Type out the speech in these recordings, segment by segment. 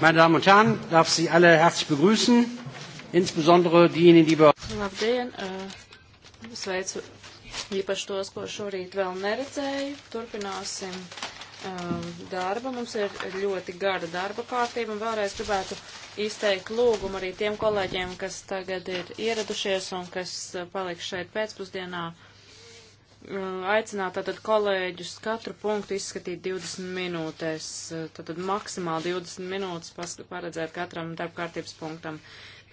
Meine Damen und Herren, darf Sie alle herzlich begrüßen, insbesondere diejenigen, die wir. Labdien, uh, sveicu īpaši tos, ko šorīt vēl neredzēju. Turpināsim um, darbu. Mums ir ļoti gara darba kārtība un vēlreiz gribētu izteikt lūgumu arī tiem kolēģiem, kas tagad ir ieradušies un kas eh, paliks šeit pēcpusdienā. Uh, Eh, aicināt tātad kolēģus katru punktu izskatīt 20 minūtēs, eh, tātad maksimāli 20 minūtes paredzēt katram darbkārtības punktam.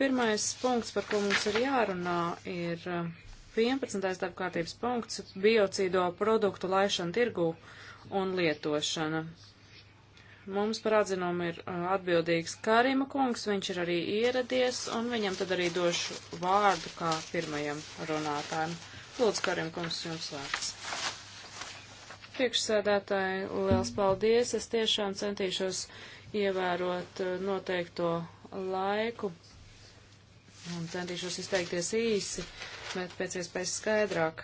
Pirmais punkts, par ko mums ir jārunā, ir 11. Eh, darbkārtības punkts - biocīdo produktu laišana tirgu un lietošana. Mums par atzinumu ir atbildīgs Karima kungs, viņš ir arī ieradies, un viņam tad arī došu vārdu kā pirmajam runātājam. Lūdzu, Karim kungs, jums vārds. Priekšsēdētāji, liels paldies. Es tiešām centīšos ievērot eh, noteikto laiku un centīšos izteikties īsi, bet pēc iespējas skaidrāk.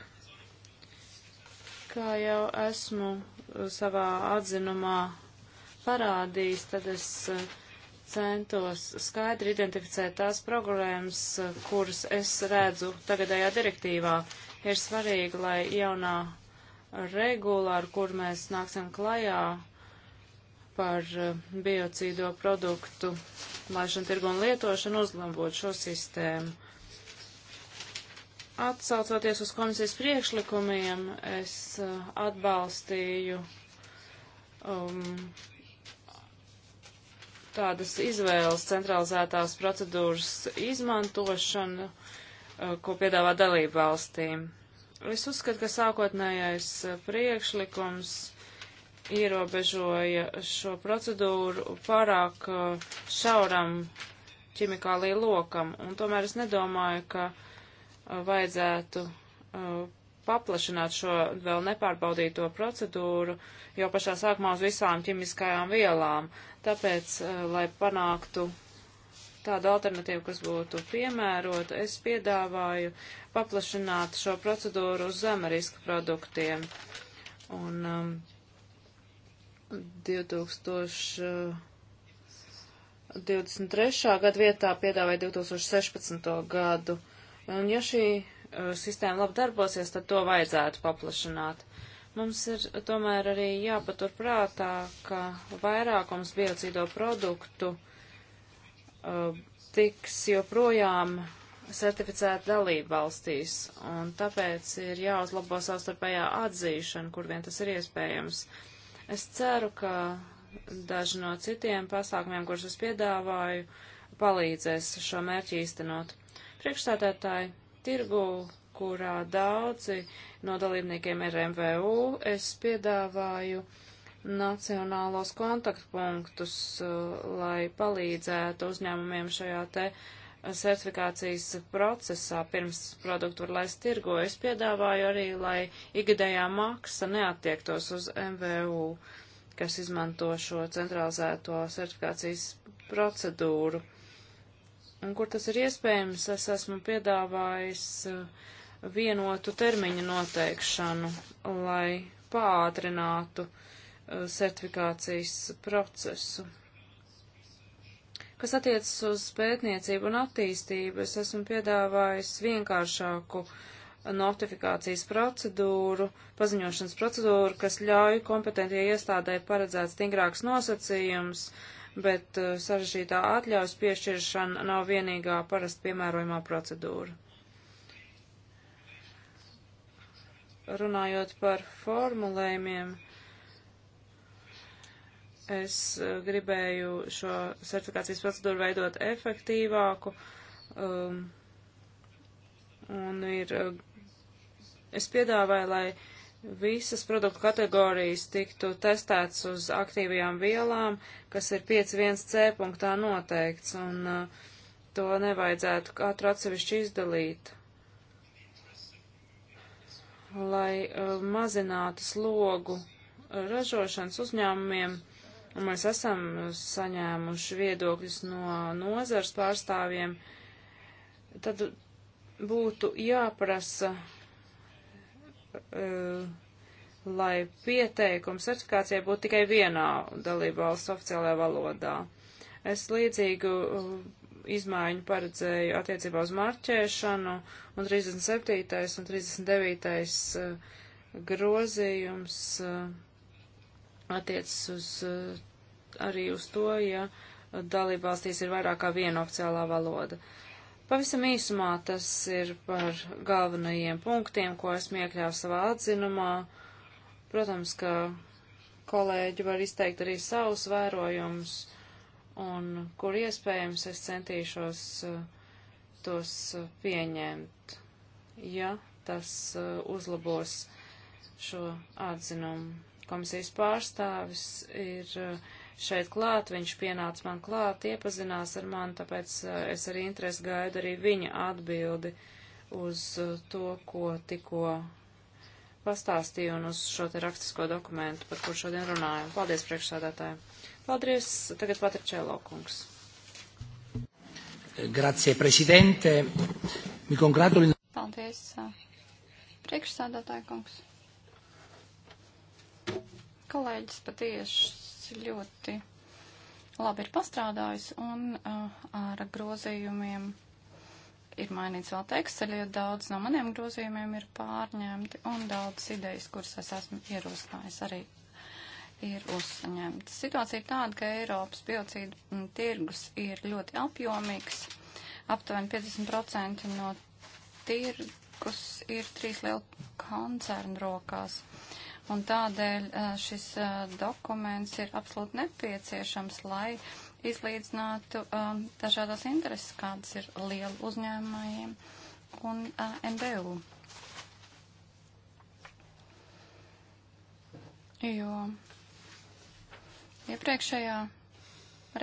Kā jau esmu eh, savā atzinumā parādījis, tad es eh, centos skaidri identificēt tās problēmas, kuras es redzu tagadējā direktīvā ir svarīgi, lai jaunā regula, ar kur mēs nāksim klajā par eh, biocīdo produktu laišanu tirgu un lietošanu, uzlabot šo sistēmu. Atsaucoties uz komisijas priekšlikumiem, es eh, atbalstīju um, tādas izvēles centralizētās procedūras izmantošanu Eh, ko piedāvā dalību valstīm. Es uzskatu, ka sākotnējais eh, priekšlikums ierobežoja šo procedūru pārāk eh, šauram ķimikālī lokam, un tomēr es nedomāju, ka vajadzētu paplašināt šo vēl nepārbaudīto procedūru jau pašā sākumā uz visām ķimiskajām vielām. Tāpēc, lai panāktu tādu alternatīvu, kas būtu piemērota, es piedāvāju paplašināt šo procedūru uz zema riska produktiem. Un um, 2023. Uh, gadu vietā piedāvāju 2016. gadu. Un ja šī uh, sistēma labi darbosies, tad to vajadzētu paplašināt. Mums ir tomēr arī jāpatur prātā, ka vairākums biocīdo produktu uh, Uh, tiks joprojām certificēti dalību valstīs, un tāpēc ir jāuzlabo savstarpējā atzīšana, kur vien tas ir iespējams. Es ceru, ka daži no citiem pasākumiem, kurus es piedāvāju, palīdzēs šo mērķi īstenot. Priekšstādētāji, tirgu, kurā daudzi no dalībniekiem ir MVU, es piedāvāju uh, nacionālos kontaktpunktus, eh, lai palīdzētu uzņēmumiem šajā te certifikācijas procesā pirms produktu var laist tirgo. Es piedāvāju arī, lai ikgadējā maksa neattiektos uz MVU, kas izmanto šo centralizēto certifikācijas procedūru. Un kur tas ir iespējams, es esmu piedāvājis eh, vienotu termiņu noteikšanu, lai pātrinātu uh, Eh, certifikācijas procesu. Kas attiecas uz pētniecību un attīstību, es esmu piedāvājis vienkāršāku notifikācijas procedūru, paziņošanas procedūru, kas ļauj kompetentie iestādē paredzēt stingrāks nosacījums, bet uh, sarežģītā atļaus piešķiršana nav vienīgā parasti piemērojumā procedūra. Runājot par formulējumiem, uh, Es eh, gribēju šo certifikācijas procedūru veidot efektīvāku, um, un ir, eh, es piedāvāju, lai visas produktu kategorijas tiktu testēts uz aktīvajām vielām, kas ir 5.1c punktā noteikts, un uh, to nevajadzētu katru atsevišķi izdalīt lai uh, mazinātu slogu ražošanas uzņēmumiem, Un mēs esam saņēmuši viedokļus no nozars pārstāvjiem. Tad būtu jāprasa, eh, lai pieteikums certifikācijai būtu tikai vienā dalībvalsts oficiālajā valodā. Es līdzīgu eh, izmaiņu paredzēju attiecībā uz marķēšanu, un 37. un 39. Eh, grozījums attiecas uz, eh, arī uz to, ja dalībvalstīs ir vairāk kā viena oficiālā valoda. Pavisam īsumā tas ir par galvenajiem punktiem, ko esmu iekļāvis savā atzinumā. Protams, ka kolēģi var izteikt arī savus vērojumus, un kur iespējams es centīšos eh, tos eh, pieņemt, ja tas uzlabos šo atzinumu komisijas pārstāvis ir uh, šeit klāt, viņš pienāca man klāt, iepazinās ar mani, tāpēc uh, es ar interesi gaidu arī viņa atbildi uz uh, to, ko tikko pastāstīju un uz šo te rakstisko dokumentu, par kur šodien runājam. Paldies priekšsādātājiem. Paldies, tagad Patričēlo kungs. Grazie, prezidente. Mi congratulo. Paldies, priekšsādātāja kungs kolēģis patieši ļoti labi ir pastrādājis un uh, ar grozījumiem ir mainīts vēl teksts, arī daudz no maniem grozījumiem ir pārņemti un daudz idejas, kuras es esmu ierosinājis arī ir uzsaņemta. Situācija ir tāda, ka Eiropas biocīdu tirgus ir ļoti apjomīgs. Aptuveni 50% no tirgus ir trīs lielu koncernu rokās. Uh, Un tādēļ šis dokuments ir absolūti nepieciešams, lai izlīdzinātu dažādas intereses, kādas ir lielu uzņēmējiem un MBU. Jo iepriekšējā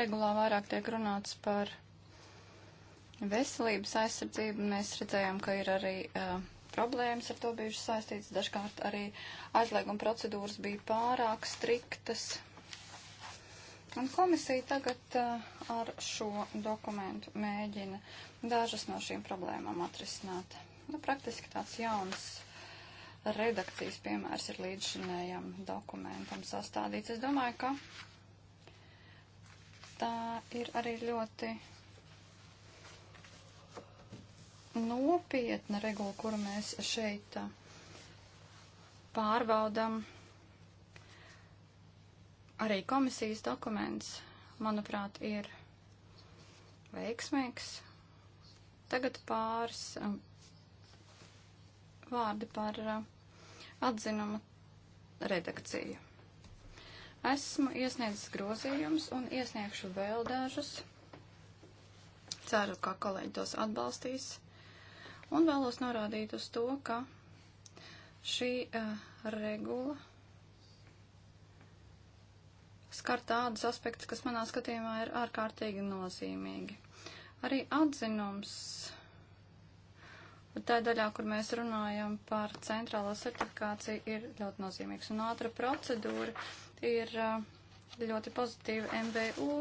regulā vairāk tiek runāts par veselības aizsardzību. Mēs redzējām, ka ir arī uh, problēmas ar to bijušas saistītas. Dažkārt arī aizlieguma procedūras bija pārāk striktas. Un komisija tagad uh, ar šo dokumentu mēģina dažas no šīm problēmām atrisināt. Nu, praktiski tāds jauns redakcijas piemērs ir līdzšinējam dokumentam sastādīts. Es domāju, ka tā ir arī ļoti nopietna regula, kuru mēs šeit uh, pārbaudam. Arī komisijas dokuments, manuprāt, ir veiksmīgs. Tagad pāris um, vārdi par uh, atzinuma redakciju. Esmu iesniedzis grozījumus un iesniegšu vēl dažus. Ceru, ka kolēģi tos atbalstīs. Un vēlos norādīt uz to, ka šī uh, regula skar tādus aspektus, kas manā skatījumā ir ārkārtīgi nozīmīgi. Arī atzinums, bet tā daļā, kur mēs runājam par centrālo certifikāciju, ir ļoti nozīmīgs. Un ātra procedūra ir eh, ļoti pozitīva MBU.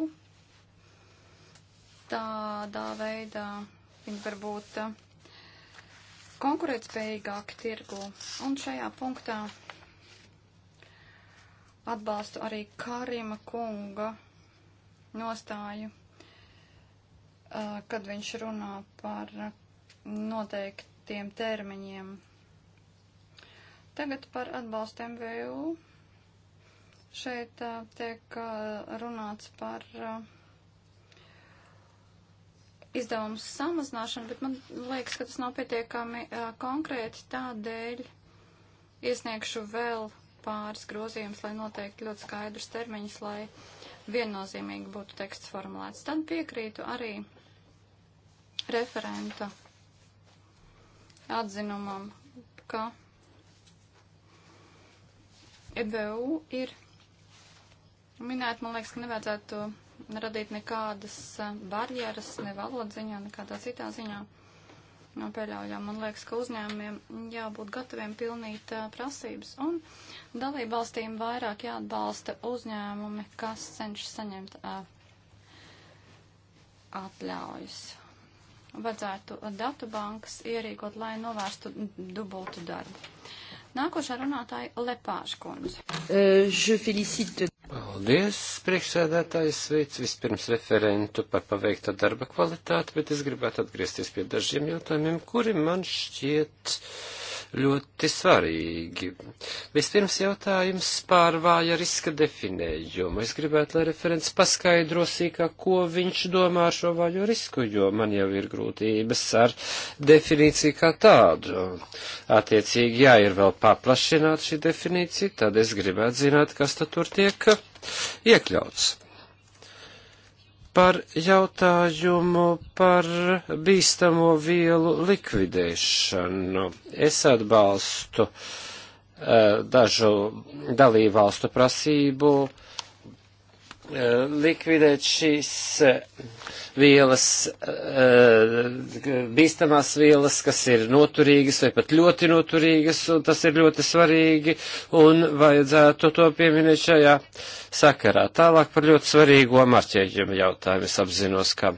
Tādā veidā viņi varbūt eh, konkurētspējīgāki tirgu. Un šajā punktā atbalstu arī Karima kunga nostāju, kad viņš runā par noteiktiem termiņiem. Tagad par atbalstu MVU. Šeit tiek runāts par uh, izdevumu samazināšanu, bet man liekas, ka tas nav pietiekami uh, konkrēti tādēļ iesniegšu vēl pāris grozījumus, lai noteikti ļoti skaidrus termiņus, lai viennozīmīgi būtu teksts formulēts. Tad piekrītu arī referenta atzinumam, ka EBU ir minēt, man liekas, ka nevajadzētu to radīt nekādas eh, barjeras ne valodas ziņā, nekādā citā ziņā nav nu, pieļaujama. Man liekas, ka uzņēmumiem jābūt gataviem pilnīt uh, prasības. Un dalību valstīm vairāk jāatbalsta uzņēmumi, kas cenšas saņemt uh, atļaujas. Vajadzētu datu bankas ierīkot, lai novērstu dubultu darbu. Nākošā runātāja Lepāša kundze. Uh, Paldies, priekšsēdētājs sveic vispirms referentu par paveikto darba kvalitāti, bet es gribētu atgriezties pie dažiem jautājumiem, kuri man šķiet uh, ļoti svarīgi. Vispirms jautājums par vāja riska definējumu. Es gribētu, lai referents paskaidro sīkāk, ko viņš domā ar šo vāju risku, jo man jau ir grūtības ar definīciju kā tādu. Attiecīgi, jā, ir vēl paplašināta šī definīcija, tad es gribētu zināt, kas tad tur tiek iekļauts par jautājumu par bīstamo vielu likvidēšanu. Es atbalstu uh, dažu dalībvalstu prasību uh, Eh, likvidēt šīs eh, vielas, eh, bīstamās vielas, kas ir noturīgas vai pat ļoti noturīgas, un tas ir ļoti svarīgi, un vajadzētu to pieminēt šajā sakarā. Tālāk par ļoti svarīgo marķēģiem jautājumu es apzinos, ka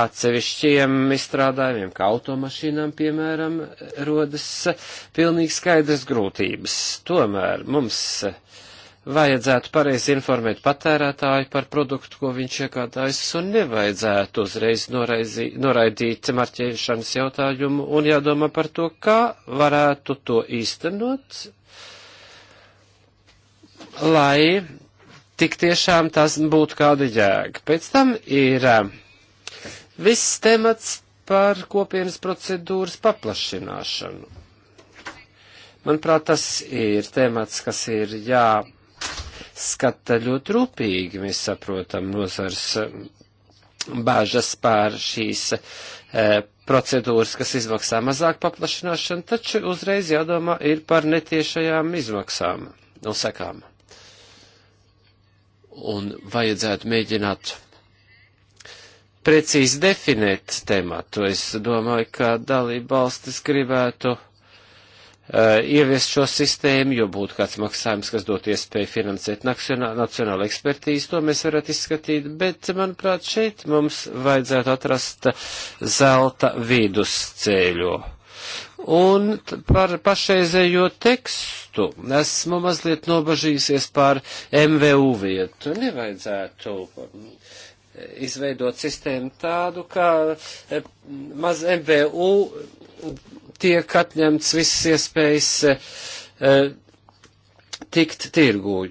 atsevišķiem izstrādājumiem, kā automašīnām, piemēram, rodas pilnīgi skaidras grūtības. Tomēr mums uh, vajadzētu pareizi informēt patērētāju par produktu, ko viņš iegādājas, un nevajadzētu uzreiz noraizi, noraidīt marķēšanas jautājumu un jādomā par to, kā varētu to īstenot, lai tik tiešām tas būtu kāda jēga. Pēc tam ir eh, viss temats par kopienas procedūras paplašināšanu. Manuprāt, tas ir temats, kas ir jā skata ļoti rūpīgi. Mēs saprotam nozars eh, bāžas pār šīs e, procedūras, kas izmaksā mazāk paplašināšanu, taču uzreiz jādomā ir par netiešajām izmaksām un sekām. Un vajadzētu mēģināt precīzi definēt tematu. Es domāju, ka dalība valstis gribētu Eh, ieviest šo sistēmu, jo būtu kāds maksājums, kas dot iespēju finansēt nacionālu ekspertīzi, to mēs varētu izskatīt, bet, manuprāt, šeit mums vajadzētu atrast zelta vidusceļu. Un par pašreizējo tekstu esmu mazliet nobažījusies par MVU vietu. Nevajadzētu mm, izveidot sistēmu tādu, ka eh, maz MVU tiek atņemts viss iespējas eh, tikt tirgū.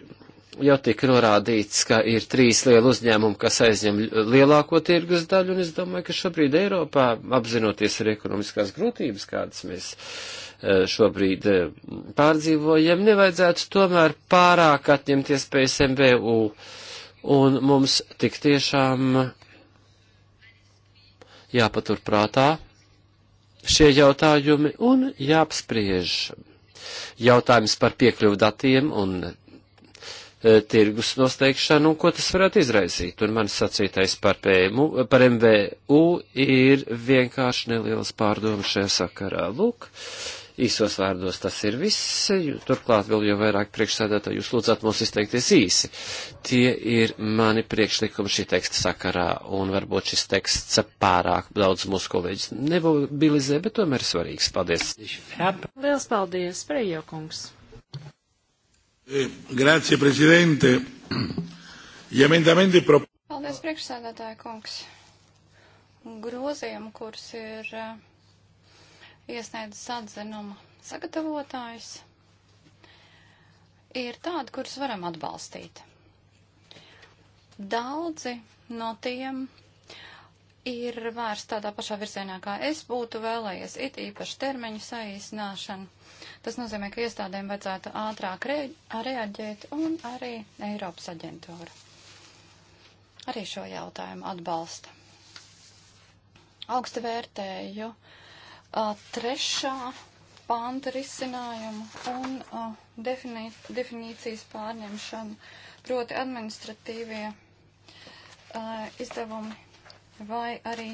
Jau tika norādīts, ka ir trīs lieli uzņēmumi, kas aizņem lielāko tirgus daļu, un es domāju, ka šobrīd Eiropā, apzinoties arī ekonomiskās grūtības, kādas mēs eh, šobrīd eh, pārdzīvojam, nevajadzētu tomēr pārāk atņemt iespējas MBU, un mums tik tiešām jāpatur prātā šie jautājumi un jāapspriež jautājums par piekļuvu datiem un e, tirgus nosteikšanu un ko tas varētu izraisīt. Un man sacītais par, PMU, par MVU ir vienkārši nelielas pārdomas šajā sakarā. Lūk, uh, Īsos vārdos tas ir viss, turklāt vēl jau vairāk priekšsēdētāji jūs lūdzat mums izteikties īsi. Tie ir mani priekšlikumi šī teksta sakarā, un varbūt šis teksts pārāk daudz mūsu kolēģis nemobilizē, bet tomēr ir svarīgs. Paldies! Liels paldies, Prejo kungs! Eh, grazie, prezidente! Paldies, priekšsēdētāja kungs! Grozījumi, kurus ir. Uh, iesniedzis atzinuma sagatavotājs, ir tādi, kurus varam atbalstīt. Daudzi no tiem ir vērsts tādā pašā virzienā, kā es būtu vēlējies, it īpaši termiņu saīsināšanu. Tas nozīmē, ka iestādēm vajadzētu ātrāk re reaģēt un arī Eiropas aģentūra arī šo jautājumu atbalsta. Augstu vērtēju uh, a, trešā panta risinājumu un a, definī, definīcijas pārņemšanu, proti administratīvie a, izdevumi vai arī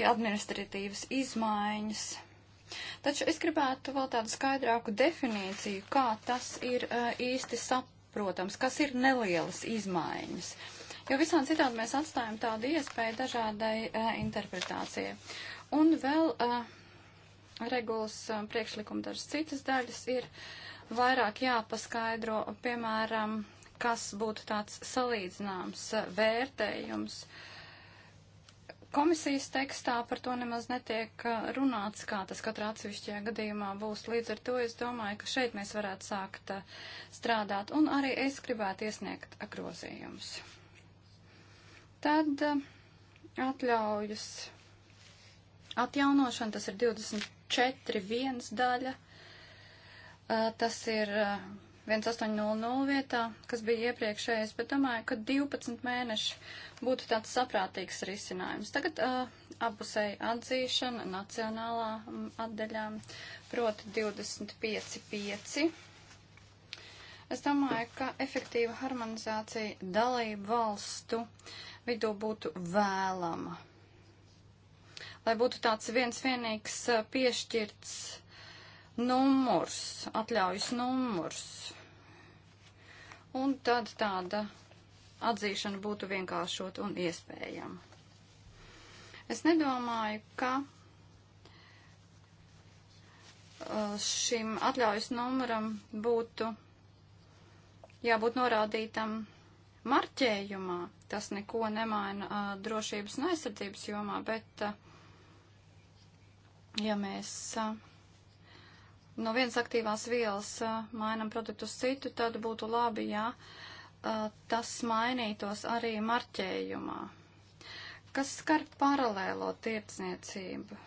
ja administratīvas izmaiņas. Taču es gribētu vēl tādu skaidrāku definīciju, kā tas ir a, īsti saprotams, kas ir nelielas izmaiņas. Jo visām citādi mēs atstājam tādu iespēju dažādai uh, interpretācijai. Un vēl uh, regulas uh, priekšlikuma dažas citas daļas ir vairāk jāpaskaidro, piemēram, kas būtu tāds salīdzināms vērtējums. Komisijas tekstā par to nemaz netiek runāts, kā tas katrā atsevišķajā gadījumā būs. Līdz ar to es domāju, ka šeit mēs varētu sākt strādāt, un arī es gribētu iesniegt grozījumus. Tad atļaujas atjaunošana, tas ir 24 viens daļa, tas ir 1800 vietā, kas bija iepriekšējais, bet domāju, ka 12 mēneši būtu tāds saprātīgs risinājums. Tagad uh, abusēja atzīšana nacionālā atdeļām, proti 25.5. Es domāju, ka efektīva harmonizācija dalību valstu vidū būtu vēlama lai būtu tāds viens vienīgs piešķirts numurs, atļaujas numurs. Un tad tāda atzīšana būtu vienkāršot un iespējama. Es nedomāju, ka šim atļaujas numuram būtu jābūt norādītam marķējumā. Tas neko nemaina drošības un aizsardzības jomā, bet uh, ja mēs no vienas aktīvās vielas mainam produktu uz citu, tad būtu labi, ja tas mainītos arī marķējumā. Kas skar paralēlo tirdzniecību?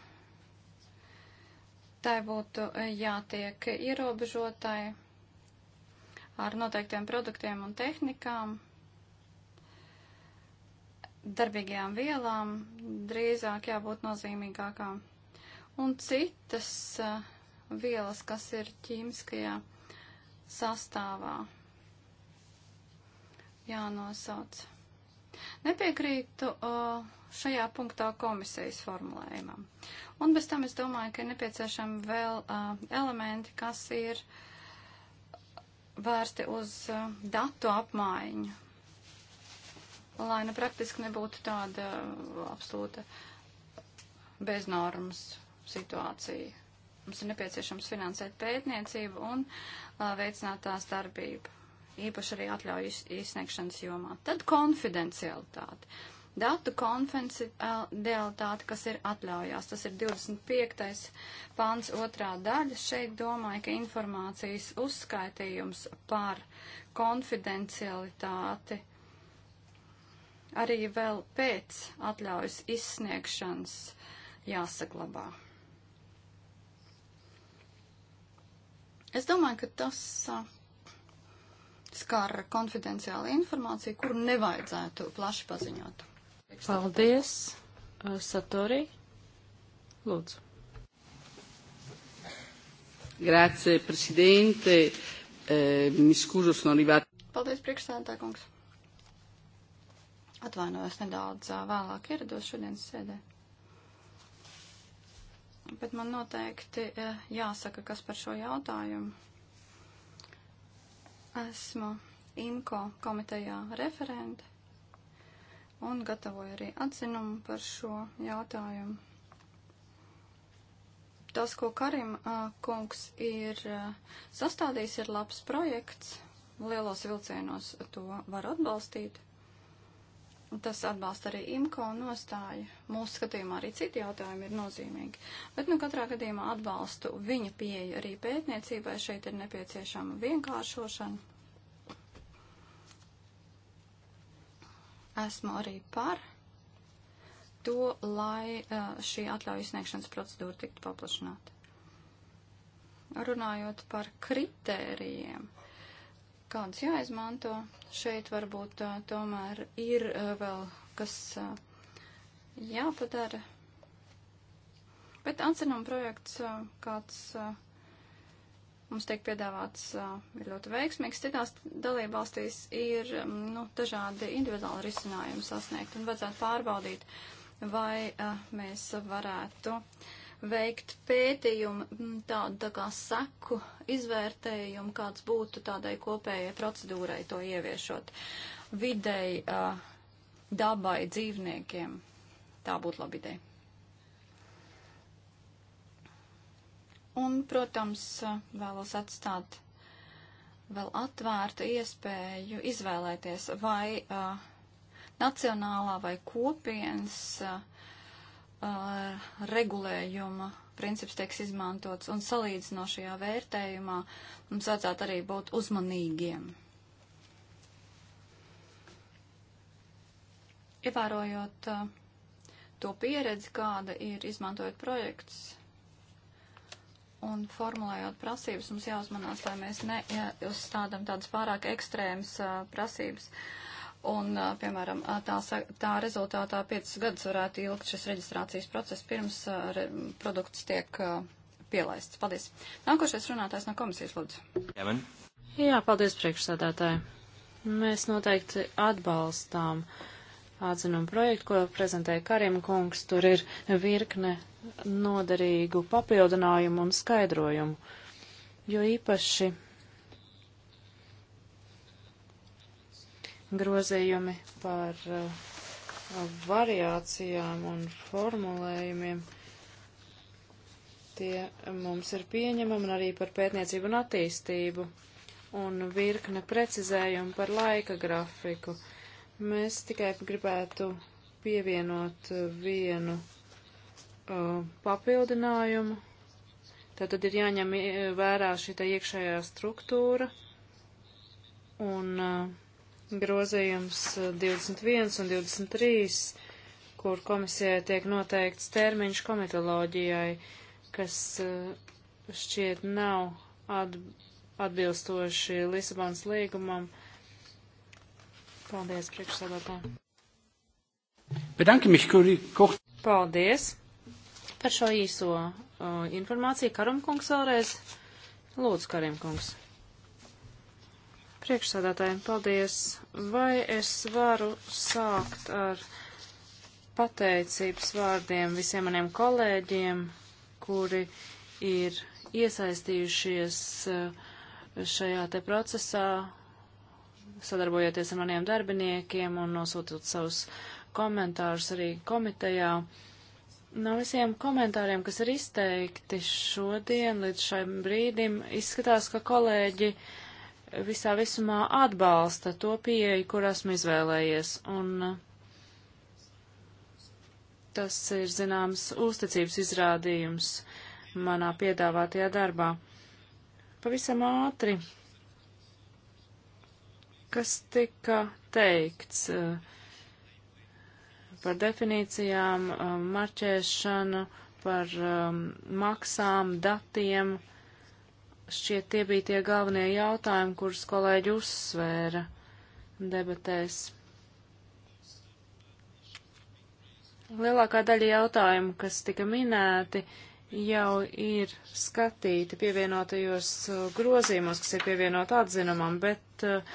Tai būtu jātiek ierobežotai ar noteiktiem produktiem un tehnikām, darbīgajām vielām, drīzāk jābūt nozīmīgākām un citas eh, vielas, kas ir ķīmiskajā sastāvā jānosauc. Nepiekrītu eh, šajā punktā komisijas formulējumam. Un bez tam es domāju, ka ir nepieciešami vēl eh, elementi, kas ir vērsti uz datu apmaiņu, lai nu praktiski nebūtu tāda absolūta beznormas situāciju. Mums ir nepieciešams finansēt pētniecību un uh, veicināt tās darbību, īpaši arī atļauju izsniegšanas jomā. Tad konfidencialitāte. Datu konfidencialitāte, kas ir atļaujās, tas ir 25. pāns otrā daļa. Šeit domāju, ka informācijas uzskaitījums par konfidencialitāti arī vēl pēc atļaujas izsniegšanas jāsaglabā. Es domāju, ka tas skar konfidenciālu informāciju, kuru nevajadzētu plaši paziņot. Paldies, Satori. Lūdzu. Grazie, Presidente. Mi scuso, sono arrivata. Paldies, priekšsēdētāj, kungs. Atvainojos nedaudz vēlāk ierados šodienas sēdē bet man noteikti e, jāsaka, kas par šo jautājumu. Esmu IMCO komitejā referente un gatavoju arī atzinumu par šo jautājumu. Tas, ko Karim e, kungs ir e, sastādījis, ir labs projekts. Lielos vilcienos to var atbalstīt tas atbalsta arī IMCO nostāja. Mūsu skatījumā arī citi jautājumi ir nozīmīgi. Bet, nu, katrā gadījumā atbalstu viņa pieeja arī pētniecībai. Šeit ir nepieciešama vienkāršošana. Esmu arī par to, lai eh, šī atļauju izsniegšanas procedūra tiktu paplašināta. Runājot par kritērijiem kādus jāizmanto. Šeit varbūt uh, tomēr ir uh, vēl kas uh, jāpadara. Bet atzinuma projekts, uh, kāds uh, mums tiek piedāvāts, uh, ir ļoti veiksmīgs. Citās dalībvalstīs ir um, nu, dažādi individuāli risinājumi sasniegt un vajadzētu pārbaudīt, vai uh, mēs varētu uh, veikt pētījumu, mm, tādu tā kā seku izvērtējumu, kāds būtu tādai kopējai procedūrai to ieviešot videi, dabai, dzīvniekiem. Tā būtu laba ideja. Un, protams, vēlos atstāt vēl atvērtu iespēju izvēlēties vai uh, nacionālā vai kopienas uh, uh, regulējuma princips tieks izmantots un salīdzinošajā vērtējumā mums vajadzētu arī būt uzmanīgiem. Ievērojot uh, to pieredzi, kāda ir izmantojot projekts un formulējot prasības, mums jāuzmanās, lai mēs neuzstādam tādas pārāk ekstrēmas uh, prasības. Uh, Un, piemēram, tā, tā rezultātā piecus gadus varētu ilgt šis reģistrācijas process pirms re, produkts tiek pielaists. Paldies. Nākošais runātājs no komisijas, lūdzu. Jāven. Jā, paldies priekšsādātāji. Mēs noteikti atbalstām atzinumu projektu, ko prezentēja Karim kungs. Tur ir virkne noderīgu papildinājumu un skaidrojumu, jo īpaši grozījumi par uh, variācijām un formulējumiem. Tie mums ir pieņemami un arī par pētniecību un attīstību un virkne precizējumu par laika grafiku. Mēs tikai gribētu pievienot vienu uh, papildinājumu. Tātad ir jāņem vērā šī iekšējā struktūra un uh, grozījums 21 eh, un 23, kur komisijai tiek noteikts termiņš komitoloģijai, kas eh, šķiet nav atbilstoši Lisabonas līgumam. Paldies, priekšsādātā. Bedanke mich, Kuri Koch. Paldies par šo īso uh, informāciju. Karumkungs vēlreiz. Lūdzu, Karimkungs. Priekšsādātājiem paldies. Vai es varu sākt ar pateicības vārdiem visiem maniem kolēģiem, kuri ir iesaistījušies eh, šajā te procesā, sadarbojoties ar maniem darbiniekiem un nosūtot savus komentārus arī komitejā. No visiem komentāriem, kas ir izteikti šodien līdz šai brīdim, izskatās, ka kolēģi uh, visā visumā atbalsta to pieeju, kur esmu izvēlējies, un uh, tas ir zināms uzticības izrādījums manā piedāvātajā darbā. Pavisam ātri, kas tika teikts uh, par definīcijām, um, marķēšanu, par um, maksām, datiem, uh, Šķiet, tie bija tie galvenie jautājumi, kurus kolēģi uzsvēra debatēs. Lielākā daļa jautājumu, kas tika minēti, jau ir skatīti pievienotajos uh, grozījumos, kas ir pievienot atzinumam, bet uh,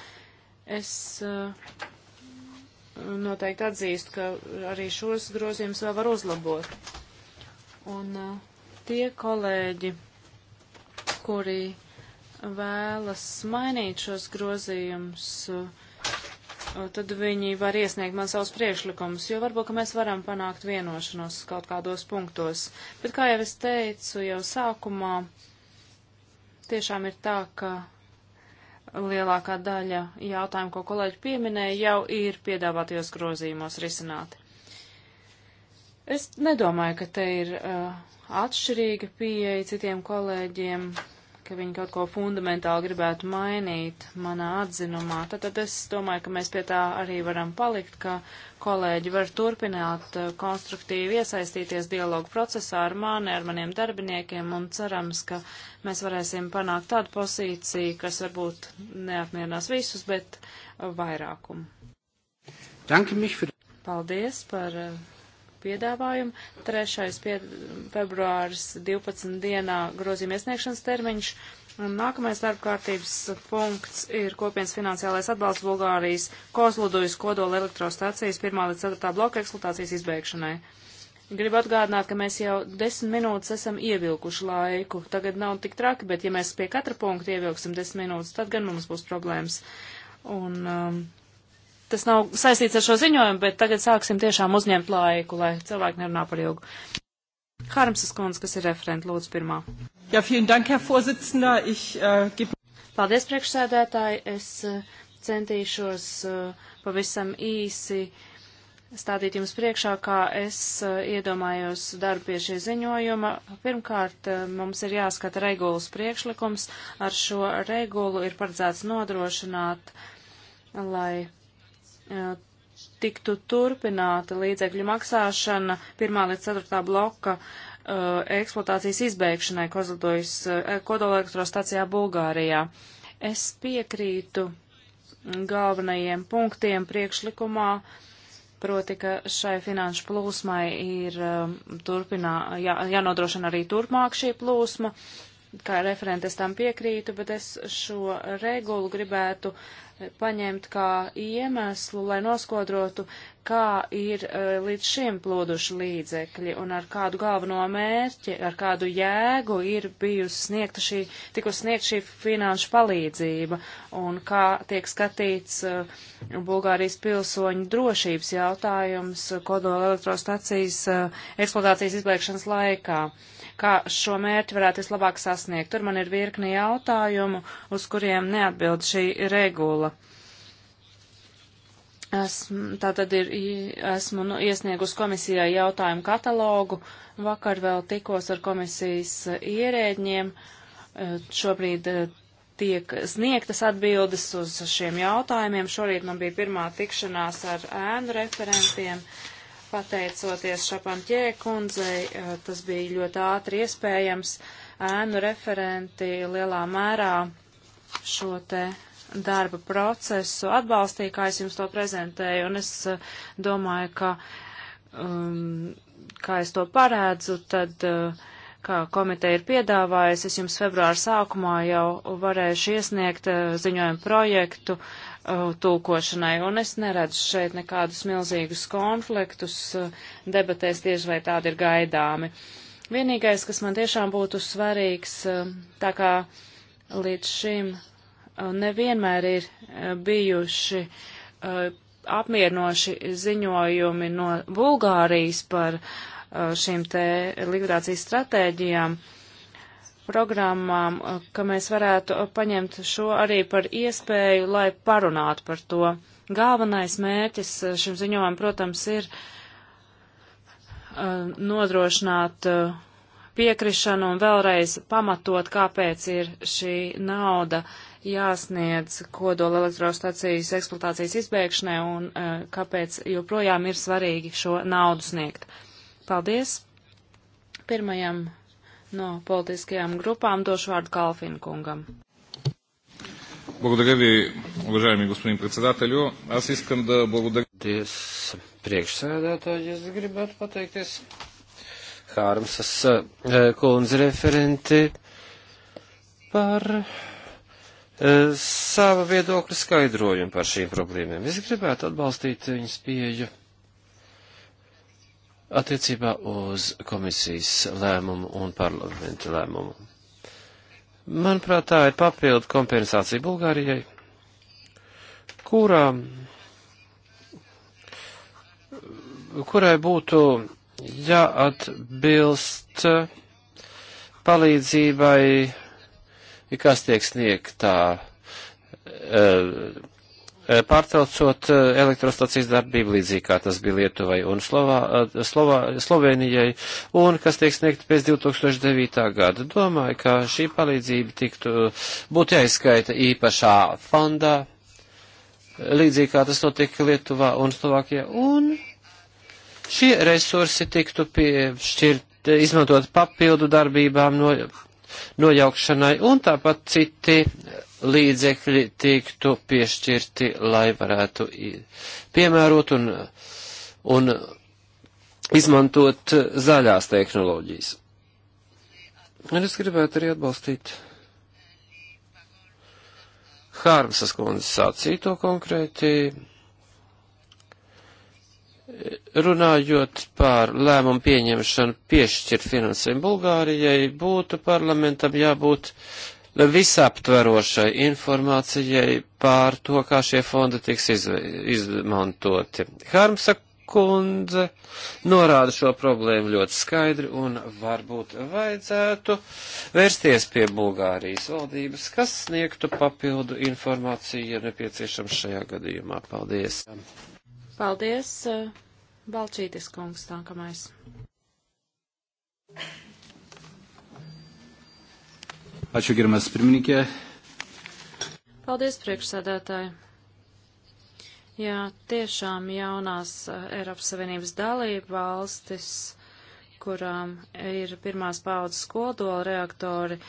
es uh, noteikti atzīstu, ka arī šos grozījumus vēl var uzlabot. Un tie kolēģi, kuri vēlas mainīt šos grozījumus, tad viņi var iesniegt man savus priekšlikumus, jo varbūt, ka mēs varam panākt vienošanos kaut kādos punktos. Bet, kā jau es teicu, jau sākumā tiešām ir tā, ka lielākā daļa jautājumu, ko kolēģi pieminēja, jau ir piedāvātajos grozījumos risināti. Es nedomāju, ka te ir uh, atšķirīga pieeja citiem kolēģiem ka viņi kaut ko fundamentāli gribētu mainīt manā atzinumā, tad, tad es domāju, ka mēs pie tā arī varam palikt, ka kolēģi var turpināt eh, konstruktīvi iesaistīties dialogu procesā ar mani, ar maniem darbiniekiem un cerams, ka mēs varēsim panākt tādu pozīciju, kas varbūt neapmierinās visus, bet eh, vairākumu. Paldies par eh, piedāvājumu. 3. februāris 12. dienā grozījuma iesniegšanas termiņš. Un nākamais darba kārtības punkts ir kopienas finansiālais atbalsts Bulgārijas Kozludujas kodola elektrostācijas 1. līdz 4. bloka eksploatācijas izbeigšanai. Gribu atgādināt, ka mēs jau desmit minūtes esam ievilkuši laiku. Tagad nav tik traki, bet ja mēs pie katra punkta ievilksim desmit minūtes, tad gan mums būs problēmas. Un um, tas nav saistīts ar šo ziņojumu, bet tagad sāksim tiešām uzņemt laiku, lai cilvēki nerunā par ilgu. Harmsas kundze, kas ir referenta, lūdzu pirmā. Jā, ja, vielen dank, Herr Vorsitzender. Ich, uh, äh, gib... Paldies, priekšsēdētāji. Es uh, centīšos uh, pavisam īsi stādīt jums priekšā, kā es uh, iedomājos darbu pie šī ziņojuma. Pirmkārt, uh, mums ir jāskata regulas priekšlikums. Ar šo regulu ir paredzēts nodrošināt, lai tiktu turpināta līdzekļu maksāšana 1. līdz 4. bloka uh, eksploatācijas izbeigšanai Kozlodojas uh, kodolelektrostacijā Bulgārijā. Es piekrītu galvenajiem punktiem priekšlikumā, proti, ka šai finanšu plūsmai ir uh, turpinā, jā, jānodrošina arī turpmāk šī plūsma. Kā referentes tam piekrītu, bet es šo regulu gribētu uh, paņemt kā iemeslu, lai noskodrotu, kā ir e, līdz šim plūduši līdzekļi un ar kādu galveno mērķi, ar kādu jēgu ir bijusi sniegta šī, tikus sniegt šī finanšu palīdzība un kā tiek skatīts e, Bulgārijas pilsoņu drošības jautājums kodola elektrostacijas e, eksploatācijas izbeigšanas laikā. Uh, kā šo mērķi varētu vislabāk sasniegt. Tur man ir virkni jautājumu, uz kuriem neatbild šī regula. Esmu, tā tad ir, esmu nu, iesniegus komisijai jautājumu katalogu, vakar vēl tikos ar komisijas ierēģiem, e, šobrīd e, tiek sniegtas atbildes uz šiem jautājumiem. Šorīt man bija pirmā tikšanās ar ēnu referentiem. Uh, pateicoties Šapantjē kundzei, eh, tas bija ļoti ātri iespējams. Ēnu referenti lielā mērā šo te darba procesu atbalstīja, kā es jums to prezentēju, un es eh, domāju, ka, um, kā es to parādzu, tad, eh, kā komiteja ir piedāvājusi, es jums februāra sākumā jau varēšu iesniegt ziņojumu projektu uh, uh, tulkošanai, un es neredzu šeit nekādus milzīgus konfliktus uh, debatēs tieši vai tādi ir gaidāmi. Vienīgais, kas man tiešām būtu svarīgs, uh, tā kā līdz šim uh, nevienmēr ir uh, bijuši uh, apmierinoši ziņojumi no Bulgārijas par šīm te likvidācijas stratēģijām. Uh, programmām, eh, ka mēs varētu paņemt šo arī par iespēju, lai parunātu par to. Galvenais mērķis eh, šim ziņojumam, protams, ir eh, nodrošināt piekrišanu un vēlreiz pamatot, kāpēc ir šī nauda jāsniedz kodola elektrostacijas eksploatācijas izbēgšanai un kāpēc joprojām ir svarīgi šo naudu sniegt. Paldies! Pirmajam no politiskajām grupām. Došu vārdu Kalfinu кунгам. Благодаря ви, уважаеми господин председателю. Аз искам да благодаря... Дес priekšsēdētāji, es gribētu pateikties Hārmsas eh, kundze referenti par eh, savu viedokļu skaidrojumu par šīm problēmām. Es gribētu atbalstīt viņas pieeju attiecībā uz komisijas lēmumu un parlamentu lēmumu. Manuprāt, tā ir papildu kompensācija Bulgārijai, kurā, kurai būtu jāatbilst palīdzībai, kas tiek sniegtā. Uh, Eh, pārtraucot eh, elektrostacijas darbību līdzīgi kā tas bija Lietuvai un Slovā, eh, Slovā, Slovenijai, un kas tiek sniegta pēc 2009. gada. Domāju, ka šī palīdzība tiktu, būtu jāizskaita īpašā fondā, līdzīgi kā tas notika Lietuvā un Slovākijā, un šie resursi tiktu piešķirt, izmantot papildu darbībām no, nojaukšanai, un tāpat citi līdzekļi tiktu piešķirti, lai varētu piemērot un, un izmantot zaļās tehnoloģijas. Un es gribētu arī atbalstīt Hārmsas kundzes sacīto konkrēti, runājot par lēmumu pieņemšanu piešķirt finansēm Bulgārijai, būtu parlamentam jābūt uh, visaptverošai informācijai pār to, kā šie fondi tiks izmantoti. Harmsa kundze norāda šo problēmu ļoti skaidri un varbūt vajadzētu vērsties pie Bulgārijas valdības, kas sniegtu papildu informāciju, ja nepieciešams šajā gadījumā. Paldies! Paldies, eh, Balčītis kungs, nākamais. Ačiū, gerimas pirmininkė. Paldies, priekšsēdētāji. Jā, tiešām jaunās Eiropas Savienības dalība valstis, kurām ir pirmās paudzes kodola reaktori,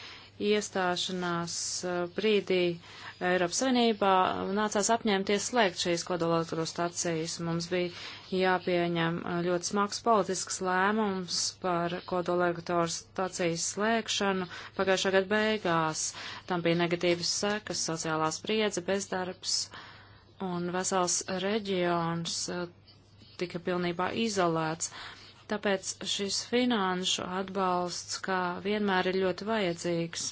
iestāšanās eh, brīdī Eiropas Savienībā nācās apņemties slēgt šīs kodolelektrostacijas. Mums bija jāpieņem ļoti smags politisks lēmums par kodolektors stācijas slēgšanu pagājušā gada beigās. Tam bija negatīvas sekas, sociālā spriedze, bezdarbs un vesels reģions tika pilnībā izolēts. Tāpēc šis finanšu atbalsts, kā vienmēr, ir ļoti vajadzīgs.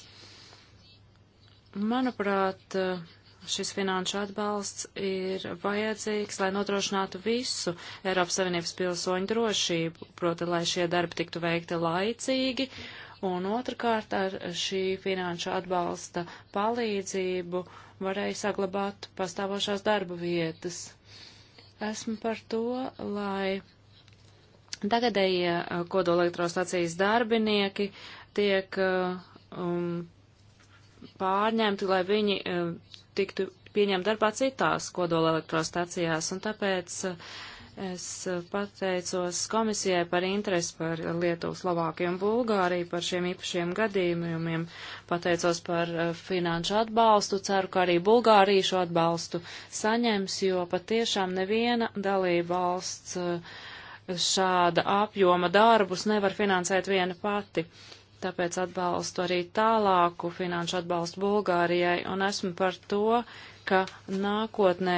Manuprāt, uh, šis finanšu atbalsts ir vajadzīgs, lai nodrošinātu visu Eiropas Savienības pilsoņu drošību, proti, lai šie darbi tiktu veikti laicīgi, un otrkārt ar šī finanšu atbalsta palīdzību varēja saglabāt pastāvošās darba vietas. Esmu par to, lai tagadējie uh, kodolektrostacijas darbinieki tiek uh, um, pārņemti, lai viņi um, tiktu pieņemt darbā citās kodola elektrostacijās, un tāpēc eh, es pateicos komisijai par interesi par Lietuvu, Slovākiju un Bulgāriju, par šiem īpašiem gadījumiem, pateicos par eh, finanšu atbalstu, ceru, ka arī Bulgārija šo atbalstu saņems, jo patiešām neviena dalība valsts eh, šāda apjoma darbus nevar finansēt viena pati. Uh, tāpēc atbalstu arī tālāku finanšu atbalstu Bulgārijai, un esmu par to, ka nākotnē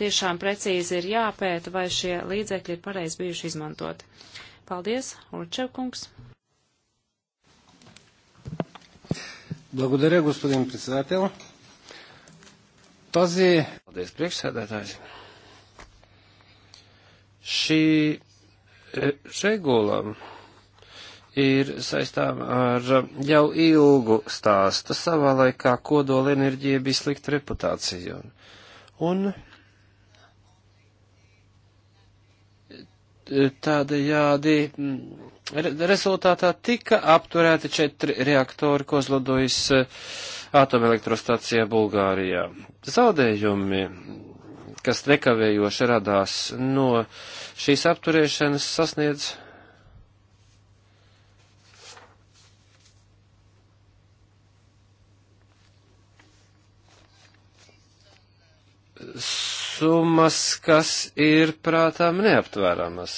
tiešām precīzi ir jāpēta, vai šie līdzekļi ir pareizi bijuši izmantoti. Paldies, Určevkungs. Благодаря, господин председател. Този... Paldies, priekšsēdētājs. Šī eh, regulam ir saistām ar um, jau ilgu stāstu. Savā laikā kodola enerģija bija slikta reputācija. Un, un tādējādi mm, rezultātā tika apturēti četri reaktori Kozlodojas uh, atomelektrostacijā Bulgārijā. Zaudējumi, kas nekavējoši radās no šīs apturēšanas, sasniedz summas, kas ir prātām neaptveramas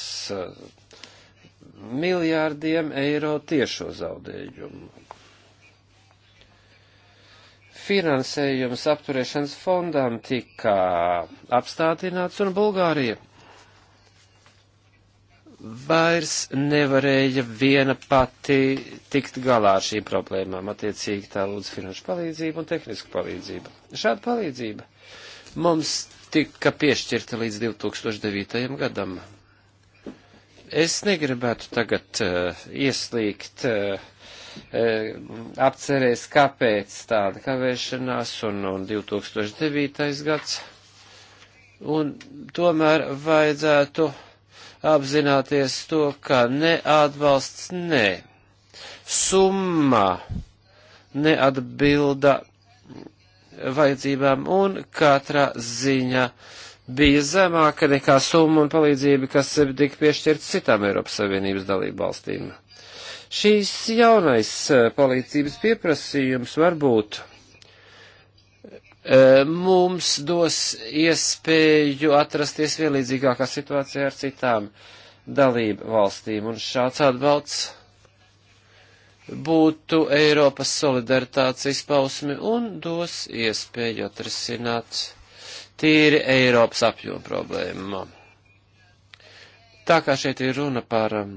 miljārdiem eiro tiešo zaudējumu. Finansējums apturēšanas fondām tika apstādināts un Bulgārija vairs nevarēja viena pati tikt galā ar šīm problēmām, attiecīgi tā lūdz finanšu palīdzību un tehnisku palīdzību. Šāda palīdzība mums tika piešķirta līdz 2009. gadam. Es negribētu tagad uh, ieslīgt uh, apcerēs, kāpēc tāda kavēšanās un, un 2009. gads. Un tomēr vajadzētu apzināties to, ka ne atbalsts, ne summa neatbilda vajadzībām, un katra ziņa bija zemāka nekā summa un palīdzība, kas tika piešķirta citām Eiropas Savienības dalību valstīm. Šīs jaunais eh, palīdzības pieprasījums varbūt eh, mums dos iespēju atrasties vienlīdzīgākā situācijā ar citām dalību valstīm, un šāds atbalsts būtu Eiropas solidaritātes izpausmi un dos iespēju atrisināt tīri Eiropas apjomu problēmu. Tā kā šeit ir runa par um,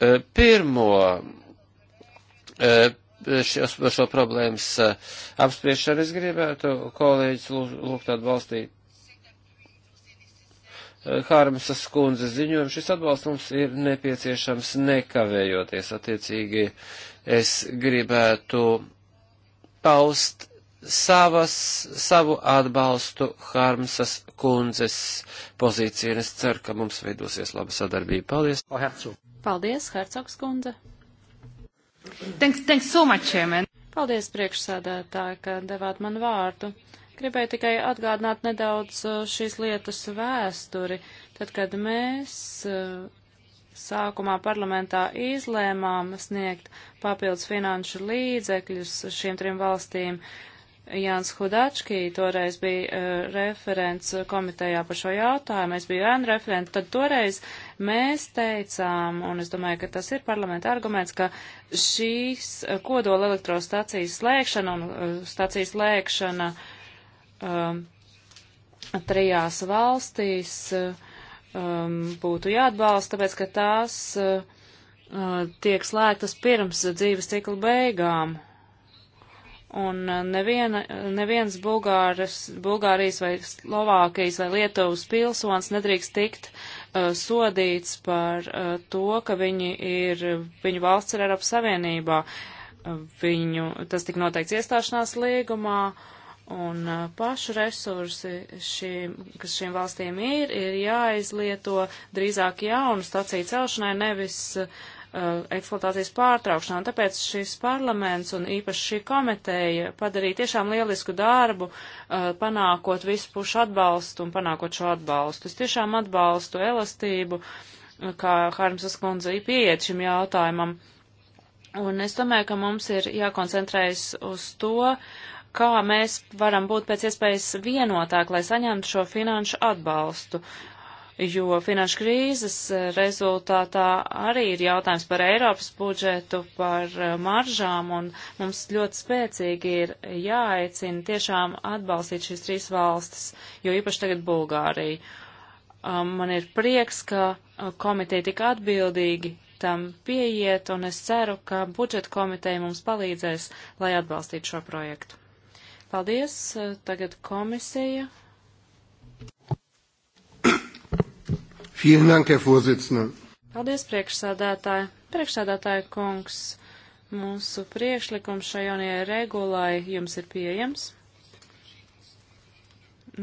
e, pirmo e, šo, šo problēmas e, apspriešanu, es gribētu kolēģis lūgt atbalstīt Hārmsas eh, kundzes ziņojumu. Šis atbalsts mums ir nepieciešams nekavējoties. Attiecīgi es gribētu paust savas, savu atbalstu Hārmsas kundzes pozīciju. Es ceru, ka mums veidosies laba sadarbība. Paldies! Paldies, Hercogs kundze! Thanks, thanks so much, Chairman! Paldies, priekšsādātāji, ka devāt man vārdu. Gribēju tikai atgādināt nedaudz uh, šīs lietas vēsturi. Tad, kad mēs uh, sākumā parlamentā izlēmām sniegt papildus finanšu līdzekļus šīm trim valstīm, Jānis Hudačkī toreiz bija uh, referents komitejā par šo jautājumu, es biju ēnu referents, tad toreiz mēs teicām, un es domāju, ka tas ir parlamenta arguments, ka šīs uh, kodola elektrostacijas slēgšana un uh, stacijas slēgšana uh, um, trijās valstīs um, būtu jāatbalsta, tāpēc ka tās uh, tiek slēgtas pirms dzīves cikla beigām. Un uh, neviena, neviens Bulgāras, Bulgārijas vai Slovākijas vai Lietuvas pilsonis nedrīkst tikt uh, sodīts par uh, to, ka viņi ir, viņu valsts ir Eiropas Savienībā. Uh, viņu, tas tik noteikts iestāšanās līgumā, uh, Un uh, pašu resursi, šīm, kas šīm valstīm ir, ir jāizlieto drīzāk jaunu staciju celšanai, nevis uh, eksploatācijas pārtraukšanā. Un tāpēc šis parlaments un īpaši šī komiteja padarīja tiešām lielisku darbu, uh, panākot visu pušu atbalstu un panākot šo atbalstu. Es tiešām atbalstu elastību, uh, kā Harmsas kundze pieiet šim jautājumam. Un es domāju, ka mums ir jākoncentrējas uz to, kā mēs varam būt pēc iespējas vienotāk, lai saņemtu šo finanšu atbalstu. Jo finanšu krīzes eh, rezultātā arī ir jautājums par Eiropas budžetu, par eh, maržām, un mums ļoti spēcīgi ir jāaicina tiešām atbalstīt šīs trīs valstis, jo īpaši tagad Bulgāriju. Um, man ir prieks, ka uh, komiteja tik atbildīgi tam pieiet, un es ceru, ka budžeta komiteja mums palīdzēs, lai atbalstītu šo projektu. Paldies. Eh, tagad komisija. Vielen Dank, Herr Vorsitzender. Paldies, priekšsādātāji. Priekšsādātāja kungs, mūsu priekšlikums šai jaunajai regulai jums ir pieejams.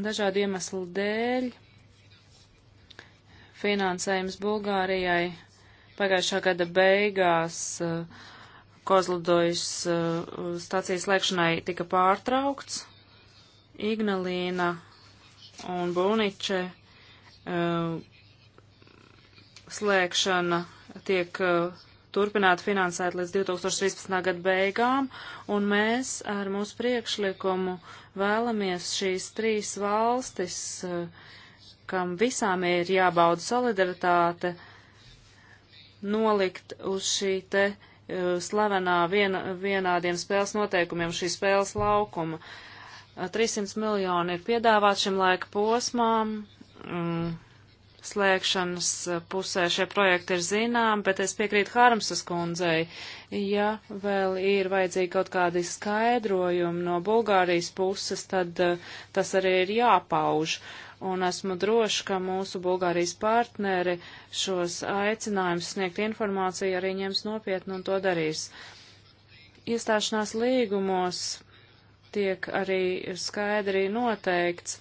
Dažādu iemeslu dēļ finansējums Bulgārijai pagājušā gada beigās uh, Kozludojas uh, stācijas slēgšanai tika pārtraukts. Ignalīna un Būniče uh, slēgšana tiek uh, turpināta finansēt līdz 2013. gada beigām, un mēs ar mūsu priekšlikumu vēlamies šīs trīs valstis, kam visām ir jābauda solidaritāte, nolikt uz šī te uh, slavenā vien, vienādiem spēles noteikumiem šī spēles laukuma. 300 miljoni ir piedāvāts šim laika posmām. Mm, slēgšanas pusē šie projekti ir zinām, bet es piekrītu Harmsas kundzei, ja vēl ir vajadzīgi kaut kādi skaidrojumi no Bulgārijas puses, tad eh, tas arī ir jāpauž un esmu droši, ka mūsu Bulgārijas partneri šos aicinājumus sniegt informāciju arī ņems nopietni un to darīs. Iestāšanās līgumos tiek arī skaidri noteikts,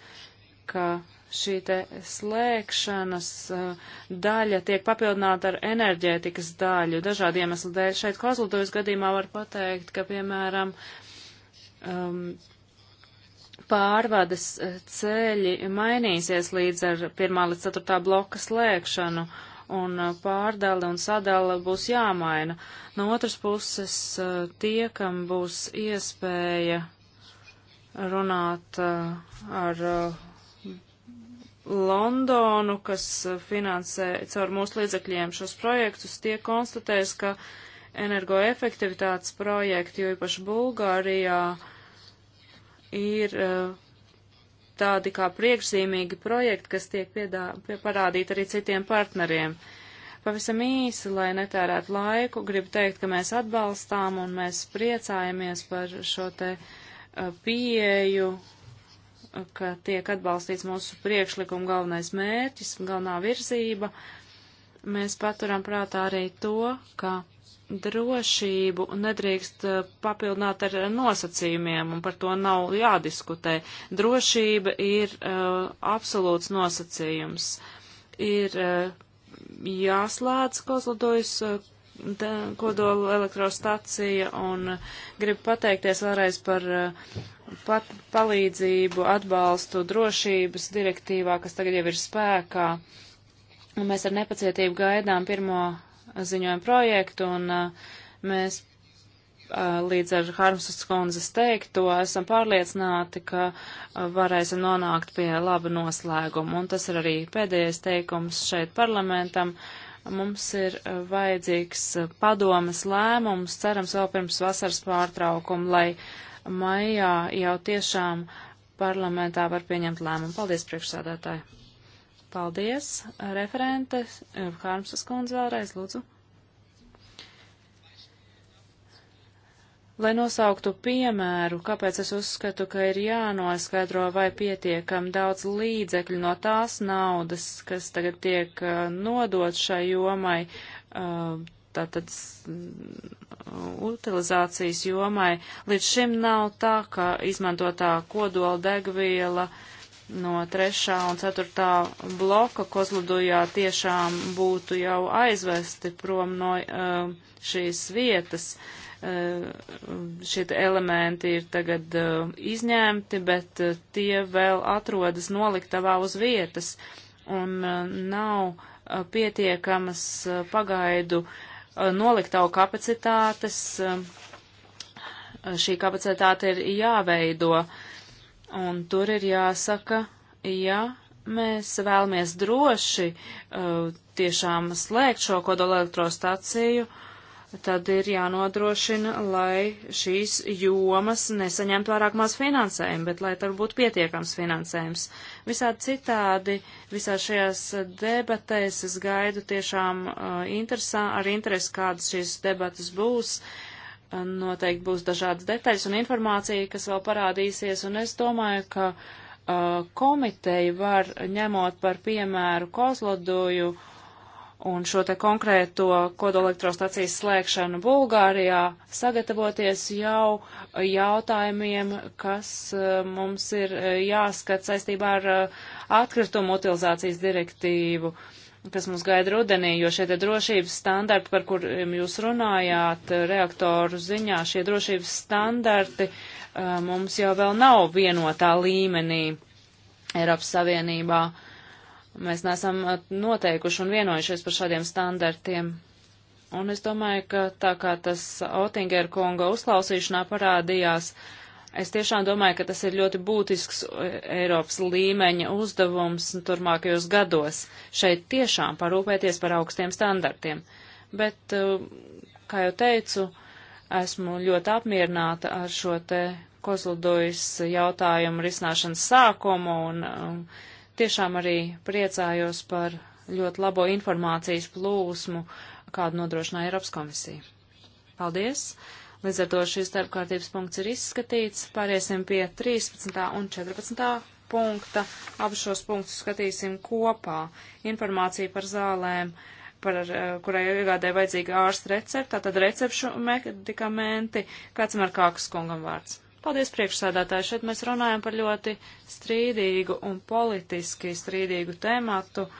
ka šī te slēgšanas uh, daļa tiek papildināta ar enerģētikas daļu. Dažādi iemesli dēļ šeit konsultējas gadījumā var pateikt, ka, piemēram, um, pārvades e, ceļi mainīsies līdz ar 1. līdz 4. bloka slēgšanu, un e, pārdala un sadala būs jāmaina. No otras puses, e, tie, kam būs iespēja runāt ar Londonu, kas finansē caur mūsu līdzekļiem šos projektus, tie konstatēs, ka energoefektivitātes projekti, jo īpaši Bulgārijā, uh, ir eh, tādi kā priekšzīmīgi projekti, kas tiek piedā, parādīti arī citiem partneriem. Pavisam īsi, lai netērētu laiku, gribu teikt, ka mēs atbalstām un mēs priecājamies par šo te eh, pieeju, ka tiek atbalstīts mūsu priekšlikuma galvenais mērķis, galvenā virzība. Mēs paturam prātā arī to, ka drošību nedrīkst eh, papildināt ar nosacījumiem, un par to nav jādiskutē. Drošība ir uh, absolūts nosacījums. Ir uh, jāslēdz kozlidojas uh, kodola elektrostacija, un gribu pateikties vēlreiz par uh, pat palīdzību, atbalstu drošības direktīvā, kas tagad jau ir spēkā. Un mēs ar nepacietību gaidām pirmo ziņojumu projektu, un uh, mēs uh, līdz ar Harmsas kundzes teikto esam pārliecināti, ka uh, varēsim nonākt pie laba noslēguma. Un tas ir arī pēdējais teikums šeit parlamentam. Mums ir vajadzīgs padomas lēmums, cerams, vēl pirms vasaras pārtraukuma, lai maijā jau tiešām parlamentā var pieņemt lēmumu. Paldies, priekšsādātāji! Paldies, referente. Hārmsas eh, kundze vēlreiz, lūdzu. Lai nosauktu piemēru, kāpēc es uzskatu, ka ir jānoskaidro, vai pietiekam daudz līdzekļu no tās naudas, kas tagad tiek eh, nodot šai jomai, eh, tātad mm, utilizācijas jomai, līdz šim nav tā, ka izmantotā kodola degviela uh, no trešā un ceturtā bloka Kozludujā tiešām būtu jau aizvesti prom no uh, šīs vietas. Uh, šie elementi ir tagad uh, izņemti, bet uh, tie vēl atrodas noliktavā uz vietas un uh, nav uh, pietiekamas uh, pagaidu uh, noliktavu kapacitātes. Uh, šī kapacitāte ir jāveido. Uh, Un tur ir jāsaka, ja mēs vēlamies droši uh, tiešām slēgt šo kodolelektrostaciju, tad ir jānodrošina, lai šīs jomas nesaņemtu pārāk maz finansējumu, bet lai tur būtu pietiekams finansējums. Visādi citādi, visā šajās debatēs es gaidu tiešām uh, interesā, ar interesi, kādas šīs debatas būs. Uh, noteikti būs dažādas detaļas un informācija, kas vēl parādīsies, un es domāju, ka uh, komiteja var ņemot par piemēru Kozloduju un šo te konkrēto kodolektrostacijas slēgšanu Bulgārijā, sagatavoties jau jautājumiem, kas uh, mums ir uh, jāskat saistībā ar uh, atkritumu utilizācijas direktīvu. Uh, kas mums gaida rudenī, jo šie drošības standarti, par kuriem jūs runājāt, eh, reaktoru ziņā, šie drošības standarti eh, mums jau vēl nav vienotā līmenī Eiropas Savienībā. Mēs neesam eh, noteikuši un vienojušies par šādiem standartiem. Un es domāju, ka tā kā tas Otingera konga uzklausīšanā parādījās, uh, Es tiešām domāju, ka tas ir ļoti būtisks e, Eiropas līmeņa uzdevums turmākajos gados šeit tiešām parūpēties par augstiem standartiem. Bet, e, kā jau teicu, esmu ļoti apmierināta ar šo te kozludojas jautājumu risināšanas sākumu un um, tiešām arī priecājos par ļoti labo informācijas plūsmu, kādu nodrošināja Eiropas komisija. Paldies! Līdz ar to šis darbkārtības punkts ir izskatīts. Pāriesim pie 13. un 14. punkta. Abus šos punktus skatīsim kopā. Informācija par zālēm, par, eh, kurai iegādē vajadzīga ārsta recepta, tātad recepšu medikamenti. Kāds markāks kungam vārds? Paldies, priekšsēdētāji. Šeit mēs runājam par ļoti strīdīgu un politiski strīdīgu tēmatu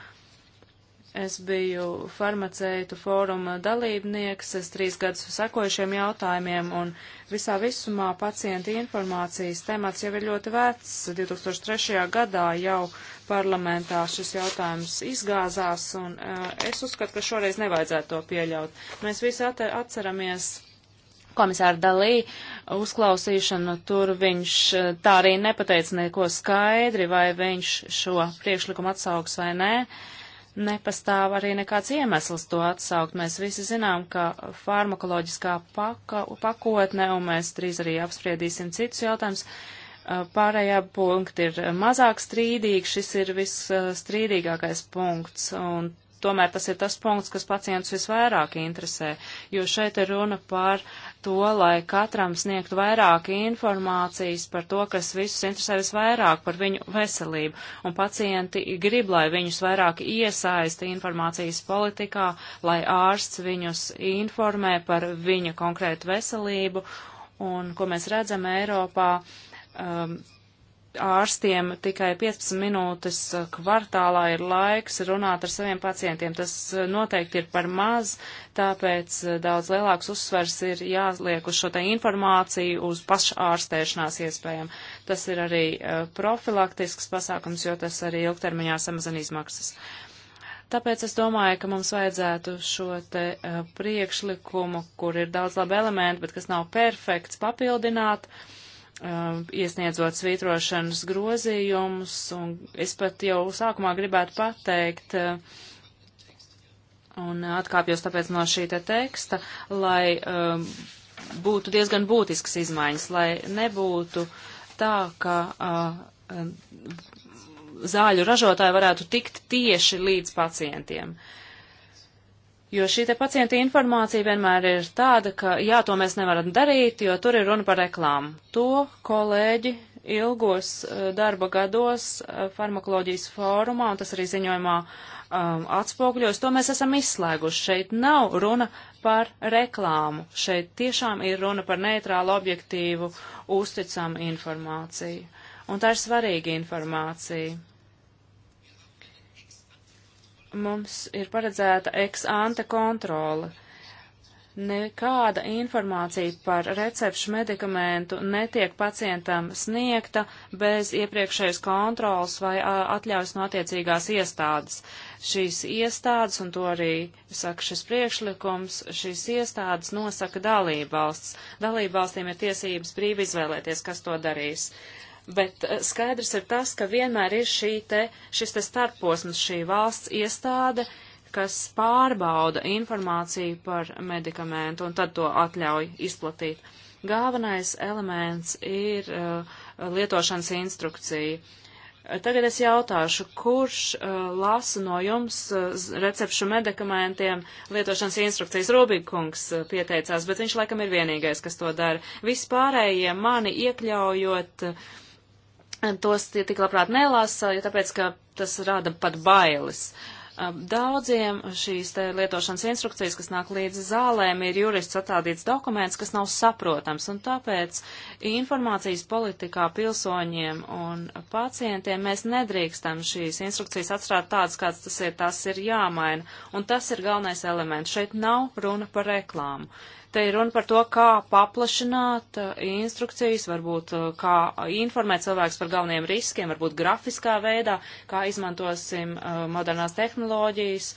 Es biju farmaceitu fóruma dalībnieks, es trīs gadus sekoju šiem jautājumiem, un visā visumā pacienta informācijas temats jau ir ļoti vecs. 2003. gadā jau parlamentā šis jautājums izgāzās, un uh, es uzskatu, ka šoreiz nevajadzētu to pieļaut. Mēs visi atceramies komisāra Dalī uzklausīšanu, tur viņš eh, tā arī nepateica neko skaidri, vai viņš šo priekšlikumu atsauks vai nē. Uh, nepastāv arī nekāds iemesls to atsaukt. Mēs visi zinām, ka farmakoloģiskā paka, pakotne, un mēs drīz arī apspriedīsim citus jautājumus, pārējā punkta ir mazāk strīdīga, šis ir visstrīdīgākais punkts, un tomēr tas ir tas punkts, kas pacientus visvairāk interesē, jo šeit ir runa par to, lai katram sniegtu vairāk informācijas par to, kas visus interesē visvairāk par viņu veselību, un pacienti grib, lai viņus vairāk iesaisti informācijas politikā, lai ārsts viņus informē par viņa konkrētu veselību, un ko mēs redzam Eiropā. Um, ārstiem tikai 15 minūtes kvartālā ir laiks runāt ar saviem pacientiem. Tas noteikti ir par maz, tāpēc daudz lielāks uzsvers ir jāliek uz šo te informāciju, uz pašārstēšanās iespējām. Tas ir arī profilaktisks pasākums, jo tas arī ilgtermiņā samazina izmaksas. Tāpēc es domāju, ka mums vajadzētu šo te priekšlikumu, kur ir daudz labi elementi, bet kas nav perfekts, papildināt. Uh, Um, iesniedzot svītrošanas grozījumus, un es pat jau sākumā gribētu pateikt, uh, un atkāpjos tāpēc no šī te teksta, lai um, būtu diezgan būtisks izmaiņas, lai nebūtu tā, ka uh, zāļu ražotāji varētu tikt tieši līdz pacientiem. Uh, Jo šī te pacienta informācija vienmēr ir tāda, ka jā, to mēs nevaram darīt, jo tur ir runa par reklāmu. To kolēģi ilgos eh, darba gados eh, farmakoloģijas fórumā, un tas arī ziņojumā um, ehm, atspogļos, to mēs esam izslēguši. Šeit nav runa par reklāmu. Šeit tiešām ir runa par neitrālu objektīvu uzticamu informāciju. Un tā ir svarīga informācija mums ir paredzēta ex-ante kontrole. Nekāda informācija par recepšu medikamentu netiek pacientam sniegta bez iepriekšējas kontrolas vai atļaujas no attiecīgās iestādes. Šīs iestādes, un to arī saka šis priekšlikums, šīs iestādes nosaka dalībvalsts. Dalībvalstīm ir tiesības brīvi izvēlēties, kas to darīs. Uh, bet eh, skaidrs ir tas, ka vienmēr ir šī te, šis te starposms, šī valsts iestāde, kas pārbauda informāciju par medikamentu un tad to atļauj izplatīt. Galvenais elements ir uh, lietošanas instrukcija. Tagad es jautāšu, kurš uh, lasa no jums uh, recepšu medikamentiem lietošanas instrukcijas? Rūbīgkungs uh, pieteicās, bet viņš laikam ir vienīgais, kas to dara. Vispārējie mani iekļaujot uh, tos tik labprāt nelasa, jo tāpēc, ka tas rada pat bailes. Daudziem šīs te lietošanas instrukcijas, kas nāk līdz zālēm, ir jurists atstādīts dokuments, kas nav saprotams, un tāpēc informācijas politikā pilsoņiem un pacientiem mēs nedrīkstam šīs instrukcijas atstrāt tādas, kāds tas ir, tas ir jāmaina, un tas ir galvenais elements. Šeit nav runa par reklāmu. Te ir runa par to, kā paplašināt uh, instrukcijas, varbūt uh, kā informēt cilvēkus par galvenajiem riskiem, varbūt grafiskā veidā, kā izmantosim uh, modernās tehnoloģijas,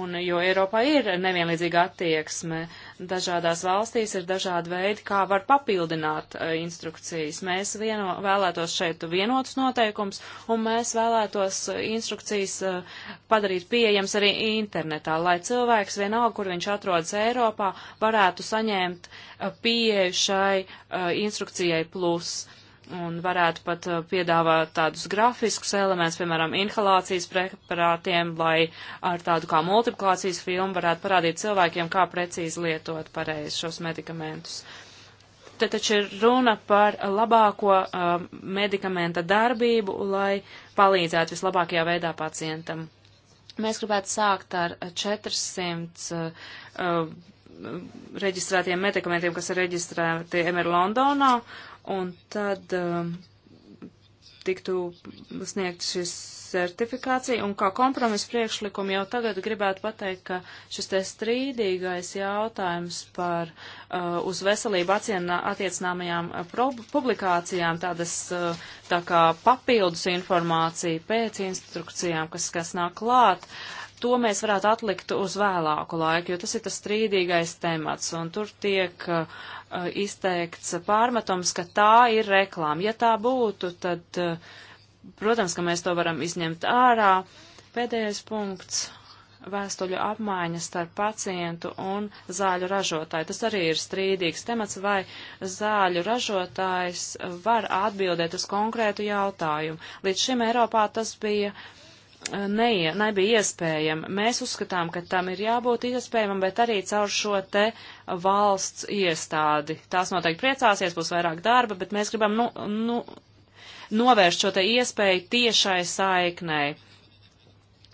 un, jo Eiropā ir nevienlīdzīga attieksme. Uh, dažādās valstīs ir dažādi veidi, kā var papildināt uh, instrukcijas. Mēs vieno, vēlētos šeit vienotus noteikums, un mēs vēlētos eh, instrukcijas uh, padarīt pieejams arī internetā, lai cilvēks vienalga, kur viņš atrodas Eiropā, varētu saņemt uh, pieeju šai instrukcijai plus un varētu pat uh, piedāvāt tādus grafiskus elementus, piemēram, inhalācijas preparātiem, lai ar tādu kā multiplikācijas filmu varētu parādīt cilvēkiem, kā precīzi lietot pareizi šos medikamentus. Te taču ir runa par labāko uh, medikamenta darbību, lai palīdzētu vislabākajā veidā pacientam. Mēs gribētu sākt ar 400 uh, uh, reģistrētiem medikamentiem, kas ir reģistrēti MR Londonā, un tad um, tiktu sniegt šis certifikācija, un kā kompromisa priekšlikumu jau tagad gribētu pateikt, ka šis te strīdīgais jautājums par uh, uz veselību attiecināmajām uh, publikācijām, tādas uh, tā kā papildus informācija pēc instrukcijām, kas, kas nāk klāt, to mēs varētu atlikt uz vēlāku laiku, jo tas ir tas strīdīgais temats, un tur tiek uh, Uh, izteikts pārmetums, ka tā ir reklāma. Ja tā būtu, tad, uh, protams, ka mēs to varam izņemt ārā. Pēdējais punkts - vēstuļu apmaiņa starp pacientu un zāļu ražotāju. Tas arī ir strīdīgs temats, vai zāļu ražotājs var atbildēt uz konkrētu jautājumu. Līdz šim Eiropā tas bija uh, ne, nebija iespējama. Mēs uzskatām, ka tam ir jābūt iespējamam, bet arī caur šo te valsts iestādi. Tās noteikti priecāsies, būs vairāk darba, bet mēs gribam nu, nu, novērst šo te iespēju tiešai saiknei.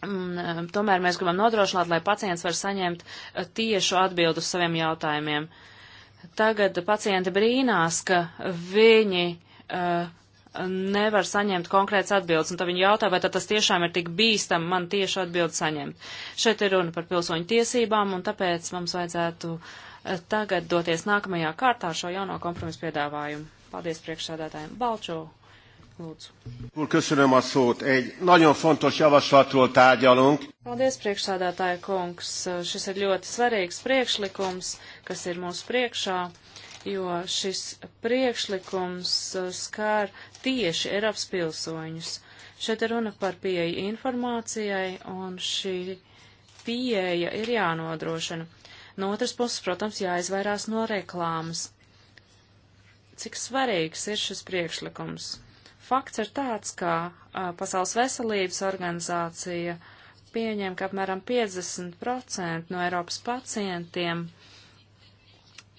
Un, mm, tomēr mēs gribam nodrošināt, lai pacients var saņemt eh, tiešu atbildu uz saviem jautājumiem. Tagad pacienti brīnās, ka viņi uh, nevar saņemt konkrēts atbildes, un tad viņi jautā, vai tas tiešām ir tik bīstam man tieši atbildi saņemt. Šeit ir runa par pilsoņu tiesībām, un tāpēc mums vajadzētu eh, tagad doties nākamajā kārtā šo jauno kompromisu piedāvājumu. Paldies priekšsādātājiem. Balčo, lūdzu. Úr, köszönöm a szót. Egy nagyon fontos javaslatról tárgyalunk. Paldies priekšsādātāja kungs. Šis ir ļoti svarīgs priekšlikums, kas ir mūsu priekšā. Uh, jo šis priekšlikums uh, skār tieši Eiropas pilsoņus. Šeit ir runa par pieeju informācijai, un šī pieeja ir jānodrošina. No otras puses, protams, jāizvairās no reklāmas. Cik svarīgs ir šis priekšlikums? Fakts ir tāds, ka a, uh, Pasaules veselības organizācija pieņem, ka apmēram 50% no Eiropas pacientiem uh,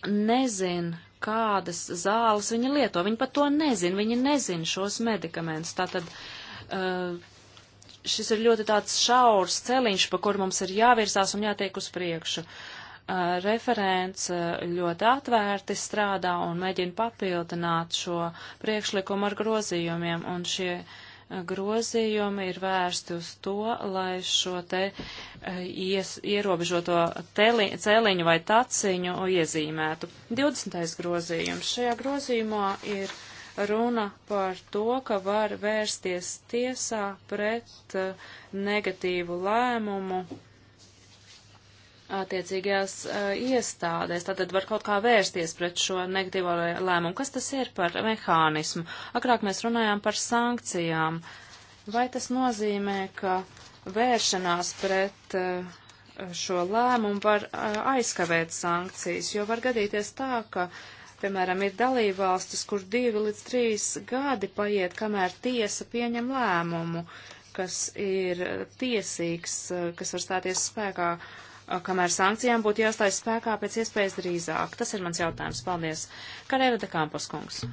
nezina, kādas zāles viņi lieto. Viņi pat to nezina, viņi nezina šos medikamentus. Tātad eh, šis ir ļoti tāds šaurs celiņš, pa kur mums ir jāvirzās un jātiek uz priekšu. Eh, referents eh, ļoti atvērti strādā un mēģina papildināt šo priekšlikumu ar grozījumiem, un šie uh, grozījumi ir vērsti uz to, lai šo te eh, ies, ierobežoto teli, cēliņu vai taciņu iezīmētu. 20. grozījums. Šajā grozījumā ir runa par to, ka var vērsties tiesā pret eh, negatīvu lēmumu attiecīgajās uh, iestādēs. Tātad var kaut kā vērsties pret šo negatīvo lēmumu. Kas tas ir par mehānismu? Agrāk mēs runājām par sankcijām. Vai tas nozīmē, ka vēršanās pret uh, šo lēmumu var uh, aizkavēt sankcijas? Jo var gadīties tā, ka, piemēram, ir dalībvalstis, kur divi līdz trīs gadi paiet, kamēr tiesa pieņem lēmumu, kas ir tiesīgs, kas var stāties spēkā uh, kamēr sankcijām būtu jāstājas spēkā pēc iespējas drīzāk? Tas ir mans jautājums. Paldies. Karēra de Kampos kungs.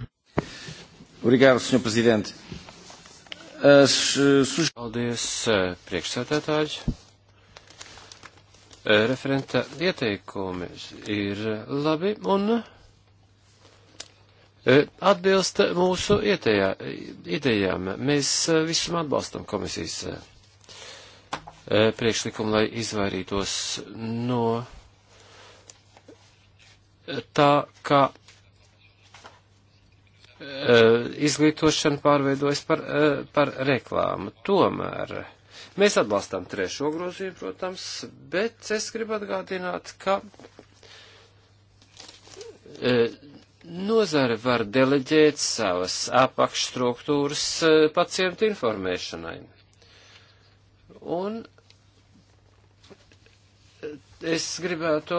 Obrigado, senhor presidente. Eh, Paldies, eh, priekšsēdētāji. Eh, referenta ieteikumi ir labi un atbilst mūsu ietējā, idejām. Mēs visam atbalstam komisijas E, priekšlikumu, lai izvairītos no tā, ka e, izglītošana pārveidojas par, e, par reklāmu. Tomēr mēs atbalstām trešo grozījumu, protams, bet es gribu atgādināt, ka nozare var deleģēt savas apakšstruktūras pacientu informēšanai. Un Es gribētu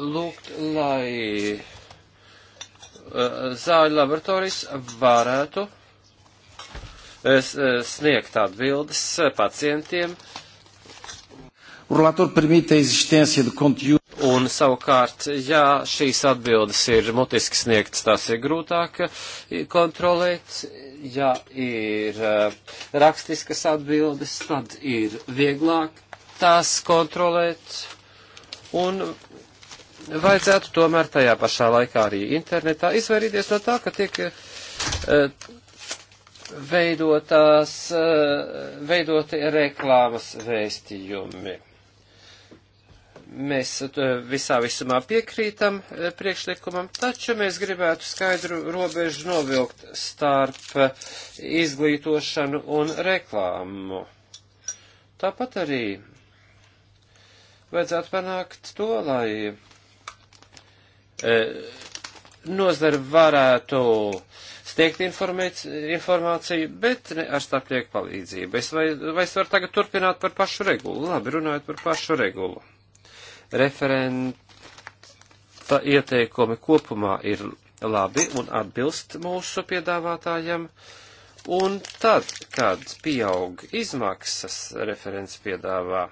lūgt, lai eh, zāļu laboratorijas varētu eh, eh, sniegt atbildes pacientiem. Un savukārt, ja šīs atbildes ir mutiski sniegtas, tās ir grūtāk kontrolēt, ja ir eh, rakstiskas atbildes, tad ir vieglāk tās kontrolēt. Un vajadzētu tomēr tajā pašā laikā arī internetā izvairīties no tā, ka tiek eh, veidotās, eh, veidoti reklāmas vēstījumi. Mēs visā visumā piekrītam e, priekšlikumam, taču mēs gribētu skaidru robežu novilkt starp izglītošanu un reklāmu. Tāpat arī vajadzētu panākt to, lai e, nozara varētu sniegt informāciju, bet ne ar starpnieku palīdzību. Es vai, vai es varu tagad turpināt par pašu regulu? Labi, runājot par pašu regulu referenta ieteikumi kopumā ir labi un atbilst mūsu piedāvātājiem. Un tad, kad pieaug izmaksas, referents piedāvā,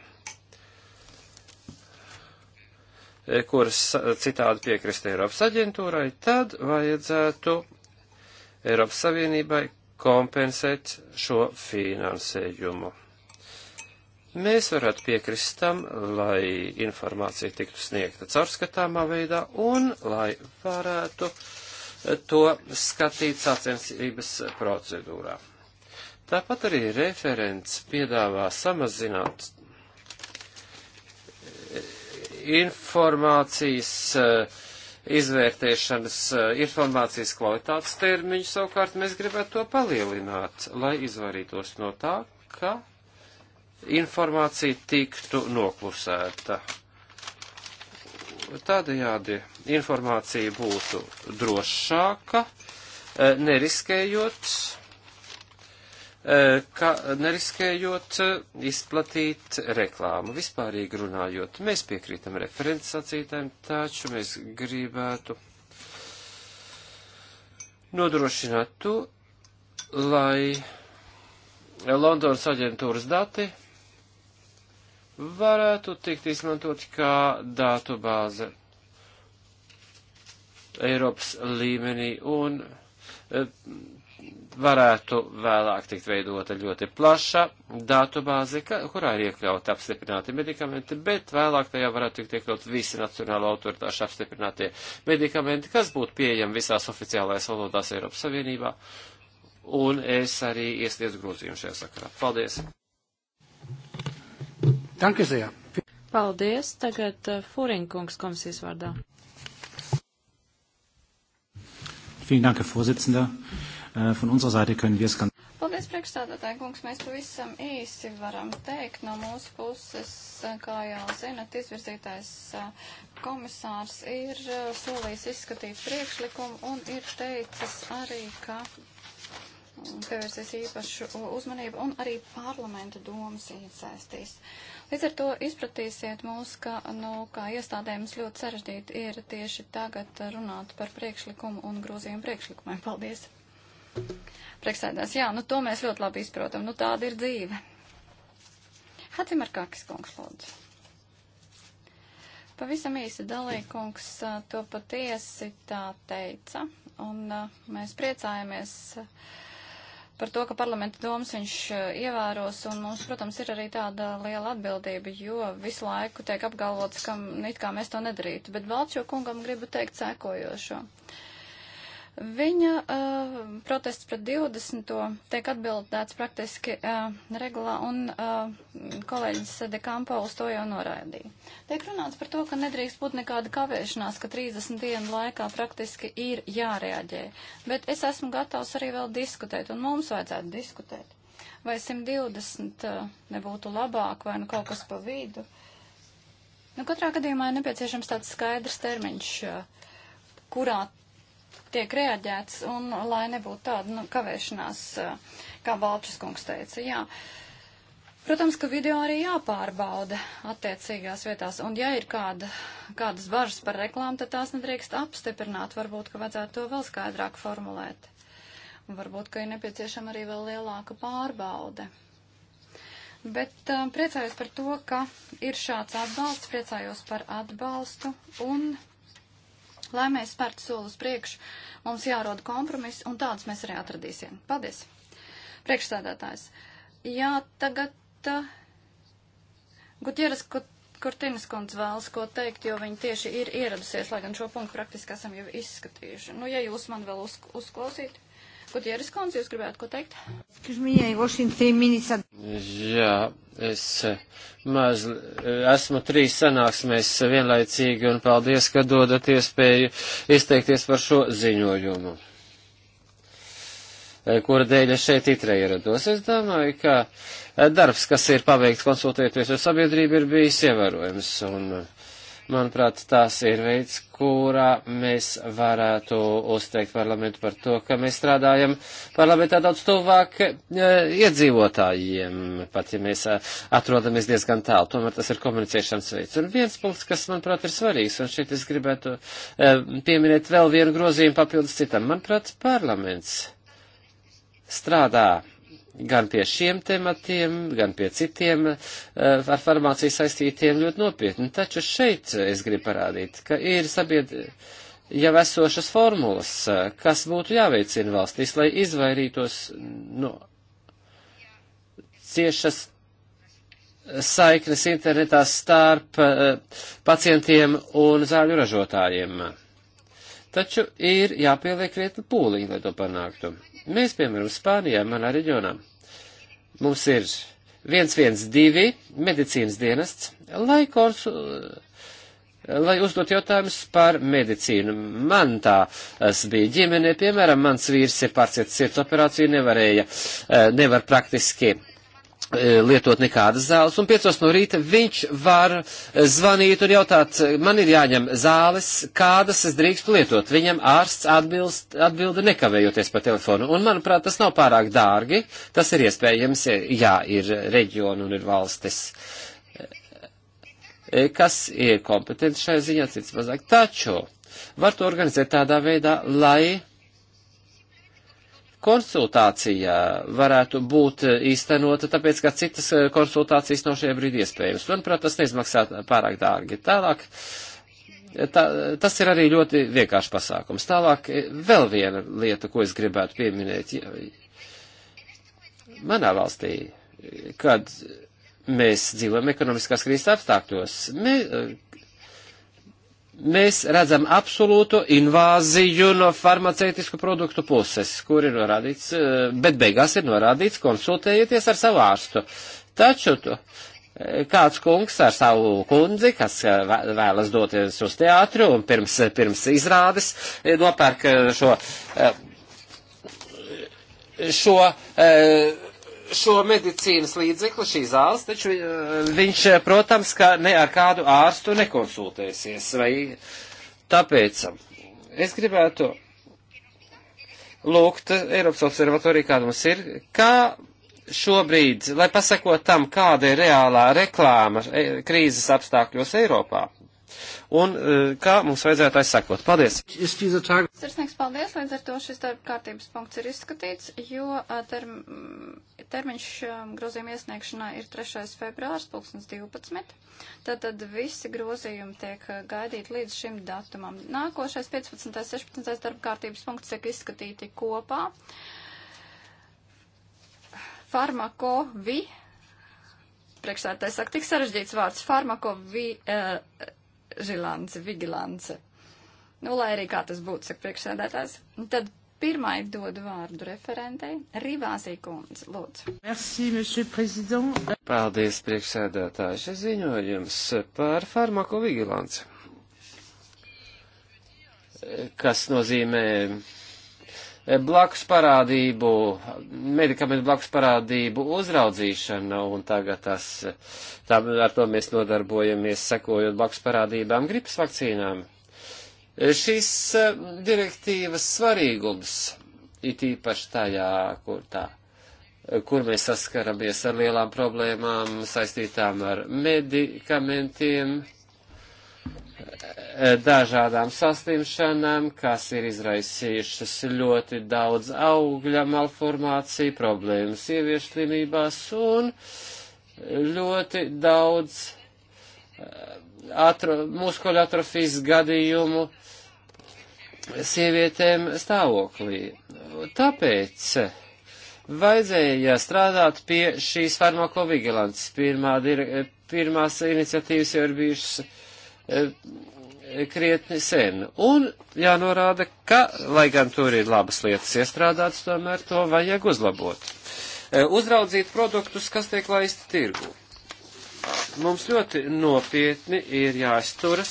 e, kuras citādi piekrist Eiropas aģentūrai, tad vajadzētu Eiropas Savienībai kompensēt šo finansējumu. Mēs varētu piekrist tam, lai informācija tiktu sniegta caurskatāmā veidā un lai varētu to skatīt sacensības procedūrā. Tāpat arī referents piedāvā samazināt e, informācijas uh, izvērtēšanas e, informācijas kvalitātes termiņu, savukārt mēs gribētu to palielināt, lai izvairītos no tā, ka informācija tiktu noklusēta. Tādējādi informācija būtu drošāka, e, neriskējot, e, ka, neriskējot e, izplatīt reklāmu. Vispārīgi runājot, mēs piekrītam referents sacītājiem, taču mēs gribētu nodrošināt to, lai Londonas aģentūras dati varētu tikt izmantot kā datu bāze Eiropas līmenī un e, varētu vēlāk tikt veidota ļoti plaša datubāze, kurā ir iekļauti apstiprināti medikamenti, bet vēlāk tajā varētu tikt iekļaut visi nacionālo autoritāšu apstiprinātie medikamenti, kas būtu pieejami visās oficiālajās valodās Eiropas Savienībā. Un es arī iesniedzu grozījumu šajā sakarā. Paldies! Danke sehr. Paldies. Tagad uh, eh, Fūrinkungs komisijas vārdā. Vielen Dank, Herr Vorsitzender. Uh, von unserer Seite können wir es ganz. Paldies, priekšstādātāji kungs. Mēs pavisam īsi varam teikt no mūsu puses, eh, kā jau zinat, izvirzītais eh, komisārs ir solījis izskatīt priekšlikumu un ir teicis arī, ka mm, pievērsies īpašu uzmanību un arī parlamenta domas iesaistīs. Uh, Līdz ar to izpratīsiet mūs, ka, nu, kā iestādēm ļoti sarežģīti ir tieši tagad runāt par priekšlikumu un grozījumu priekšlikumiem. Paldies! Priekšsēdās, jā, nu to mēs ļoti labi izprotam, nu tāda ir dzīve. Hacimarkakis kungs, lūdzu. Pavisam īsi dalīkungs to patiesi tā teica, un mēs priecājamies. Uh, par to, ka parlamenta domas viņš e, ievēros, un mums, protams, ir arī tāda liela atbildība, jo visu laiku tiek apgalvots, ka it kā mēs to nedarītu. Bet Valčo kungam gribu teikt sēkojošo. Uh, Viņa uh, protests pret 20. tiek atbildēts praktiski uh, regulā, un uh, kolēģis De Campo uz to jau noraidīja. Tiek runāts par to, ka nedrīkst būt nekāda kavēšanās, ka 30 dienu laikā praktiski ir jārēģē. Bet es esmu gatavs arī vēl diskutēt, un mums vajadzētu diskutēt. Vai 120 uh, nebūtu labāk, vai nu kaut kas pa vidu? Nu, katrā gadījumā ir nepieciešams tāds skaidrs termiņš, uh, kurā tiek reaģēts un lai nebūtu tāda nu, kavēšanās, kā Balčis kungs teica. Jā. Protams, ka video arī jāpārbauda attiecīgās vietās, un ja ir kāda, kādas bažas par reklāmu, tad tās nedrīkst apstiprināt, varbūt, ka vajadzētu to vēl skaidrāk formulēt. Un varbūt, ka ir nepieciešama arī vēl lielāka pārbaude. Bet um, priecājos par to, ka ir šāds atbalsts, priecājos par atbalstu un Lai mēs spērtu soli uz priekšu, mums jāroda kompromiss, un tādus mēs arī atradīsim. Paldies! Priekšsēdētājs. Jā, tagad uh, Gutieres Kortinas kundze vēlas ko teikt, jo viņa tieši ir ieradusies, lai gan šo punktu praktiski esam jau izskatījuši. Nu, ja jūs man vēl uz, uzklausītu. Gutieres kundze, jūs gribētu ko teikt? Jā, es eh, maz, eh, esmu trīs sanāksmēs vienlaicīgi un paldies, ka dodat iespēju izteikties par šo ziņojumu eh, kura dēļ es šeit itrē ierados. Es domāju, ka darbs, kas ir paveikts konsultēties ar sabiedrību, ir bijis ievērojams. Un, uh, Manuprāt, tās ir veids, kurā mēs varētu uzteikt parlamentu par to, ka mēs strādājam parlamentā daudz tuvāk e, iedzīvotājiem, pat ja mēs e, atrodamies diezgan tālu. Tomēr tas ir komunicēšanas veids. Un viens punkts, kas, manuprāt, ir svarīgs, un šeit es gribētu e, pieminēt vēl vienu grozījumu papildus citam. Manuprāt, parlaments strādā gan pie šiem tematiem, gan pie citiem eh, ar farmāciju saistītiem ļoti nopietni. Taču šeit es gribu parādīt, ka ir sabied jau esošas formulas, eh, kas būtu jāveicina valstīs, lai izvairītos no ciešas saiknes internetā starp eh, pacientiem un zāļu ražotājiem. Taču ir jāpieliek vietni pūliņi, lai to panāktu. Mēs, piemēram, Spānijā, manā reģionā, mums ir 112 medicīnas dienests, lai konsultētu lai uzdot jautājumus par medicīnu. Man tās bija ģimene, piemēram, mans vīrs ir pārciets sirds operāciju, nevarēja, eh, nevar praktiski E, lietot nekādas zāles, un piecos no rīta viņš var e, zvanīt un jautāt, e, man ir jāņem zāles, kādas es drīkstu lietot. Viņam ārsts atbilst, atbildi nekavējoties pa telefonu, un manuprāt, tas nav pārāk dārgi, tas ir iespējams, jā, ir reģionu un ir valstis, kas ir kompetenti šajā ziņā, cits mazāk. Taču var to organizēt tādā veidā, lai konsultācija varētu būt īstenota, tāpēc, ka citas eh, konsultācijas nav šajā brīdī iespējams. Manuprāt, tas neizmaksā pārāk dārgi. Tālāk, tā, tas ir arī ļoti vienkāršs pasākums. Tālāk, eh, vēl viena lieta, ko es gribētu pieminēt. Manā valstī, kad mēs dzīvojam ekonomiskās krīzes apstākļos, mēs redzam absolūtu invāziju no farmaceitisku produktu puses, kur ir norādīts, eh, bet beigās ir norādīts konsultējieties ar savu ārstu. Taču tu, eh, kāds kungs ar savu kundzi, kas eh, vēlas doties uz teātru un pirms, pirms izrādes nopērk šo, šo šo medicīnas līdzekli, šīs zāles, taču eh, viņš, eh, protams, ka ne ar kādu ārstu nekonsultēsies. Vai tāpēc es gribētu lūgt Eiropas observatoriju, kāda mums ir, kā šobrīd, lai pasakot tam, kāda ir reālā reklāma eh, krīzes apstākļos Eiropā. Un kā mums vajadzētu aizsakot? Paldies! Sirsnieks, paldies! Līdz ar to šis darba kārtības punkts ir izskatīts, jo term, Termiņš um, grozījuma iesniegšanā ir 3. februārs 2012. Tātad visi grozījumi tiek uh, gaidīti līdz šim datumam. Nākošais 15. un 16. darba kārtības punkts tiek izskatīti kopā. Farmakovi, priekšsētājs saka, tik sarežģīts vārds, farmakovi, uh, žilance, vigilance. Nu, lai arī kā tas būtu, saka priekšsēdētājs. Tad Pirmai dodu vārdu referentei Rivāzī kundze, lūdzu. Merci, monsieur président. Paldies, priekšsēdētāji. Šis ziņojums par farmakovigilanci, kas nozīmē blakus parādību, medikamentu blakus parādību uzraudzīšana, un tagad tas, tā, ar to mēs nodarbojamies, sekojot blakus parādībām gripas vakcīnām Šīs eh, direktīvas svarīgums, it īpaši tajā, kur tā kur mēs saskaramies ar lielām problēmām saistītām ar medikamentiem, eh, dažādām saslimšanām, kas ir izraisījušas ļoti daudz augļa malformāciju, problēmas ieviešu slimībās un ļoti daudz eh, atro, muskuļu atrofijas gadījumu sievietēm stāvoklī. Tāpēc vajadzēja strādāt pie šīs farmakovigilances. Pirmā dir, pirmās iniciatīvas jau ir bijušas e, krietni sen. Un jānorāda, ka, lai gan tur ir labas lietas iestrādātas, tomēr to vajag uzlabot. E, uzraudzīt produktus, kas tiek laisti tirgū. Mums ļoti nopietni ir jāizturas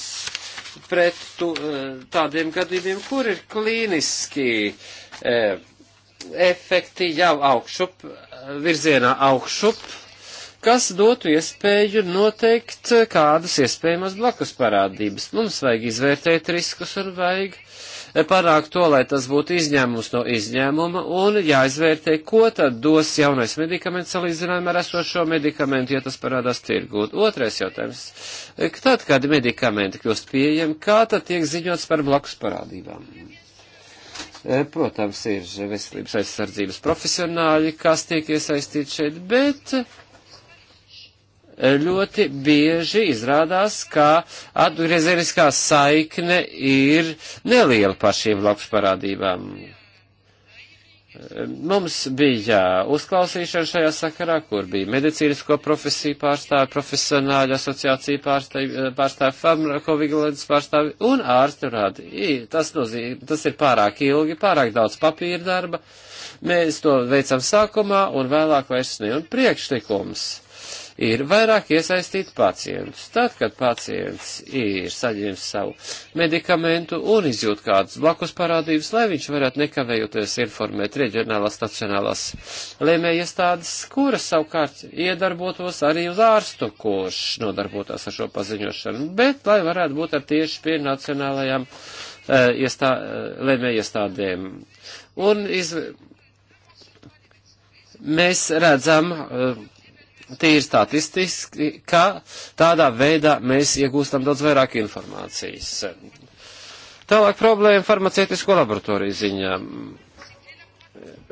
pret tu, eh, tādiem gadījumiem, kur ir klīniski e, efekti jau augšup, virzienā augšup, kas dotu iespēju noteikt eh, kādas iespējamas blakus parādības. Mums vajag izvērtēt riskus un vajag uh, panākt to, lai tas būtu izņēmums no izņēmuma, un jāizvērtē, ko tad dos jaunais medikaments salīdzinājumā ar esošo medikamentu, ja tas parādās tirgū. Otrais jautājums. Tad, kad medikamenti kļūst pieejami, kā tad tiek ziņots par blakus parādībām? Protams, ir veselības aizsardzības profesionāļi, kas tiek iesaistīti šeit, bet ļoti bieži izrādās, ka atgriezeniskā saikne ir neliela par šīm labs parādībām. Mums bija uzklausīšana šajā sakarā, kur bija medicīnisko profesiju pārstāvi, profesionāļu asociāciju pārstāvi, pārstāvi farmakovigilantes pārstāvi un ārstu rādi. Tas, nozīm, tas ir pārāk ilgi, pārāk daudz papīra darba. Mēs to veicam sākumā un vēlāk vairs ne. Un priekšlikums ir vairāk iesaistīt pacientus. Tad, kad pacients ir saņēmis savu medikamentu un izjūt kādas blakus parādības, lai viņš varētu nekavējoties informēt reģionālās stacionālās lēmējiestādes, kuras savukārt iedarbotos arī uz ārstu, kurš nodarbotos ar šo paziņošanu, bet lai varētu būt ar tieši pie nacionālajām uh, iestā, uh, e, lēmējiestādēm. Un iz, mēs redzam, e, tīri statistiski, ka tādā veidā mēs iegūstam daudz vairāk informācijas. Tālāk problēma farmaceitisko laboratoriju ziņā.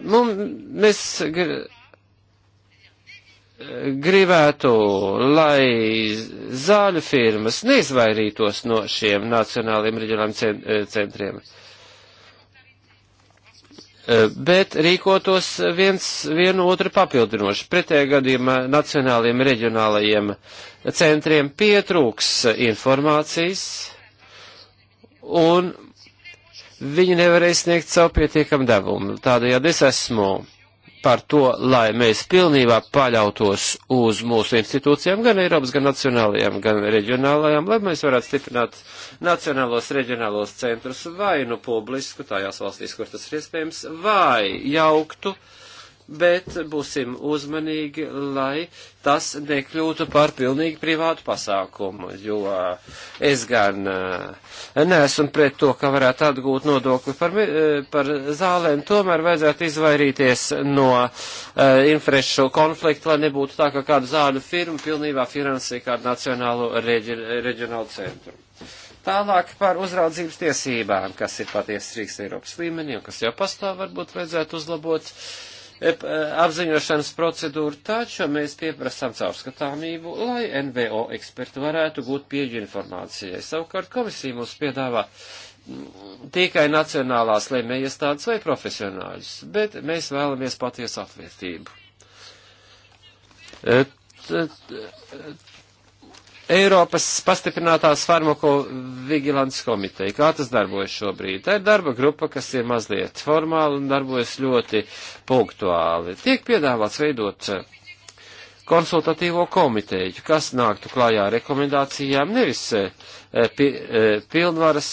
Mums, mēs gr gribētu, lai zāļu firmas neizvairītos no šiem nacionāliem reģionāliem centriem. Uh, Eh, bet rīkotos viens vienu otru papildinoši. Pretējā gadījumā nacionāliem reģionālajiem centriem pietrūks informācijas un viņi nevarēs sniegt savu pietiekamu devumu. Tādējādi es esmu par to, lai mēs pilnībā paļautos uz mūsu institūcijām, gan Eiropas, gan nacionālajām, gan reģionālajām, lai mēs varētu stiprināt nacionālos reģionālos centrus vai nu publisku tajās valstīs, kur tas ir iespējams, vai jauktu, bet būsim uzmanīgi, lai tas nekļūtu par pilnīgi privātu pasākumu, jo es gan uh, neesam pret to, ka varētu atgūt nodokli par, eh, par zālēm, tomēr vajadzētu izvairīties no uh, infrešu konflikta, lai nebūtu tā, ka kāda zāļu firma pilnībā finansē kādu nacionālu reģi, reģionālu centru. Tālāk par uzraudzības tiesībām, kas ir patiesi Rīgas Eiropas līmenī un kas jau pastāv, varbūt vajadzētu uzlabot. Uh, E, apziņošanas procedūru, taču mēs pieprasām caurskatāmību, lai NVO eksperti varētu būt pieeju informācijai. Savukārt komisija mums piedāvā mm, tikai nacionālās lēmējiestādes vai profesionāļus, bet mēs vēlamies patiesu atvērtību. E, Eiropas pastiprinātās farmakovigilants komiteja. Kā tas darbojas šobrīd? Tā ir darba grupa, kas ir mazliet formāla un darbojas ļoti punktuāli. Tiek piedāvāts veidot eh, konsultatīvo komiteju, kas nāktu klājā rekomendācijām, nevis eh, pi, eh, pilnvaras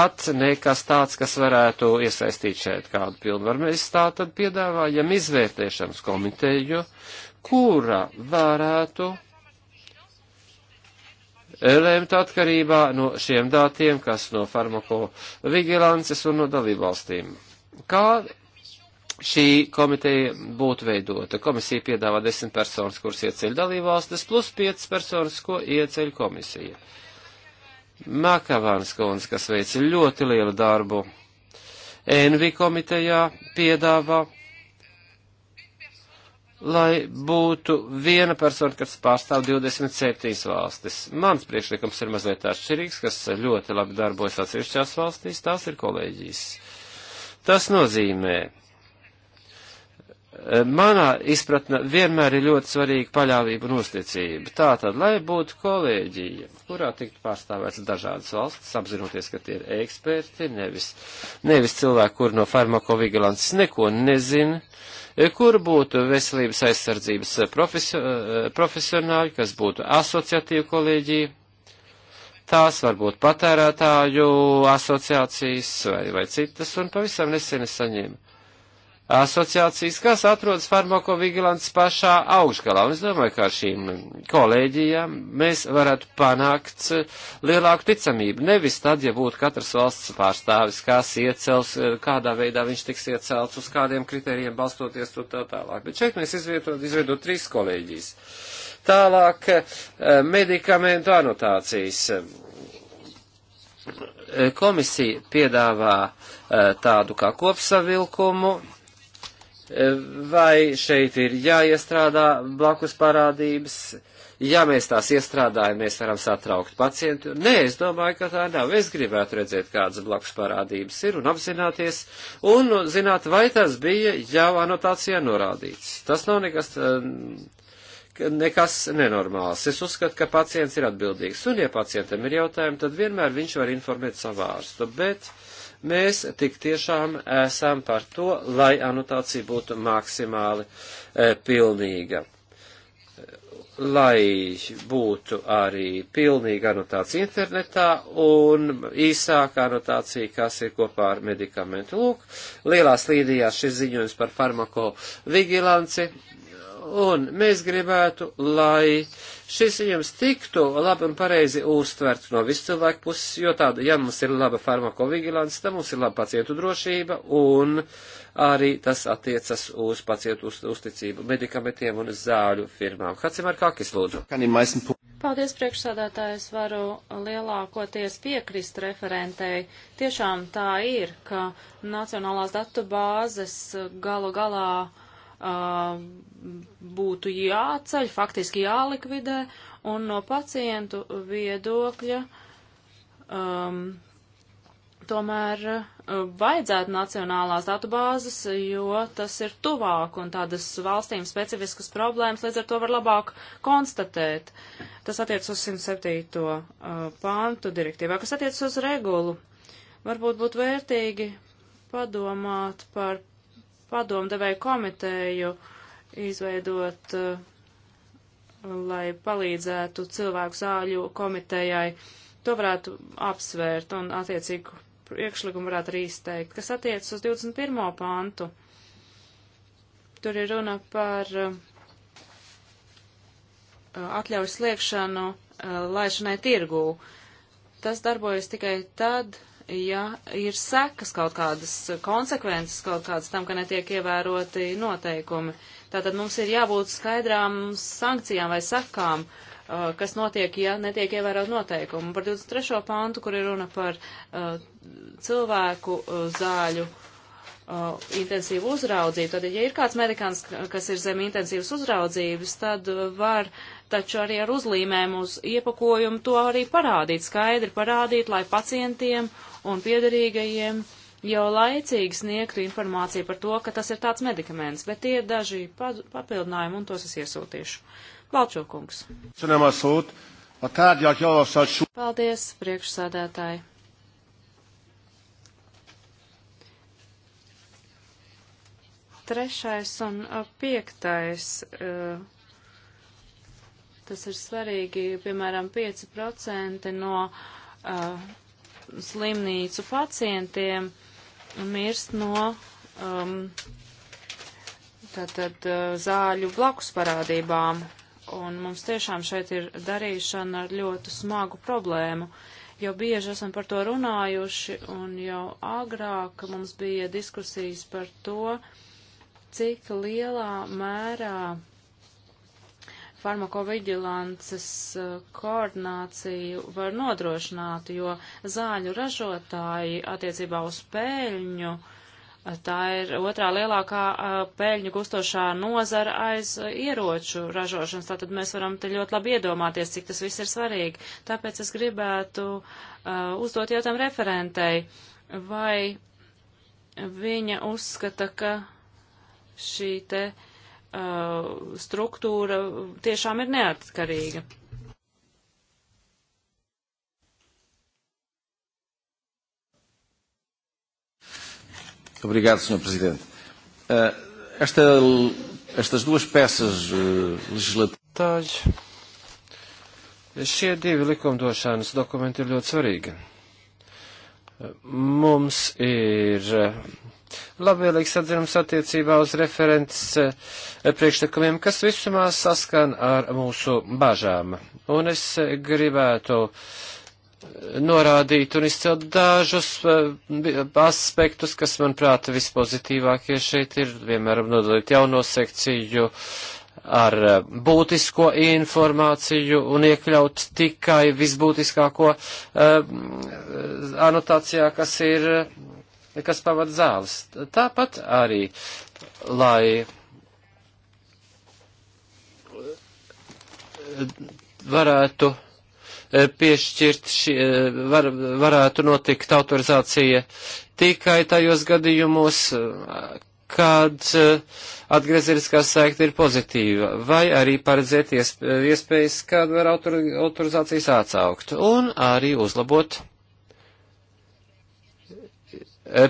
pats nekas tāds, kas varētu iesaistīt šeit kādu pilnvaru. Mēs tā tad piedāvājam izvērtēšanas komiteju, kura varētu lemt atkarībā no šiem datiem, kas no farmakovigilances un no dalībvalstīm. Kā šī komiteja būtu veidota? Komisija piedāvā desmit personas, kuras ieceļ dalībvalstis, plus piecas personas, ko ieceļ komisija. Makavāns kundze, kas veica ļoti lielu darbu, Envi komitejā piedāvā lai būtu viena persona, kas pārstāv 27 valstis. Mans priekšlikums ir mazliet atšķirīgs, kas ļoti labi darbojas atsevišķās valstīs, tās ir kolēģijas. Tas nozīmē, manā izpratnē vienmēr ir ļoti svarīga paļāvība un uzticība. Tātad, lai būtu kolēģija, kurā tiktu pārstāvēts dažādas valstis, apzinoties, ka tie ir eksperti, nevis, nevis cilvēki, kur no farmakovigilances neko nezina, uh, kur būtu veselības aizsardzības profesio, profesionāļi, kas būtu asociatīva kolēģija, tās varbūt patērētāju asociācijas vai, vai citas, un pavisam nesen es saņēmu asociācijas, kas atrodas farmakovigilants pašā augšgalā. Un es domāju, ka ar šīm kolēģijām mēs varētu panākt lielāku ticamību. Nevis tad, ja būtu katrs valsts pārstāvis, kas iecels, kādā veidā viņš tiks iecelts, uz kādiem kriterijiem balstoties un tā tālāk. Bet šeit mēs izveidot, izveidot trīs kolēģijas. Tālāk eh, medikamentu anotācijas. Eh, komisija piedāvā eh, tādu kā kopsavilkumu, vai šeit ir jāiestrādā blakus parādības, ja mēs tās iestrādājam, mēs varam satraukt pacientu. Nē, es domāju, ka tā nav. Es gribētu redzēt, kādas blakus parādības ir un apzināties un zināt, vai tas bija jau anotācijā norādīts. Tas nav nekas. Um, nekas nenormāls. Es uzskatu, ka pacients ir atbildīgs, un ja pacientam ir jautājumi, tad vienmēr viņš var informēt savu ārstu, bet uh, Mēs tik tiešām esam par to, lai anotācija būtu maksimāli e, pilnīga. Lai būtu arī pilnīga anotācija internetā un īsāka anotācija, kas ir kopā ar medikamentu. Lūk, lielās līdījās šis ziņojums par farmako vigilanci un mēs gribētu, lai uh, šis ziņojums tiktu labi un pareizi uztverts no visu cilvēku puses, jo tāda, ja mums ir laba farmakovigilants, tad mums ir laba pacientu drošība un arī tas attiecas uz pacientu uz, uzticību medikamentiem un zāļu firmām. Hacimar Kakis, lūdzu. Paldies, priekšsādātājs, varu lielākoties piekrist referentei. Tiešām tā ir, ka Nacionālās datu bāzes galu galā būtu jāceļ, faktiski jālikvidē, un no pacientu viedokļa um, tomēr vajadzētu nacionālās datubāzes, jo tas ir tuvāk un tādas valstīm specifiskas problēmas līdz ar to var labāk konstatēt. Tas attiec uz 107. pāntu direktīvā, kas attiec uz regulu. Varbūt būtu vērtīgi padomāt par padomdevēju komiteju izveidot, eh, lai palīdzētu cilvēku zāļu komitejai. To varētu apsvērt un attiecīgu priekšlikumu varētu arī izteikt. Kas attiecas uz 21. pantu, tur ir runa par eh, atļauju sliekšanu eh, laišanai tirgū. Tas darbojas tikai tad, ja ir sekas kaut kādas konsekvences kaut kādas tam, ka netiek ievēroti noteikumi. Tātad mums ir jābūt skaidrām sankcijām vai sekām, uh, kas notiek, ja netiek ievērot noteikumu. Par 23. pantu, kur ir runa par uh, cilvēku uh, zāļu uh, intensīvu uzraudzību. Tad, ja ir kāds medikants, kas ir zem intensīvas uzraudzības, tad uh, var taču arī ar uzlīmēm uz iepakojumu to arī parādīt, skaidri parādīt, lai pacientiem un piederīgajiem jau laicīgi sniegtu informāciju par to, ka tas ir tāds medikaments, bet tie ir daži papildinājumi, un tos es iesūtīšu. Valčokungs. Paldies, priekšsādētāji. Trešais un piektais. Tas ir svarīgi, piemēram, 5% no uh, slimnīcu pacientiem mirst no um, tātad zāļu blakus parādībām. Un mums tiešām šeit ir darīšana ar ļoti smagu problēmu. Jau bieži esam par to runājuši, un jau agrāk mums bija diskusijas par to, uh, cik lielā mērā farmakoviģilances uh, koordināciju var nodrošināt, jo zāļu ražotāji attiecībā uz pēļņu, uh, tā ir otrā lielākā uh, pēļņu gustošā nozara aiz ieroču ražošanas, tātad mēs varam te ļoti labi iedomāties, cik tas viss ir svarīgi. Tāpēc es gribētu uzdot jautājumu referentei, vai viņa uzskata, ka šī te uh, struktūra tiešām ir neatkarīga. Obrigado, Sr. Presidente. Uh, esta, estas duas peças uh, legislativas. Šie divi likumdošanas dokumenti ir ļoti svarīgi. Uh, mums ir uh, labvēlīgs atzinums attiecībā uz referents eh, priekšlikumiem, kas visumā saskan ar mūsu bažām. Un es eh, gribētu eh, norādīt un izcelt dažus aspektus, kas, manuprāt, vispozitīvākie šeit ir, piemēram, nodalīt jauno sekciju ar būtisko informāciju un iekļaut tikai visbūtiskāko uh, anotācijā, kas ir kas pavada zāles. Tāpat arī, lai eh, varētu eh, piešķirt, šie, eh, var, varētu notikt autorizācija tikai tajos gadījumos, kad atgriezeniskā saikta ir pozitīva, vai arī paredzēt iespējas, kad var autor, autorizācijas atsaukt, un arī uzlabot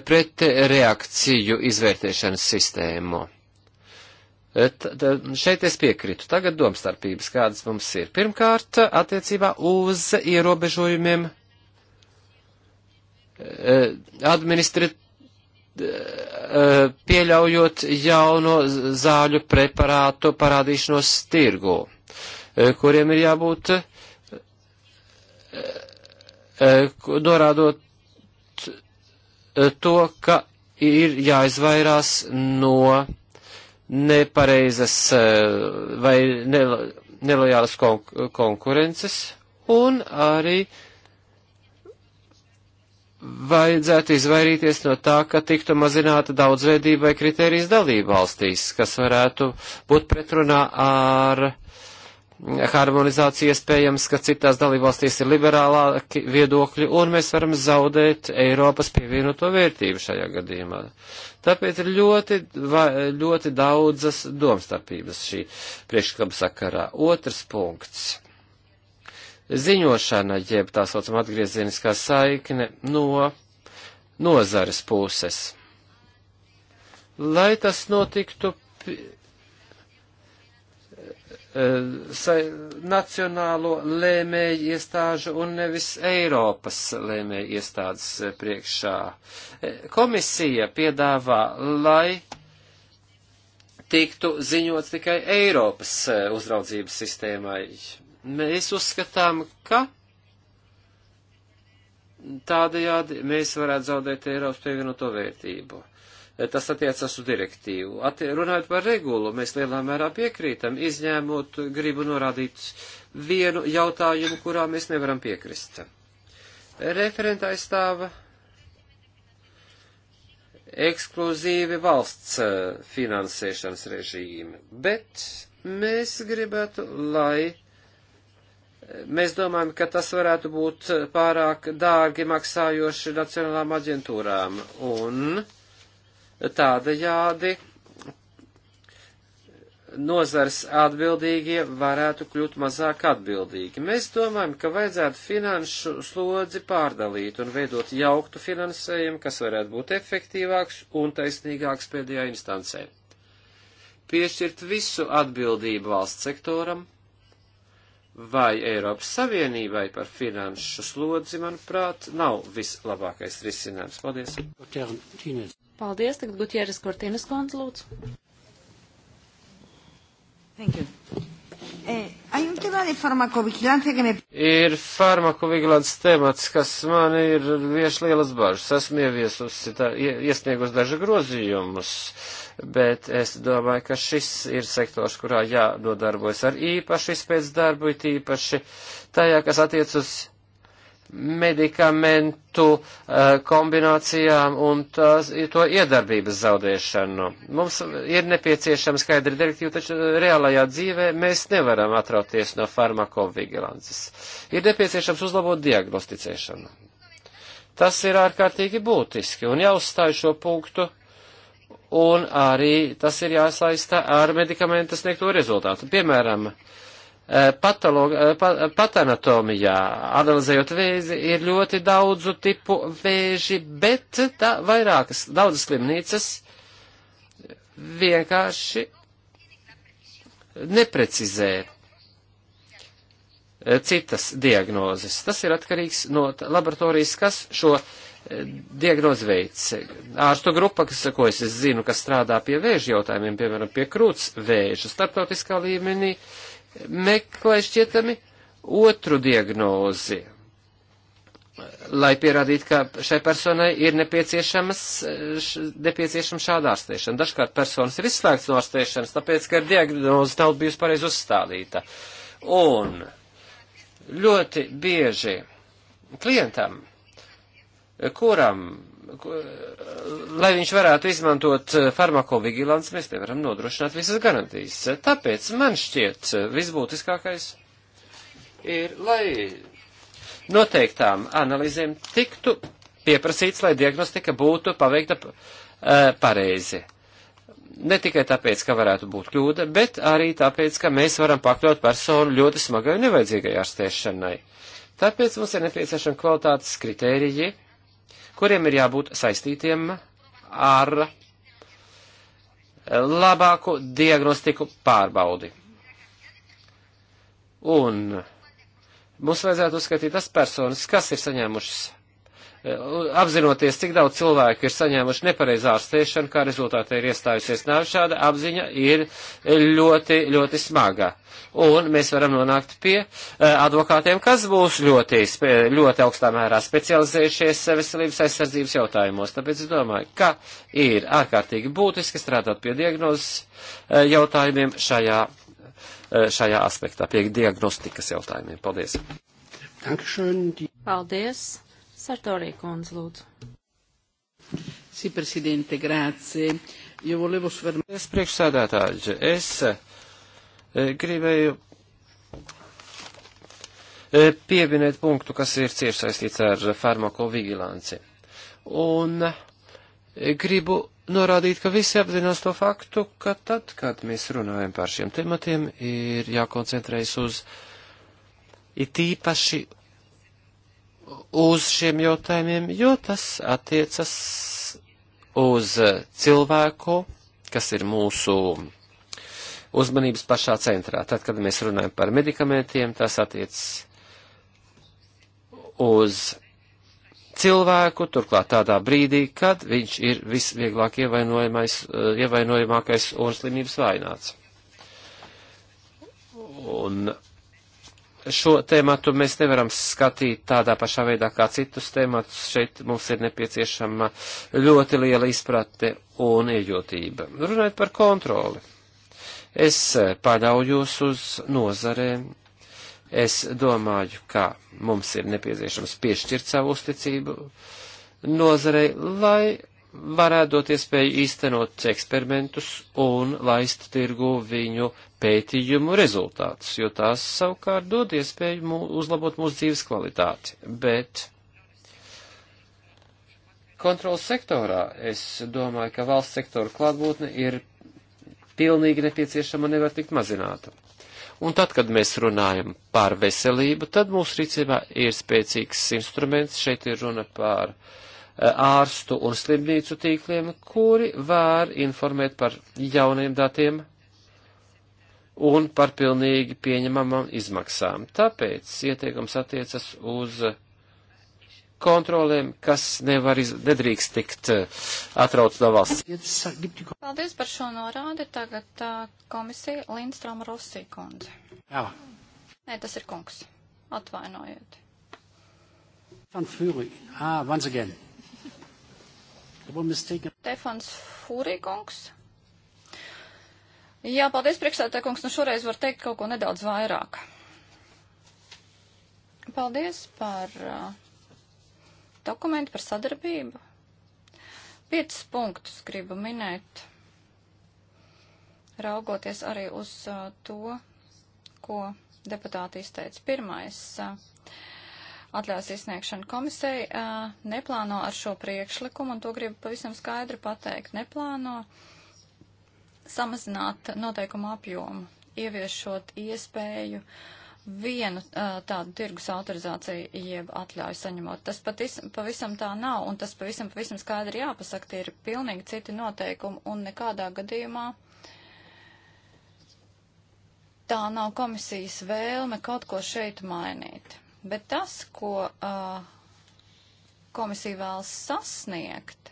pret reakciju izvērtēšanas sistēmu. E, t, t, šeit es piekritu. Tagad domstarpības, kādas mums ir. Pirmkārt, attiecībā uz ierobežojumiem e, administrat, e, pieļaujot jauno zāļu preparātu parādīšanos tirgu, kuriem ir jābūt norādot Eh, to, ka ir jāizvairās no nepareizas eh, vai nelojālas konkurences un arī vajadzētu izvairīties no tā, ka tiktu mazināta daudzveidība vai kritērijas dalība valstīs, kas varētu būt pretrunā ar harmonizācija iespējams, ka citās dalībvalstīs ir liberālāki viedokļi, un mēs varam zaudēt Eiropas pievienoto vērtību šajā gadījumā. Tāpēc ir ļoti, ļoti daudzas domstarpības šī priekšlikuma sakarā. Otrs punkts. Ziņošana, jeb tā saucamā atgriezeniskā saikne no nozares puses. Lai tas notiktu Eh, nacionālo lēmēju iestāžu un nevis Eiropas lēmēju iestādes eh, priekšā. Eh, komisija piedāvā, lai tiktu ziņots tikai Eiropas uzraudzības sistēmai. Mēs uzskatām, ka tādajādi mēs varētu zaudēt Eiropas pievienoto vērtību. Eh, tas attiecas uz direktīvu. Ati, runājot par regulu, mēs lielā mērā piekrītam, izņēmot, gribu norādīt vienu jautājumu, kurā mēs nevaram piekrist. Referenta aizstāva ekskluzīvi valsts eh, finansēšanas režīmi, bet mēs gribētu, lai eh, mēs domājam, ka tas varētu būt pārāk dārgi maksājoši nacionālām aģentūrām. Un Tādējādi nozars atbildīgie varētu kļūt mazāk atbildīgi. Mēs domājam, ka vajadzētu finanšu slodzi pārdalīt un veidot jauktu finansējumu, kas varētu būt efektīvāks un taisnīgāks pēdējā instancē. Piešķirt visu atbildību valsts sektoram vai Eiropas Savienībai par finanšu slodzi, manuprāt, nav vislabākais risinājums. Paldies! Paldies, tagad Gutieres Kortīnas kundze, lūdzu. Thank you. Eh, hay un tema de farmacovigilancia que me... Ir farmakovigilants temats, kas man ir vieš lielas bažas. Esmu ieviesusi, tā, iesniegus daži grozījumus, bet es domāju, ka šis ir sektors, kurā jānodarbojas ar īpašu izpēc darbu, it īpaši tajā, kas attiec uz medikamentu eh, kombinācijām un tās, to iedarbības zaudēšanu. Mums ir nepieciešama skaidra direktīva, taču eh, reālajā dzīvē mēs nevaram atrauties no farmakovigilances. Ir nepieciešams uzlabot diagnosticēšanu. Tas ir ārkārtīgi būtiski un jāuzstāj šo punktu un arī tas ir jāsaista ar medikamentu sniegto rezultātu. Piemēram, uh, patologa, eh, pat anatomijā, analizējot vēzi, ir ļoti daudzu tipu vēži, bet tā vairākas, daudzas slimnīcas vienkārši neprecizē eh, citas diagnozes. Tas ir atkarīgs no laboratorijas, kas šo eh, diagnozi veids. Ārstu grupa, kas, ko es, es zinu, kas strādā pie vēža jautājumiem, piemēram, pie krūts vēža, starptautiskā līmenī, uh, meklē šķietami otru diagnozi, lai pierādītu, ka šai personai ir nepieciešams, nepieciešama šāda ārstēšana. Dažkārt personas ir izslēgts no ārstēšanas, tāpēc, ka diagnoze nav bijusi pareizi uzstādīta. Un ļoti bieži klientam, kuram lai viņš varētu izmantot eh, farmakovigilants, mēs nevaram nodrošināt visas garantijas. Tāpēc man šķiet eh, visbūtiskākais ir, lai noteiktām analīzēm tiktu pieprasīts, lai diagnostika būtu paveikta eh, pareizi. Ne tikai tāpēc, ka varētu būt kļūda, bet arī tāpēc, ka mēs varam pakļaut personu ļoti smagai un nevajadzīgai ārstēšanai. Tāpēc mums ir nepieciešama kvalitātes kritērija, kuriem ir jābūt saistītiem ar labāku diagnostiku pārbaudi. Un mums vajadzētu uzskatīt tas personas, kas ir saņēmušas apzinoties, cik daudz cilvēku ir saņēmuši nepareizu ārstēšanu, kā rezultātā ir iestājusies nāve, šāda apziņa ir ļoti, ļoti smaga. Un mēs varam nonākt pie eh, advokātiem, kas būs ļoti, ļoti augstā mērā specializējušies veselības aizsardzības jautājumos. Tāpēc es domāju, ka ir ārkārtīgi būtiski strādāt pie diagnozes eh, jautājumiem šajā, eh, šajā aspektā, pie diagnostikas jautājumiem. Paldies! Paldies! Sartorī kundze, lūdzu. Sī, prezidente, grācie. Jo volevo svarmēt. Es priekšsādātāģi, es eh, gribēju eh, pieminēt punktu, kas ir cieši saistīts ar farmakovigilanci. Un eh, gribu norādīt, ka visi apzinās to faktu, ka tad, kad mēs runājam par šiem tematiem, ir jākoncentrējas uz it īpaši uz šiem jautājumiem, jo tas attiecas uz cilvēku, kas ir mūsu uzmanības pašā centrā. Tad, kad mēs runājam par medikamentiem, tas attiecas uz cilvēku, turklāt tādā brīdī, kad viņš ir visvieglāk eh, ievainojamākais un slimības vaināts. Un šo tēmatu mēs nevaram skatīt tādā pašā veidā kā citus tēmatus. Šeit mums ir nepieciešama ļoti liela izpratne un iejūtība. Runājot par kontroli. Es paļaujos uz nozarēm. Es domāju, ka mums ir nepieciešams piešķirt savu uzticību nozarei, lai varētu dot iespēju īstenot eksperimentus un laist tirgu viņu pētījumu rezultātus, jo tās savukārt dod iespēju mū, uzlabot mūsu dzīves kvalitāti. Bet kontrolas sektorā es domāju, ka valsts sektora klātbūtne ir pilnīgi nepieciešama un nevar tikt mazināta. Un tad, kad mēs runājam par veselību, tad mūsu rīcībā ir spēcīgs instruments. Šeit ir runa par uh, Eh, ārstu un slimnīcu tīkliem, kuri var informēt par jauniem datiem un par pilnīgi pieņemamām izmaksām. Tāpēc ieteikums attiecas uz kontrolēm, kas nevar, iz, nedrīkst tikt eh, atrauts no valsts. Paldies par šo norādi. Tagad uh, komisija Lindstrāma Rosī kundze. Jā. Nē, tas ir kungs. Atvainojiet. Van Fury. Ah, once again. Stefans Fūrīkungs. Jā, paldies, priekšsētēkungs. Nu šoreiz var teikt kaut ko nedaudz vairāk. Paldies par uh, dokumentu, par sadarbību. Piecus punktus gribu minēt, raugoties arī uz uh, to, ko deputāti izteica. Pirmais. Uh, atļaus izsniegšanu komisei uh, neplāno ar šo priekšlikumu, un to gribu pavisam skaidri pateikt, neplāno samazināt noteikumu apjomu, ieviešot iespēju vienu uh, tādu tirgus autorizāciju jeb atļauju saņemot. Tas patis, pavisam tā nav, un tas pavisam, pavisam skaidri jāpasaka, tie ir pilnīgi citi noteikumi, un nekādā gadījumā tā nav komisijas vēlme kaut ko šeit mainīt. Bet tas, ko uh, komisija vēlas sasniegt,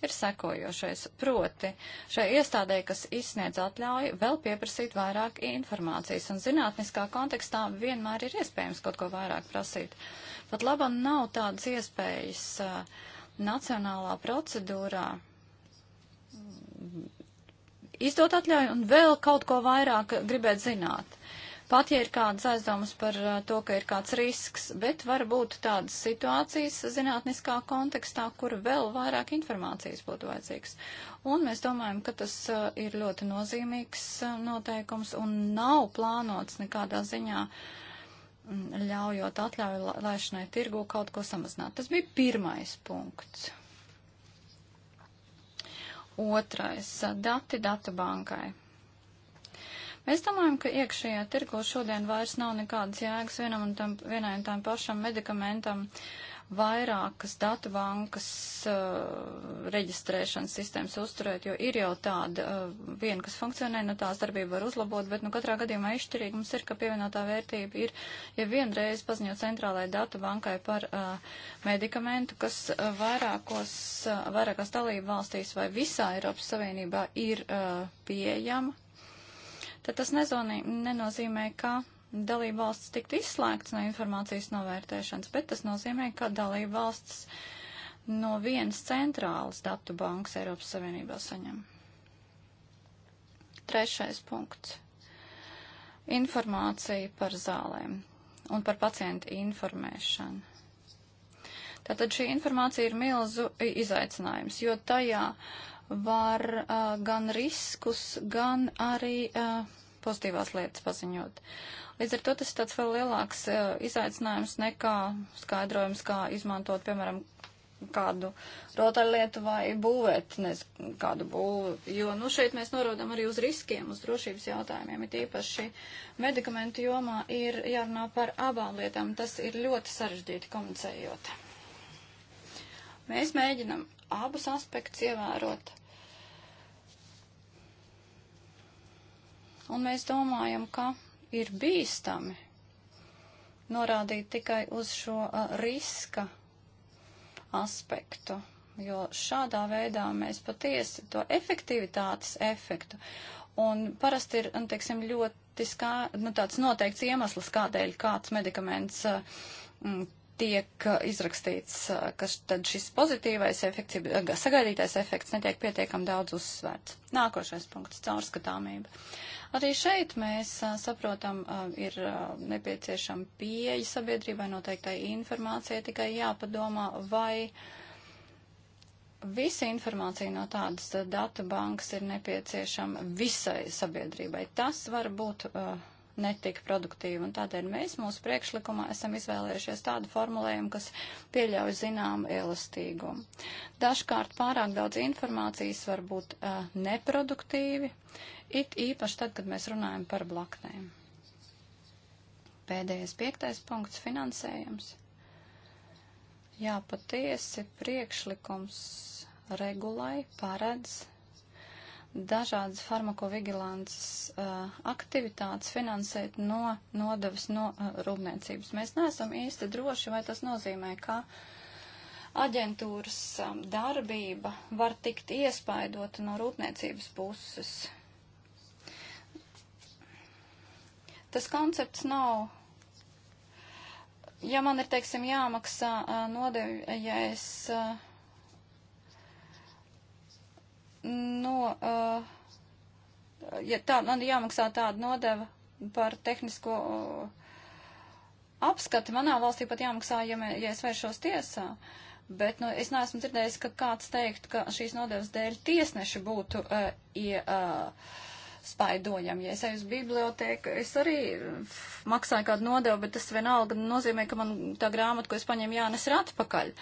ir sekojošais. Proti, šai iestādē, kas izsniedz atļauju, vēl pieprasīt vairāk informācijas, un zinātniskā kontekstā vienmēr ir iespējams kaut ko vairāk prasīt. Pat labam nav tādas iespējas uh, nacionālā procedūrā izdot atļauju un vēl kaut ko vairāk gribēt zināt. Pat ja ir kādas aizdomas par uh, to, ka ir kāds risks, bet var būt tādas situācijas zinātniskā kontekstā, kur vēl vairāk informācijas būtu vajadzīgs. Un mēs domājam, ka tas uh, ir ļoti nozīmīgs uh, noteikums un nav plānots nekādā ziņā mm, ļaujot atļauju laišanai tirgu kaut ko samazināt. Tas bija pirmais punkts. Otrais - dati datu bankai. Mēs domājam, ka iekšējā tirgu šodien vairs nav nekādas jēgas vienam un tam, vienai un tam pašam medikamentam vairākas datu bankas uh, reģistrēšanas sistēmas uzturēt, jo ir jau tāda uh, viena, kas funkcionē, nu tās darbība var uzlabot, bet nu katrā gadījumā izšķirīgi mums ir, ka pievienotā vērtība ir, ja vienreiz paziņo centrālajai datu bankai par uh, medikamentu, kas uh, vairākos, uh, vairākās dalību valstīs vai visā Eiropas Savienībā ir uh, pieejama tad tas nezonī, nenozīmē, ka dalība valsts tiktu izslēgts no informācijas novērtēšanas, bet tas nozīmē, ka dalība valsts no vienas centrālas datu bankas Eiropas Savienībā saņem. Trešais punkts. Informācija par zālēm un par pacientu informēšanu. Tātad šī informācija ir milzu izaicinājums, jo tajā uh, var uh, gan riskus, gan arī uh, pozitīvās lietas paziņot. Līdz ar to tas ir tāds vēl lielāks uh, izaicinājums nekā skaidrojums, kā izmantot, piemēram, kādu rotaļlietu vai būvēt, nezinu, kādu būvu. Jo, nu, šeit mēs norodam arī uz riskiem, uz drošības jautājumiem. It īpaši medikamentu jomā ir jārunā par abām lietām. Tas ir ļoti sarežģīti komunicējot. Mēs mēģinam abus aspektus ievērot. Un mēs domājam, ka ir bīstami norādīt tikai uz šo uh, riska aspektu, jo šādā veidā mēs patiesi to efektivitātes efektu. Un parasti ir, un, nu, teiksim, ļoti skā, nu, tāds noteikts iemesls, kādēļ kāds medikaments uh, tiek uh, izrakstīts, uh, ka tad šis pozitīvais efekts, uh, sagaidītais efekts netiek pietiekam daudz uzsvērts. Nākošais punkts - caurskatāmība. Arī šeit mēs saprotam, ir nepieciešama pieeja sabiedrībai noteiktai informācijai, tikai jāpadomā, vai visa informācija no tādas datu bankas ir nepieciešama visai sabiedrībai. Tas var būt. Uh, netika produktīva. Un tādēļ mēs mūsu priekšlikumā esam izvēlējušies tādu formulējumu, kas pieļauj zināmu elastīgumu. Dažkārt pārāk daudz informācijas var būt uh, neproduktīvi, it īpaši tad, kad mēs runājam par blaknēm. Pēdējais piektais punkts - finansējums. Jā, patiesi priekšlikums regulai paredz dažādas farmakovigilances uh, aktivitātes finansēt no nodevas no uh, rūpniecības. Mēs neesam īsti droši, vai tas nozīmē, ka aģentūras um, darbība var tikt iespaidota no rūpniecības puses. Tas koncepts nav. Ja man ir, teiksim, jāmaksā uh, nodevi, ja es uh, no, nu, uh, eh, ja tā, man jāmaksā tāda nodeva par tehnisko uh, apskati, manā valstī pat jāmaksā, ja, mē, ja es vēršos tiesā. Bet nu, es neesmu dzirdējis, ka kāds teikt, ka šīs nodevas dēļ tiesneši būtu uh, ie, uh, spaidojam. Ja es eju uz bibliotēku, es arī maksāju kādu nodevu, bet tas vienalga nozīmē, ka man tā grāmata, ko es paņēmu, jānes ir atpakaļ.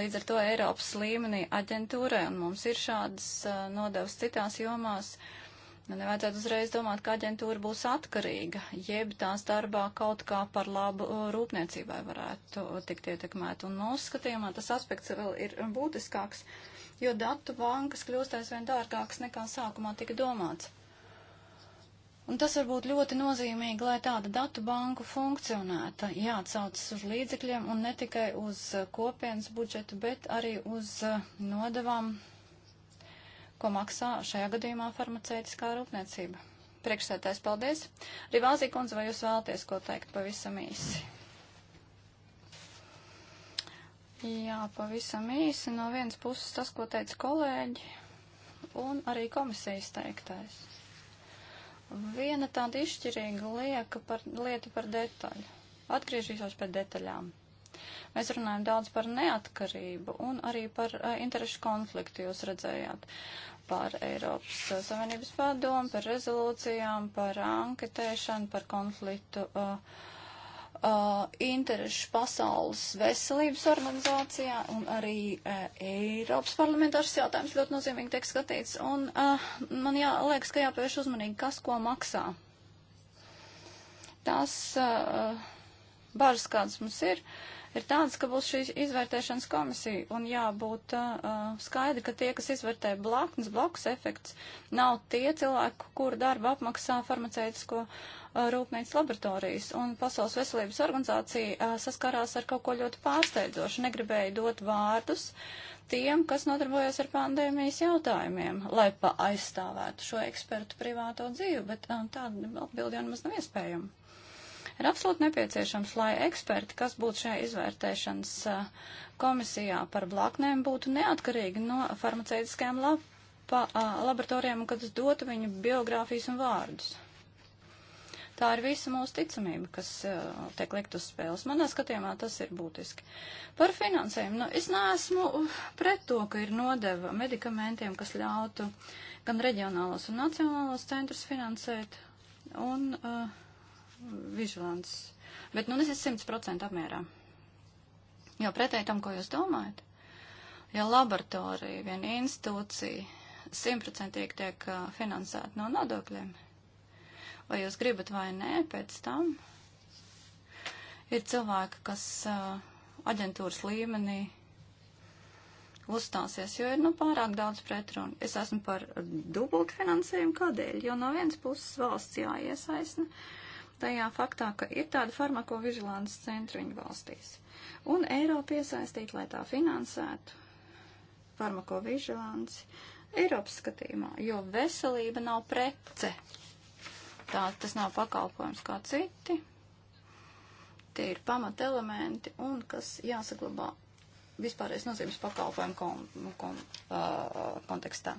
Līdz ar to Eiropas līmenī aģentūrai, un mums ir šādas uh, nodevas citās jomās, nevajadzētu uzreiz domāt, ka aģentūra būs atkarīga, jeb tās darbā kaut kā par labu rūpniecībai varētu tikt ietekmēt. Un mūsu skatījumā tas aspekts vēl ir būtiskāks, jo datu bankas kļūst aizvien dārgākas nekā sākumā tika domāts. Un tas var būt ļoti nozīmīgi, lai tāda datu banku funkcionētu, jāatsaucas uz līdzekļiem un ne tikai uz uh, kopienas budžetu, bet arī uz uh, nodevām, ko maksā šajā gadījumā farmaceitiskā rūpniecība. Priekšsētājs, paldies. Rivāzī kundze, vai jūs vēlaties ko teikt pavisam īsi? Jā, pavisam īsi. No vienas puses tas, ko teica kolēģi, un arī komisijas teiktais. Viena tāda izšķirīga lieka par, lieta par detaļu. Atgriežīšos pie detaļām. Mēs runājam daudz par neatkarību un arī par uh, interešu konfliktu, jūs redzējāt, par Eiropas uh, Savienības padomu, par rezolūcijām, par anketēšanu, par konfliktu uh, uh, interešu pasaules veselības organizācijā un arī uh, Eiropas parlamentārs jautājums ļoti nozīmīgi tiek skatīts. Un uh, man jā, liekas, ka jāpievērš uzmanīgi, kas ko maksā. Tās uh, bažas, kādas mums ir, ir tādas, ka būs šī izvērtēšanas komisija un jābūt uh, uh, skaidri, ka tie, kas izvērtē blaknes, blakus efekts, nav tie cilvēki, kuru darbu apmaksā farmaceitisko uh, Uh, rūpnīcas laboratorijas. Un Pasaules veselības organizācija uh, saskarās ar kaut ko ļoti pārsteidzošu. Negribēja dot vārdus tiem, kas nodarbojas ar pandēmijas jautājumiem, lai pa aizstāvētu šo ekspertu privāto dzīvi, bet um, tāda atbildi jau nemaz nav iespējama ir absolūti nepieciešams, lai eksperti, kas būtu šajā izvērtēšanas uh, komisijā par blaknēm, būtu neatkarīgi no farmaceitiskajām laboratorijām, kad dotu viņu biogrāfijas un vārdus. Tā ir visa mūsu ticamība, kas uh, tiek likt uz spēles. Manā skatījumā tas ir būtiski. Par finansējumu. Nu, es neesmu pret to, ka ir nodeva medikamentiem, kas ļautu gan reģionālos un nacionālos centrus finansēt un uh, vigilants. Bet nu nesis 100% apmērā. Jo pretēji tam, ko jūs domājat, ja laboratorija, viena institūcija simtprocentīgi tiek uh, finansēta no nodokļiem, vai jūs gribat vai nē, pēc tam ir cilvēki, kas uh, aģentūras līmenī uzstāsies, jo ir nu pārāk daudz pretrunu. Es esmu par dubultu finansējumu kādēļ, jo no vienas puses valsts jāiesaisna tajā faktā, ka ir tāda farmakovigilants centra viņu valstīs. Un Eiropa iesaistīt, lai tā finansētu farmakovigilanci Eiropas skatījumā, jo veselība nav prece tā, tas nav pakalpojums kā citi. Tie ir pamatelementi un kas jāsaglabā vispārējais nozīmes pakalpojumu kom, nu, kom, uh, kontekstā.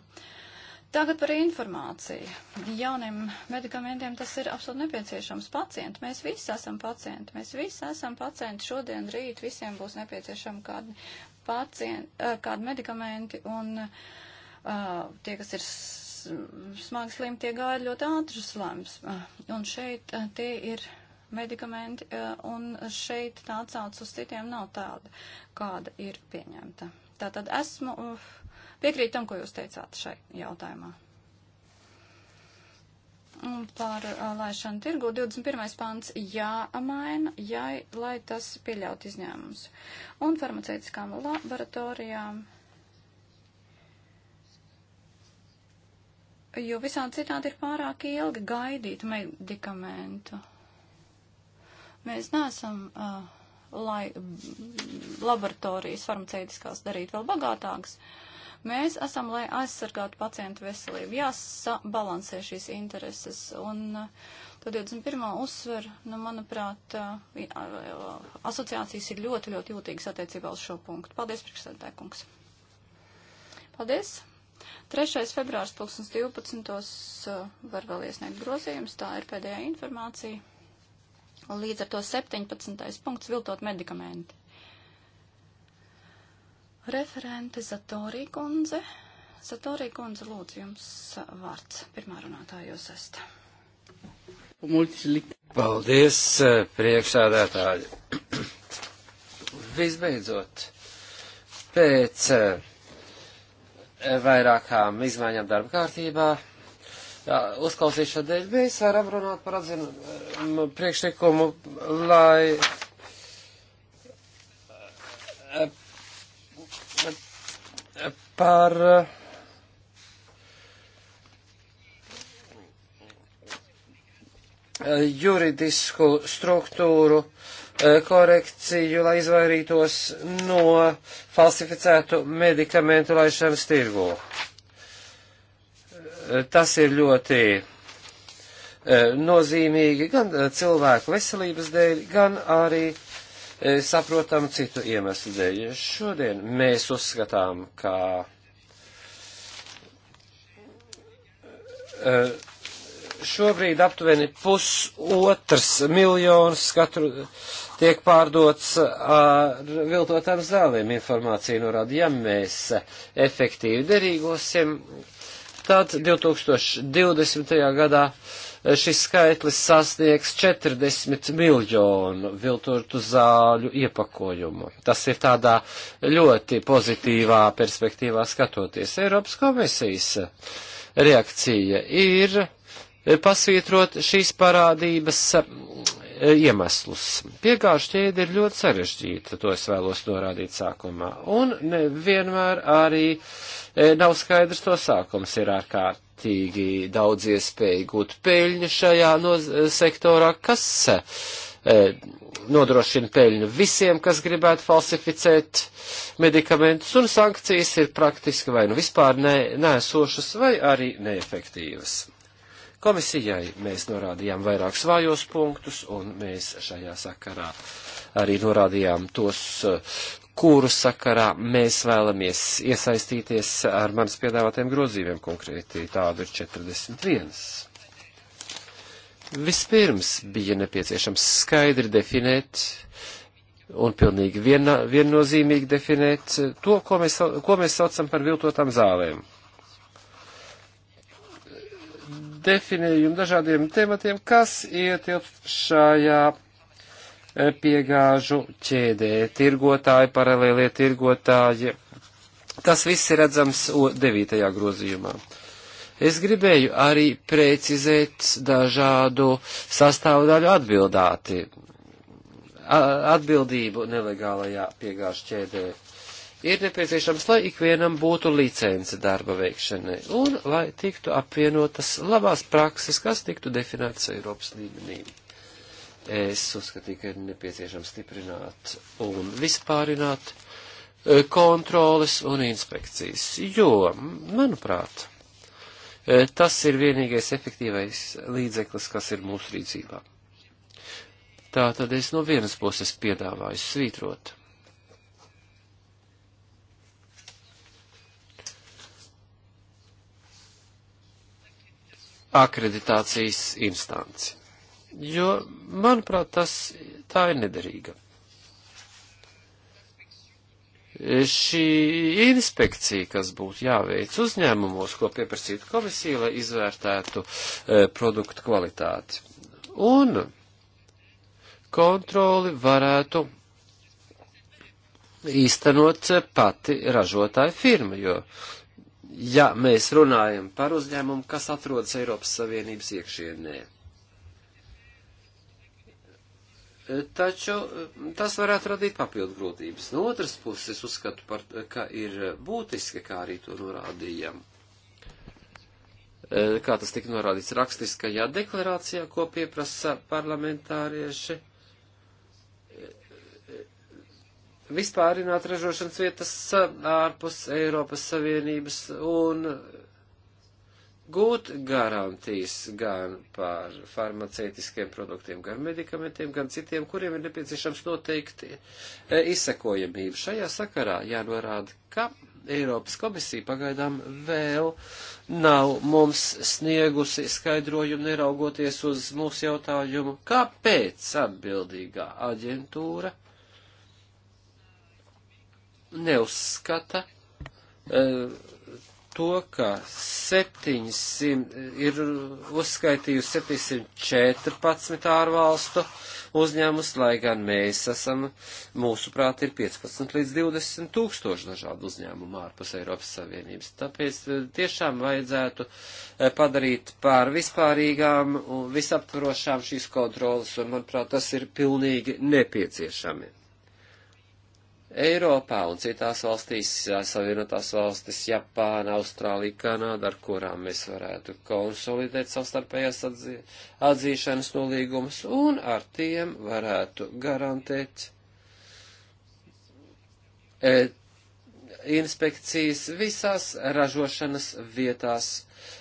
Tagad par informāciju. Jauniem medikamentiem tas ir absolūti nepieciešams. Pacienti, mēs visi esam pacienti, mēs visi esam pacienti. Šodien, rīt visiem būs nepieciešami kādi, pacient, uh, kādi medikamenti un uh, tie, kas ir smagi slimi tie gāja ļoti ātras slēmas. Ah, un šeit ah, tie ir medikamenti, ah, un šeit tā atsauc uz citiem nav tāda, kāda ir pieņemta. Tātad esmu uh, piekrīt tam, ko jūs teicāt šai jautājumā. Un par laišanu tirgu 21. pants jāmaina, jā, lai tas pieļaut izņēmums. Un farmaceitiskām laboratorijām jo visādi citādi ir pārāk ilgi gaidīt medikamentu. Mēs neesam, uh, lai laboratorijas farmaceitiskās darītu vēl bagātākas. Mēs esam, lai aizsargātu pacientu veselību, jāsabalansē šīs intereses. Un uh, tad 21. uzsver, nu, manuprāt, uh, asociācijas ir ļoti, ļoti jūtīgas attiecībā uz šo punktu. Paldies, priekšsēdētāj, kungs. Paldies. 3. februārs 2012. Eh, var vēl iesniegt grozījumus, tā ir pēdējā informācija. Līdz ar to 17. punkts viltot medikamenti. Referente Zatorī kundze. Satorī kundze, lūdzu, jums vārds. Pirmā runātāja jūs esat. Paldies, eh, priekšsādātāji. Visbeidzot, pēc eh, vairākām izmaiņām darba kārtībā. Uzklausīšana dēļ mēs varam runāt par atzinu priekšlikumu, lai par juridisku struktūru uh, Eh, korekciju, lai izvairītos no falsificētu medikamentu laišanas tirgu. Eh, tas ir ļoti eh, nozīmīgi gan cilvēku veselības dēļ, gan arī saprotam citu iemeslu dēļ. Šodien mēs uzskatām, ka šobrīd aptuveni pusotrs miljonus katru tiek pārdots ar viltotām zālēm. Informācija norāda, ja mēs efektīvi derīgosim, tad 2020. gadā šis skaitlis sasniegs 40 miljonu viltotu zāļu iepakojumu. Tas ir tādā ļoti pozitīvā perspektīvā skatoties. Eiropas komisijas reakcija ir pasvītrot šīs parādības E, iemeslus. Piegāžu ķēde ir ļoti sarežģīta, to es vēlos norādīt sākumā. Un vienmēr arī e, nav skaidrs to sākums ir ārkārtīgi daudz iespēju gūt peļņu šajā no e, sektorā, kas nodrošina peļņu visiem, kas gribētu falsificēt medikamentus, un sankcijas ir praktiski vai nu vispār nē, nēsošas vai arī neefektīvas. Komisijai mēs norādījām vairākus vājos punktus, un mēs šajā sakarā arī norādījām tos, kuru sakarā mēs vēlamies iesaistīties ar manas piedāvātiem grozījumiem konkrēti. Tādu ir 41. Vispirms bija nepieciešams skaidri definēt un pilnīgi vienna, viennozīmīgi definēt to, ko mēs, ko mēs saucam par viltotām zālēm definējumu dažādiem tematiem, kas ietilpst šajā e, piegāžu ķēdē. Tirgotāji, paralēlie tirgotāji. Tas viss ir redzams 9. grozījumā. Es gribēju arī precizēt dažādu sastāvdaļu atbildāti, atbildību nelegālajā piegāžu ķēdē ir nepieciešams, lai ikvienam būtu licence darba veikšanai un lai tiktu apvienotas labās prakses, kas tiktu definētas Eiropas līmenī. Es uzskatīju, ka ir nepieciešams stiprināt un vispārināt e, kontroles un inspekcijas, jo, manuprāt, e, tas ir vienīgais efektīvais līdzeklis, kas ir mūsu rīcībā. Tā tad es no vienas puses piedāvāju svītrot akreditācijas instanci. Jo, manuprāt, tas tā ir nederīga. Šī inspekcija, kas būtu jāveic uzņēmumos, ko pieprasītu komisija, lai izvērtētu e, produktu kvalitāti. Un kontroli varētu īstenot pati ražotāja firma, jo ja mēs runājam par uzņēmumu, kas atrodas Eiropas Savienības iekšienē. Taču eh, tas varētu radīt papildu grūtības. No otras puses, uzskatu, par, ka ir būtiski, kā arī to norādījam. Eh, kā tas tika norādīts rakstiskajā deklarācijā, ko pieprasa parlamentārieši vispārināt ražošanas vietas ārpus Eiropas Savienības un gūt garantijas gan par farmaceitiskiem produktiem, gan medikamentiem, gan citiem, kuriem ir nepieciešams noteikti e, izsekojamība. Šajā sakarā jānorāda, ka Eiropas komisija pagaidām vēl nav mums sniegusi skaidrojumu, neraugoties uz mūsu jautājumu, kāpēc atbildīgā aģentūra neuzskata eh, to, ka 700 ir uzskaitījusi 714 ārvalstu uzņēmus, lai gan mēs esam, mūsuprāt, ir 15 līdz 20 tūkstoši dažādu uzņēmumu ārpus Eiropas Savienības. Tāpēc eh, tiešām vajadzētu eh, padarīt pār vispārīgām un visaptvarošām šīs kontrolas, un, manuprāt, tas ir pilnīgi nepieciešami. Eiropā un citās valstīs, Savienotās valstis, Japāna, Austrālija, Kanāda, ar kurām mēs varētu konsolidēt savstarpējās atzī, atzīšanas nolīgumus un ar tiem varētu garantēt e, inspekcijas visās ražošanas vietās,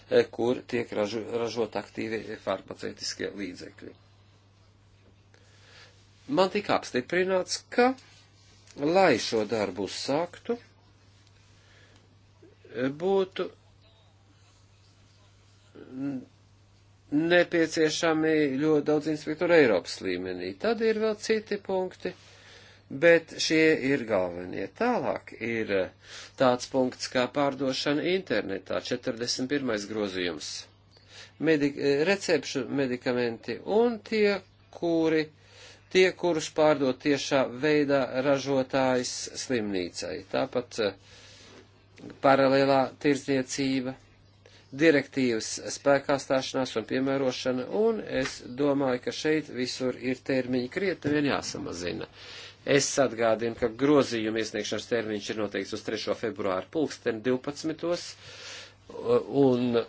e, kur tiek ražo, ražot aktīvi farmaceitiskie līdzekļi. Man tika apstiprināts, ka lai šo darbu uzsāktu, būtu nepieciešami ļoti daudz inspektoru Eiropas līmenī. Tad ir vēl citi punkti, bet šie ir galvenie. Tālāk ir tāds punkts kā pārdošana internetā, 41. grozījums. Medik recepšu medikamenti un tie, kuri tie, kurus pārdod tiešā veidā ražotājs slimnīcai. Tāpat eh, paralēlā tirdzniecība, direktīvas spēkā stāšanās un piemērošana, un es domāju, ka šeit visur ir termiņi krietni vien jāsamazina. Es atgādinu, ka grozījuma iesniegšanas termiņš ir noteikts uz 3. februāru pulksteni 12. un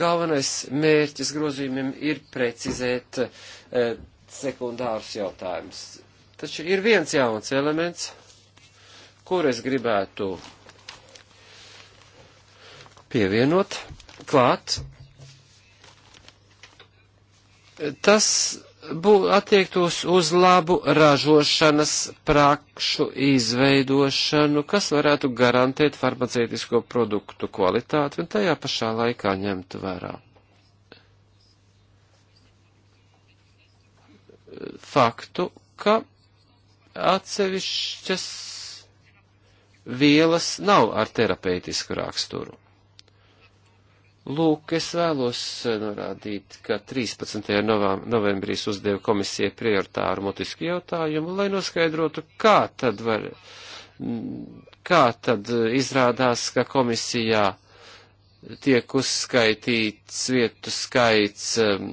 galvenais mērķis grozījumiem ir precizēt eh, sekundārus jautājumus. Taču ir viens jauns elements, kur es gribētu pievienot klāt. Tas attiektos uz labu ražošanas prakšu izveidošanu, kas varētu garantēt farmaceitisko produktu kvalitāti un tajā pašā laikā ņemt vērā faktu, ka atsevišķas vielas nav ar terapeitisku raksturu. Lūk, es vēlos eh, norādīt, ka 13. novembrī es uzdevu komisijai prioritāru motisku jautājumu, lai noskaidrotu, kā tad var, kā tad eh, izrādās, ka komisijā tiek uzskaitīts vietu skaits um,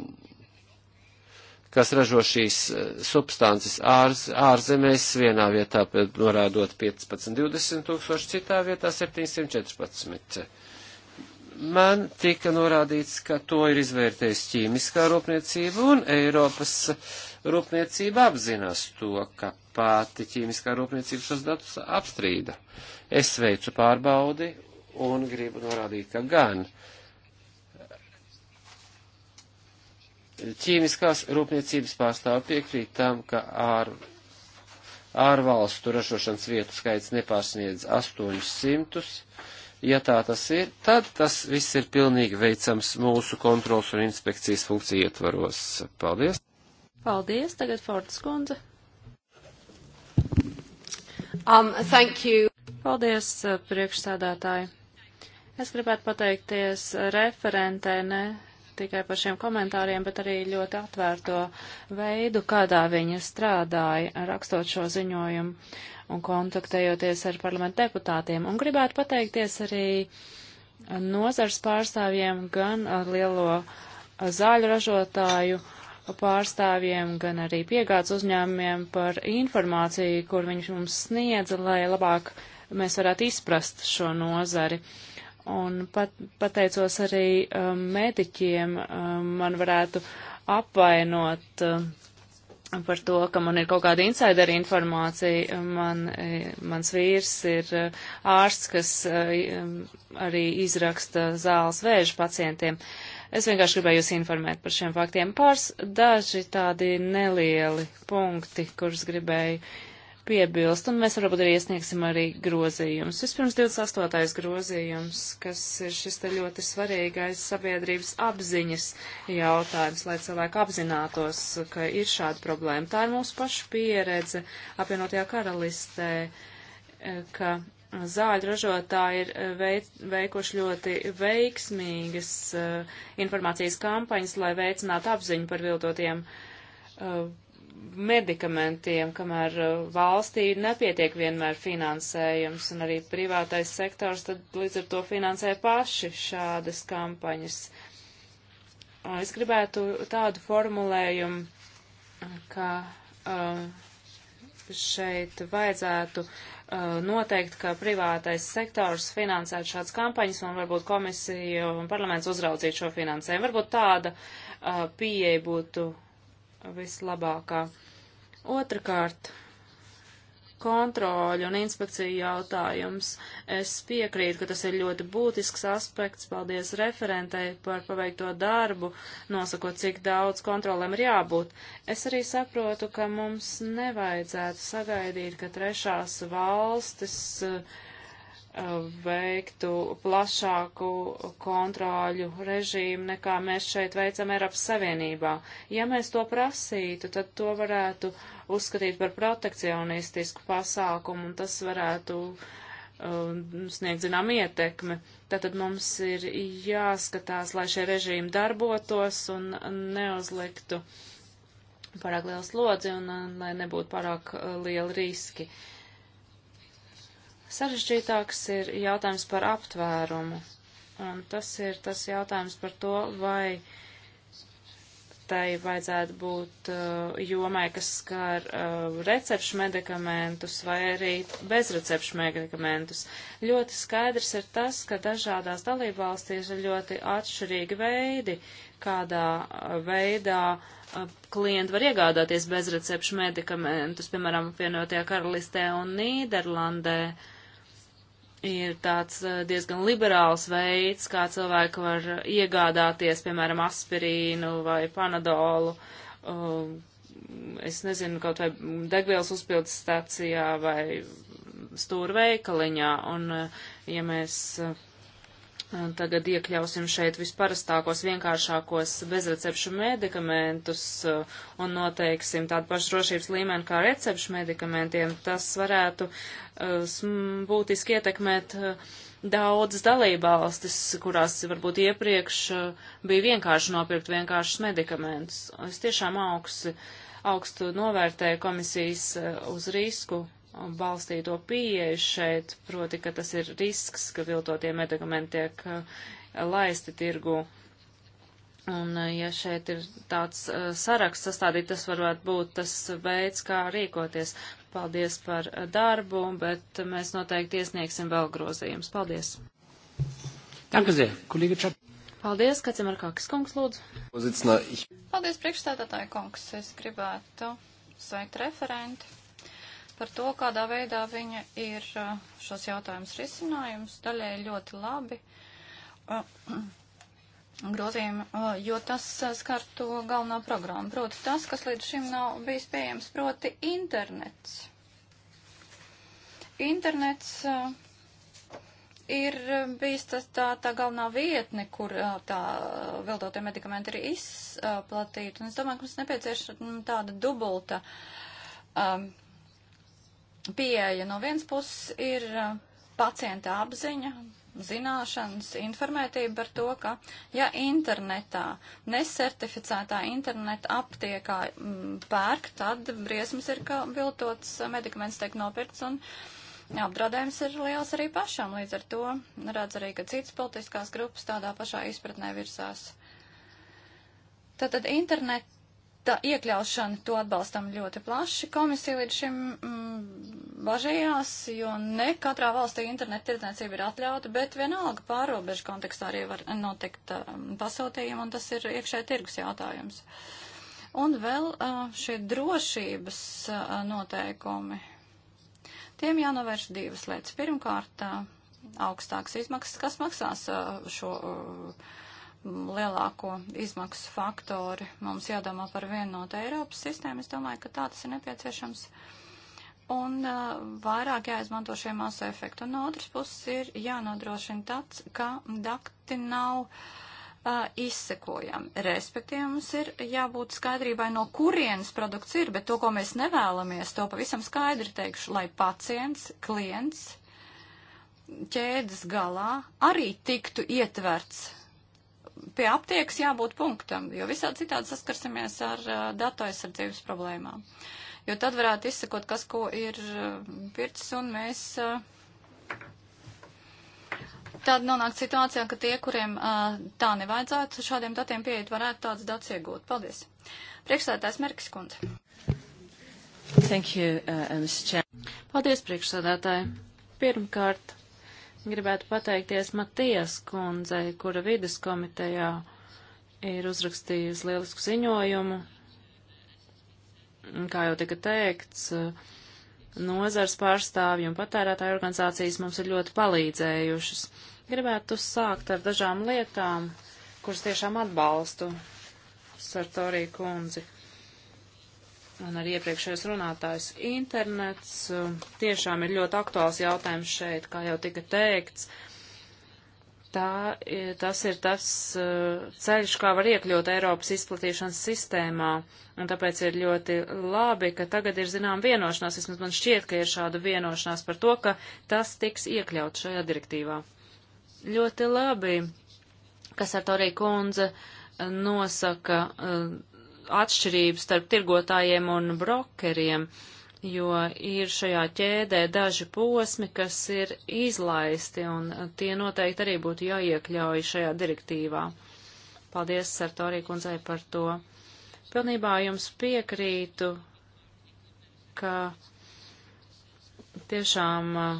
kas ražo šīs eh, substances ār, ārzemēs, vienā vietā norādot 15-20 tūkstoši, citā vietā 714. Man tika norādīts, ka to ir izvērtējis ķīmiskā rūpniecība un Eiropas rūpniecība apzinās to, ka pati ķīmiskā rūpniecība šos datus apstrīda. Es veicu pārbaudi un gribu norādīt, ka gan uh, ķīmiskās rūpniecības pārstāvi piekrīt tam, ka ār, ārvalstu ražošanas vietu skaits nepārsniedz 800. Ja tā tas ir, tad tas viss ir pilnīgi veicams mūsu kontrols un inspekcijas funkciju ietvaros. Paldies! Paldies! Tagad Fortas kundze. Um, thank you. Paldies, priekšsēdētāji. Es gribētu pateikties referentē, ne tikai par šiem komentāriem, bet arī ļoti atvērto veidu, kādā viņa strādāja rakstot šo ziņojumu un kontaktējoties ar parlamentu deputātiem. Un gribētu pateikties arī nozars pārstāvjiem, gan lielo zāļu ražotāju pārstāvjiem, gan arī piegādes uzņēmumiem par informāciju, kur viņš mums sniedza, lai labāk mēs varētu izprast šo nozari. Uh, un pat, pateicos arī um, mediķiem, um, man varētu apvainot um, par to, ka man ir kaut kāda insider informācija. Um, man, e, mans vīrs ir uh, ārsts, kas uh, um, arī izraksta zāles vēža pacientiem. Es vienkārši gribēju jūs informēt par šiem faktiem. Pāris daži tādi nelieli punkti, kurus gribēju piebilst, un mēs varbūt arī iesniegsim arī grozījumus. Vispirms 28. grozījums, kas ir šis te ļoti svarīgais sabiedrības apziņas jautājums, lai cilvēki apzinātos, ka ir šāda problēma. Tā ir mūsu paša pieredze apvienotajā karalistē, eh, ka zāļu ražotāji ir eh, veic, veikuši ļoti veiksmīgas uh, informācijas kampaņas, lai veicinātu apziņu par viltotiem uh, medikamentiem, kamēr uh, valstī nepietiek vienmēr finansējums, un arī privātais sektors tad līdz ar to finansē paši šādas kampaņas. Uh, es gribētu tādu formulējumu, ka uh, šeit vajadzētu noteikt, ka privātais sektors finansētu šādas kampaņas, un varbūt komisija un parlaments uzraudzītu šo finansējumu. Varbūt tāda pieeja būtu vislabākā. Otrakārt, kontroļu un inspekciju jautājums. Es piekrītu, ka tas ir ļoti būtisks aspekts. Paldies referentei par paveikto darbu, nosakot, cik daudz kontrolēm ir jābūt. Es arī saprotu, ka mums nevajadzētu sagaidīt, ka trešās valstis uh, veiktu plašāku kontroļu režīmu, nekā mēs šeit veicam Eiropas Savienībā. Ja mēs to prasītu, tad to varētu uzskatīt par protekcionistisku pasākumu, un tas varētu um, sniegt zinām ietekmi. Tātad mums ir jāskatās, lai šie režīmi darbotos un neuzliktu pārāk liels lodzi un, un uh, lai nebūtu pārāk uh, lieli riski. Uh, Sarežģītāks ir jautājums par aptvērumu, un tas ir tas jautājums par to, vai tai vajadzētu būt uh, jomai, kas skar uh, recepšu medikamentus vai arī bezrecepšu medikamentus. Ļoti skaidrs ir tas, ka dažādās dalībvalstīs ir ļoti atšķirīgi veidi, kādā uh, veidā uh, klienti var iegādāties bezrecepšu medikamentus, piemēram, apvienotajā karalistē un Nīderlandē. Uh, ir tāds eh, diezgan liberāls veids, kā cilvēki var iegādāties, piemēram, aspirīnu vai panadolu. Um, es nezinu, kaut vai degvielas uzpildes stācijā vai stūrveikaliņā. Un, eh, ja mēs eh, Tagad iekļausim šeit visparastākos, vienkāršākos bezrecepšu medikamentus uh, un noteiksim tādu pašu drošības līmeni kā recepšu medikamentiem. Tas varētu uh, būtiski ietekmēt uh, daudzas dalībvalstis, kurās varbūt iepriekš bija vienkārši nopirkt vienkāršus medikamentus. Es tiešām augstu, augstu novērtēju komisijas uz risku balstīto pieeju šeit, proti, ka tas ir risks, ka viltotie medikamenti tiek uh, laisti tirgu. Un, uh, ja šeit ir tāds uh, saraksts sastādīt, tas varētu būt tas veids, kā rīkoties. Paldies par darbu, bet mēs noteikti iesniegsim vēl grozījumus. Paldies! Dankazie, kolīga Čak. Paldies, Kacimarkākis kungs, lūdzu. Pozicinā. Paldies, priekšstādātāja kungs. Es gribētu sveikt referenti par to, kādā veidā viņa ir uh, šos jautājumus risinājums, daļai ļoti labi uh, grozījumi, uh, jo tas skar to galveno programmu. Proti tas, kas līdz šim nav bijis pieejams, proti internets. Internets ir bijis tas, tā, tā galvenā vietne, kur tā viltotie medikamenti ir izplatīti. Un es domāju, ka mums nepieciešama tāda dubulta um, pieeja no vienas puses ir e, pacienta apziņa, zināšanas, informētība par to, ka ja internetā, nesertificētā interneta aptiekā m, mm, pērk, tad briesmas ir, ka viltots e, medikaments tiek nopirkts un apdraudējums ir liels arī pašam. Līdz ar to redz arī, ka citas politiskās grupas tādā pašā izpratnē virsās. Tātad internet tā iekļaušana, to atbalstam ļoti plaši. Komisija līdz šim mm, bažījās, jo ne katrā valstī interneta tirdzniecība ir atļauta, bet vienalga pārobežu kontekstā arī var notikt um, pasūtījumi, un tas ir iekšē tirgus jautājums. Un vēl uh, šie drošības uh, noteikumi. Tiem jānovērš divas lietas. Pirmkārt, uh, augstākas izmaksas, kas maksās uh, šo. Uh, lielāko izmaksu faktori. Mums jādomā par vienotu Eiropas sistēmu. Es domāju, ka tā tas ir nepieciešams. Un uh, vairāk jāizmanto šie masu efekti. Un no otras puses ir jānodrošina tāds, ka dakti nav uh, izsekojami. Respektīvi mums ir jābūt skaidrībai, no kurienes produkts ir, bet to, ko mēs nevēlamies, to pavisam skaidri teikšu, lai pacients, klients ķēdes galā arī tiktu ietverts pie aptiekas jābūt punktam, jo visādi citādi saskarsimies ar uh, datu aizsardzības problēmām. Jo tad varētu izsakot, kas ko ir uh, pircis, un mēs uh, tad nonākt situācijā, ka tie, kuriem uh, tā nevajadzētu šādiem datiem pieiet, varētu tādus datus iegūt. Paldies. Priekšsēdētājs Merkis Kundze. Thank you, uh, uh Paldies, priekšsēdētāji. Pirmkārt, gribētu pateikties Matijas kundzei, kura vidas komitejā ir uzrakstījusi lielisku ziņojumu. Kā jau tika teikts, nozars pārstāvju un patērētāju organizācijas mums ir ļoti palīdzējušas. Gribētu sākt ar dažām lietām, kuras tiešām atbalstu Sartorī kundzi un arī iepriekšējais runātājs. Internets um, tiešām ir ļoti aktuāls jautājums šeit, kā jau tika teikts. Tā, tas ir tas uh, ceļš, kā var iekļūt Eiropas izplatīšanas sistēmā, un tāpēc ir ļoti labi, ka tagad ir zinām vienošanās, vismaz man šķiet, ka ir šāda vienošanās par to, ka tas tiks iekļaut šajā direktīvā. Ļoti labi, kas ar to arī kundze uh, nosaka uh, atšķirību starp tirgotājiem un brokeriem, jo ir šajā ķēdē daži posmi, kas ir izlaisti, un tie noteikti arī būtu jāiekļauj šajā direktīvā. Paldies, Sartorī kundzei, par to. Pilnībā jums piekrītu, ka tiešām uh,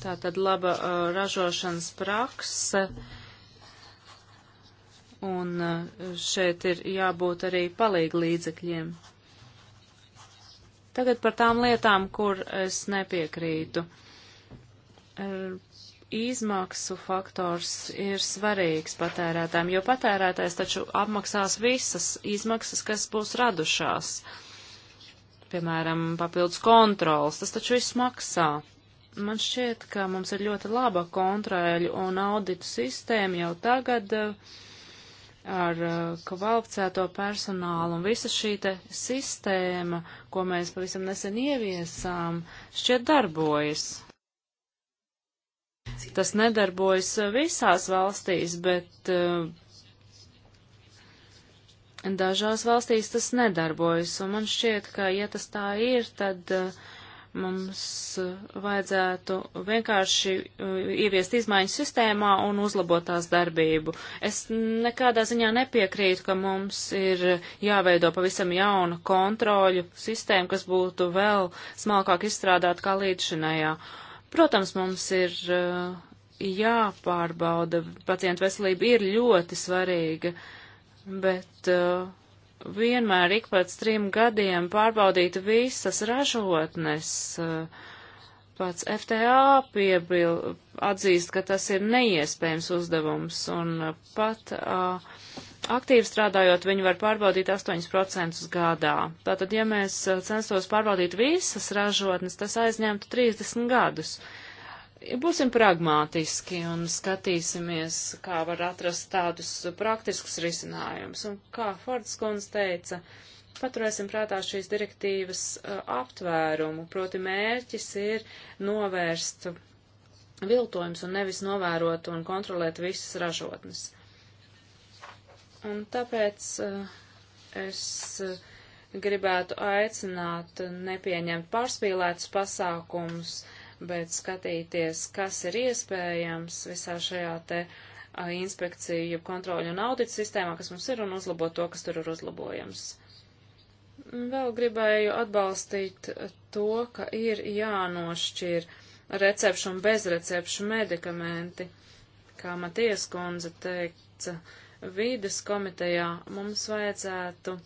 Tātad laba uh, ražošanas prakse. Un uh, šeit ir jābūt arī palīgi līdzekļiem. Tagad par tām lietām, kur es nepiekrītu. Er, izmaksu faktors ir svarīgs patērētājiem, jo patērētājs taču apmaksās visas izmaksas, kas būs radušās. Piemēram, papildus kontrols, tas taču viss maksā. Man šķiet, ka mums ir ļoti laba kontrēļu un auditu sistēma jau tagad eh, ar eh, kvalificēto personālu un visa šī te sistēma, ko mēs pavisam nesen ieviesām, šķiet darbojas. Tas nedarbojas visās valstīs, bet eh, dažās valstīs tas nedarbojas, un man šķiet, ka ja tas tā ir, tad uh, Mums eh, vajadzētu vienkārši eh, ieviest izmaiņas sistēmā un uzlabot tās darbību. Es nekādā ziņā nepiekrītu, ka mums ir jāveido pavisam jauna kontroļu sistēma, kas būtu vēl smalkāk izstrādāta kā līdzinējā. Protams, mums ir eh, jāpārbauda, pacientu veselība ir ļoti svarīga, bet uh, vienmēr ik pēc trim gadiem pārbaudīt visas ražotnes. Pats FTA piebil, atzīst, ka tas ir neiespējams uzdevums, un pat uh, aktīvi strādājot, viņi var pārbaudīt 8% gadā. Tātad, ja mēs censtos pārbaudīt visas ražotnes, tas aizņemtu 30 gadus. Uh, Būsim pragmātiski un skatīsimies, kā var atrast tādus praktiskus risinājumus. Un kā Fords kundze teica, paturēsim prātā šīs direktīvas aptvērumu, proti mērķis ir novērst viltojums un nevis novērot un kontrolēt visas ražotnes. Un tāpēc es gribētu aicināt nepieņemt pārspīlētus pasākumus, uh, bet skatīties, kas ir iespējams visā šajā te inspekciju, kontroļu un audita sistēmā, kas mums ir, un uzlabot to, kas tur ir uzlabojams. Vēl gribēju atbalstīt to, ka ir jānošķir recepšu un bezrecepšu medikamenti, kā Matijas kundze teica, vīdes komitejā mums vajadzētu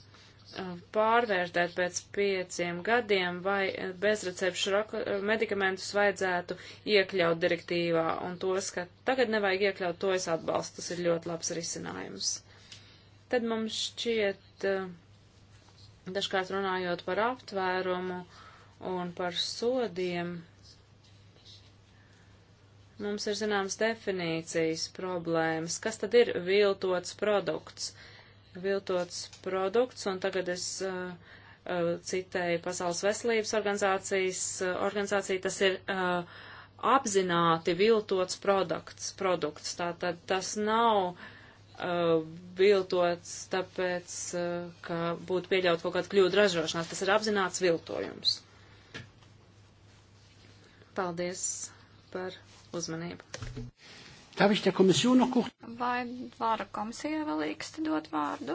Uh, pārvērtēt pēc pieciem gadiem, vai bezrecepšu uh, medikamentus vajadzētu iekļaut direktīvā, un tos, ka tagad nevajag iekļaut, to es atbalstu, tas ir ļoti labs risinājums. Tad mums šķiet, uh, dažkārt runājot par aptvērumu un par sodiem, mums ir zināmas definīcijas problēmas, kas tad ir viltots produkts. Uh, viltots produkts, un tagad es uh, uh, citēju Pasaules veselības organizācijas uh, organizāciju, tas ir uh, apzināti viltots produkts, produkts. Tātad tas nav uh, viltots tāpēc, uh, ka būtu pieļaut kaut kādu kļūdu ražošanās, tas ir apzināts viltojums. Paldies par uzmanību. Vai varu komisijai vēl īksti dot vārdu?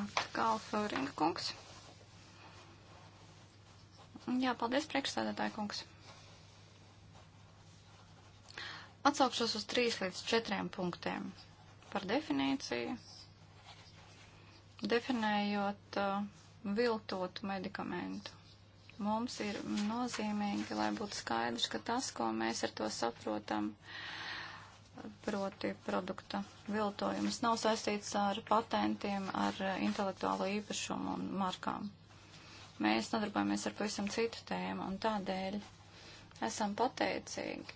Atkal Fūringa kungs. Jā, paldies priekšsēdētāji kungs. Atsaukšos uz trīs līdz četriem punktiem par definīciju, definējot uh, viltotu medikamentu mums ir nozīmīgi, lai būtu skaidrs, ka tas, ko mēs ar to saprotam, proti produkta viltojums nav saistīts ar patentiem, ar intelektuālo īpašumu un markām. Mēs nodarbojamies ar pavisam citu tēmu un tādēļ esam pateicīgi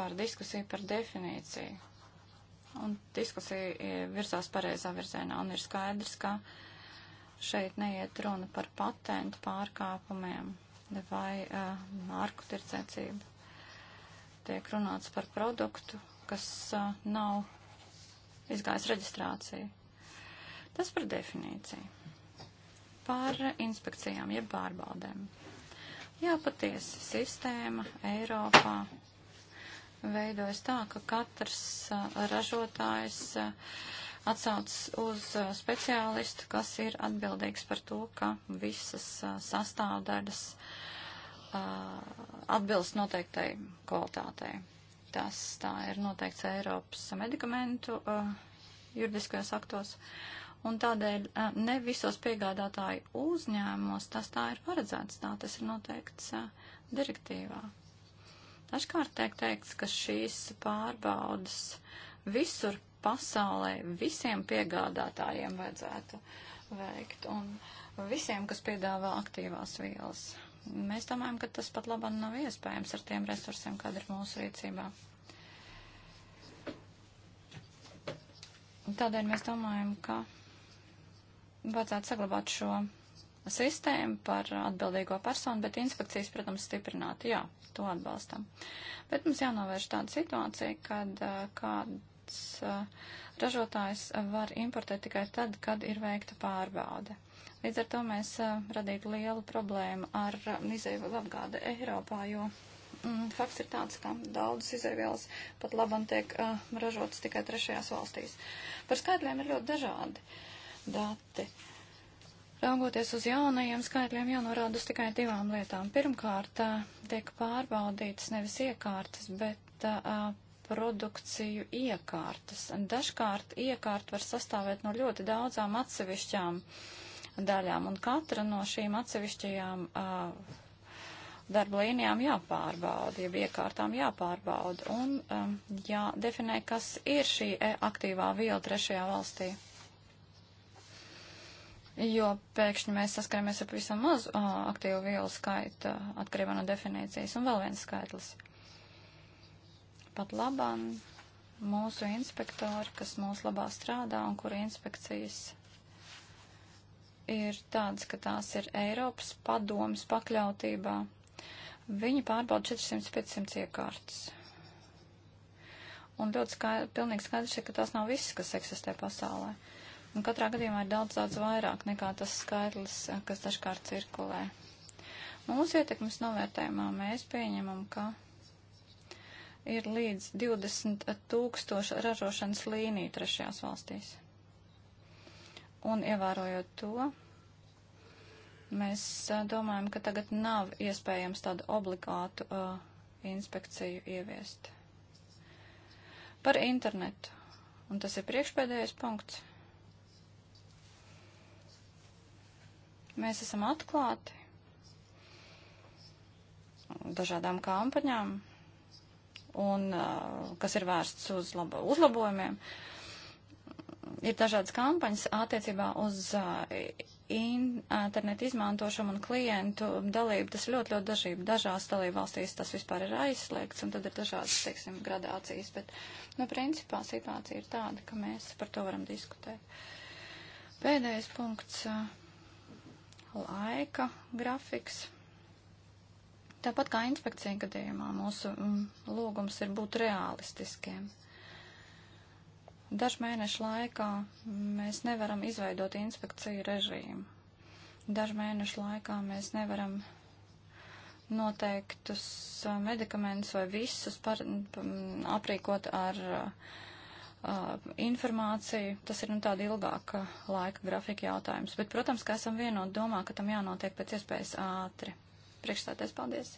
par diskusiju par definīciju. Un diskusija e, virzās pareizā virzienā un ir skaidrs, ka šeit neiet runa par patentu pārkāpumiem vai uh, marku tirdzniecību tiek runāts par produktu, kas uh, nav izgājis reģistrāciju. Tas par definīciju. Par inspekcijām, jeb pārbaudēm. Jā, patiesi sistēma Eiropā veidojas tā, ka katrs a, ražotājs a, atsauc uz a, speciālistu, kas ir atbildīgs par to, ka visas sastāvdaļas uh, Uh, atbilst noteiktai kvalitātei. Tas tā ir noteikts Eiropas medikamentu uh, juridiskajos aktos. Un tādēļ uh, ne visos piegādātāju uzņēmumos tas tā ir paredzēts, tā tas ir noteikts direktīvā. Dažkārt tiek teikts, ka šīs pārbaudas visur pasaulē visiem piegādātājiem vajadzētu veikt un visiem, kas piedāvā aktīvās vielas. Mēs domājam, ka tas pat labam nav iespējams ar tiem resursiem, kāda ir mūsu rīcībā. Tādēļ mēs domājam, ka vajadzētu saglabāt šo sistēmu par atbildīgo personu, bet inspekcijas, protams, stiprināt. Jā, to atbalstam. Bet mums jānovērš tāda situācija, kad uh, kāds uh, ražotājs var importēt tikai tad, kad ir veikta pārbaude. Līdz ar to mēs uh, radītu lielu problēmu ar uh, izēvielu apgādi Eiropā, jo mm, fakts ir tāds, ka daudzas izēvielas pat labam tiek uh, ražotas tikai trešajās valstīs. Par skaitļiem ir ļoti dažādi dati. Raugoties uz jaunajiem skaitļiem, jānorāda uz tikai divām lietām. Pirmkārt, tiek pārbaudītas nevis iekārtas, bet produkciju iekārtas. Dažkārt iekārta var sastāvēt no ļoti daudzām atsevišķām uh, daļām, un katra no šīm atsevišķajām uh, darba līnijām jāpārbauda, jeb iekārtām jāpārbauda, un um, jādefinē, kas ir šī e aktīvā viela trešajā valstī. Jo pēkšņi mēs saskaramies ar pavisam mazu uh, aktīvu vielu skaitu, atkarībā no definīcijas, un vēl viens skaitlis. Pat labam mūsu inspektori, kas mūsu labā strādā un kuri inspekcijas ir tādas, ka tās ir Eiropas padomas pakļautībā. Viņi pārbauda 400-500 iekārtas. Un ļoti skaidr, pilnīgi skaidrs ir, ka tās nav visas, kas eksistē pasaulē. Un katrā gadījumā ir daudz, daudz vairāk nekā tas skaidrs, kas dažkārt cirkulē. Mūsu ietekmes novērtējumā mēs pieņemam, ka ir līdz 20 tūkstoši ražošanas līniju trešajās valstīs. Un ievērojot to, mēs domājam, ka tagad nav iespējams tādu obligātu uh, inspekciju ieviest. Par internetu. Un tas ir priekšpēdējais punkts. Mēs esam atklāti dažādām kampaņām, un, uh, kas ir vērsts uz labo, uzlabojumiem. Uh, ir dažādas kampaņas attiecībā uz uh, internetu izmantošanu un klientu dalību. Tas ļoti, ļoti dažība. Dažās dalību valstīs tas vispār ir aizliegts, un tad ir dažādas, teiksim, gradācijas. Bet, nu, principā situācija ir tāda, ka mēs par to varam diskutēt. Pēdējais punkts - laika grafiks. Tāpat kā inspekcija gadījumā, mūsu mm, lūgums ir būt realistiskiem. Uh, Dažu mēnešu laikā mēs nevaram izveidot inspekciju režīmu. Dažu mēnešu laikā mēs nevaram noteiktus uh, medikamentus vai visus par, aprīkot ar uh, Uh, informāciju. Tas ir nu, tāda ilgāka laika grafika jautājums. Bet, protams, ka esam vienoti domā, ka tam jānotiek pēc iespējas ātri. Priekšstāties, paldies.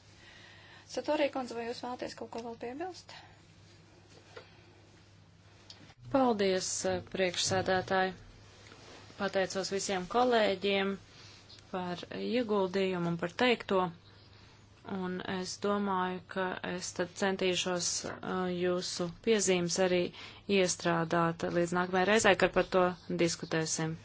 Satorī, kundze, vai jūs vēlaties kaut ko vēl piebilst? Paldies, eh, priekšsēdētāji. Pateicos visiem kolēģiem par ieguldījumu un par teikto. Un es domāju, ka es tad centīšos eh, jūsu piezīmes arī iestrādāt līdz nākamajai reizei, kad par to diskutēsim.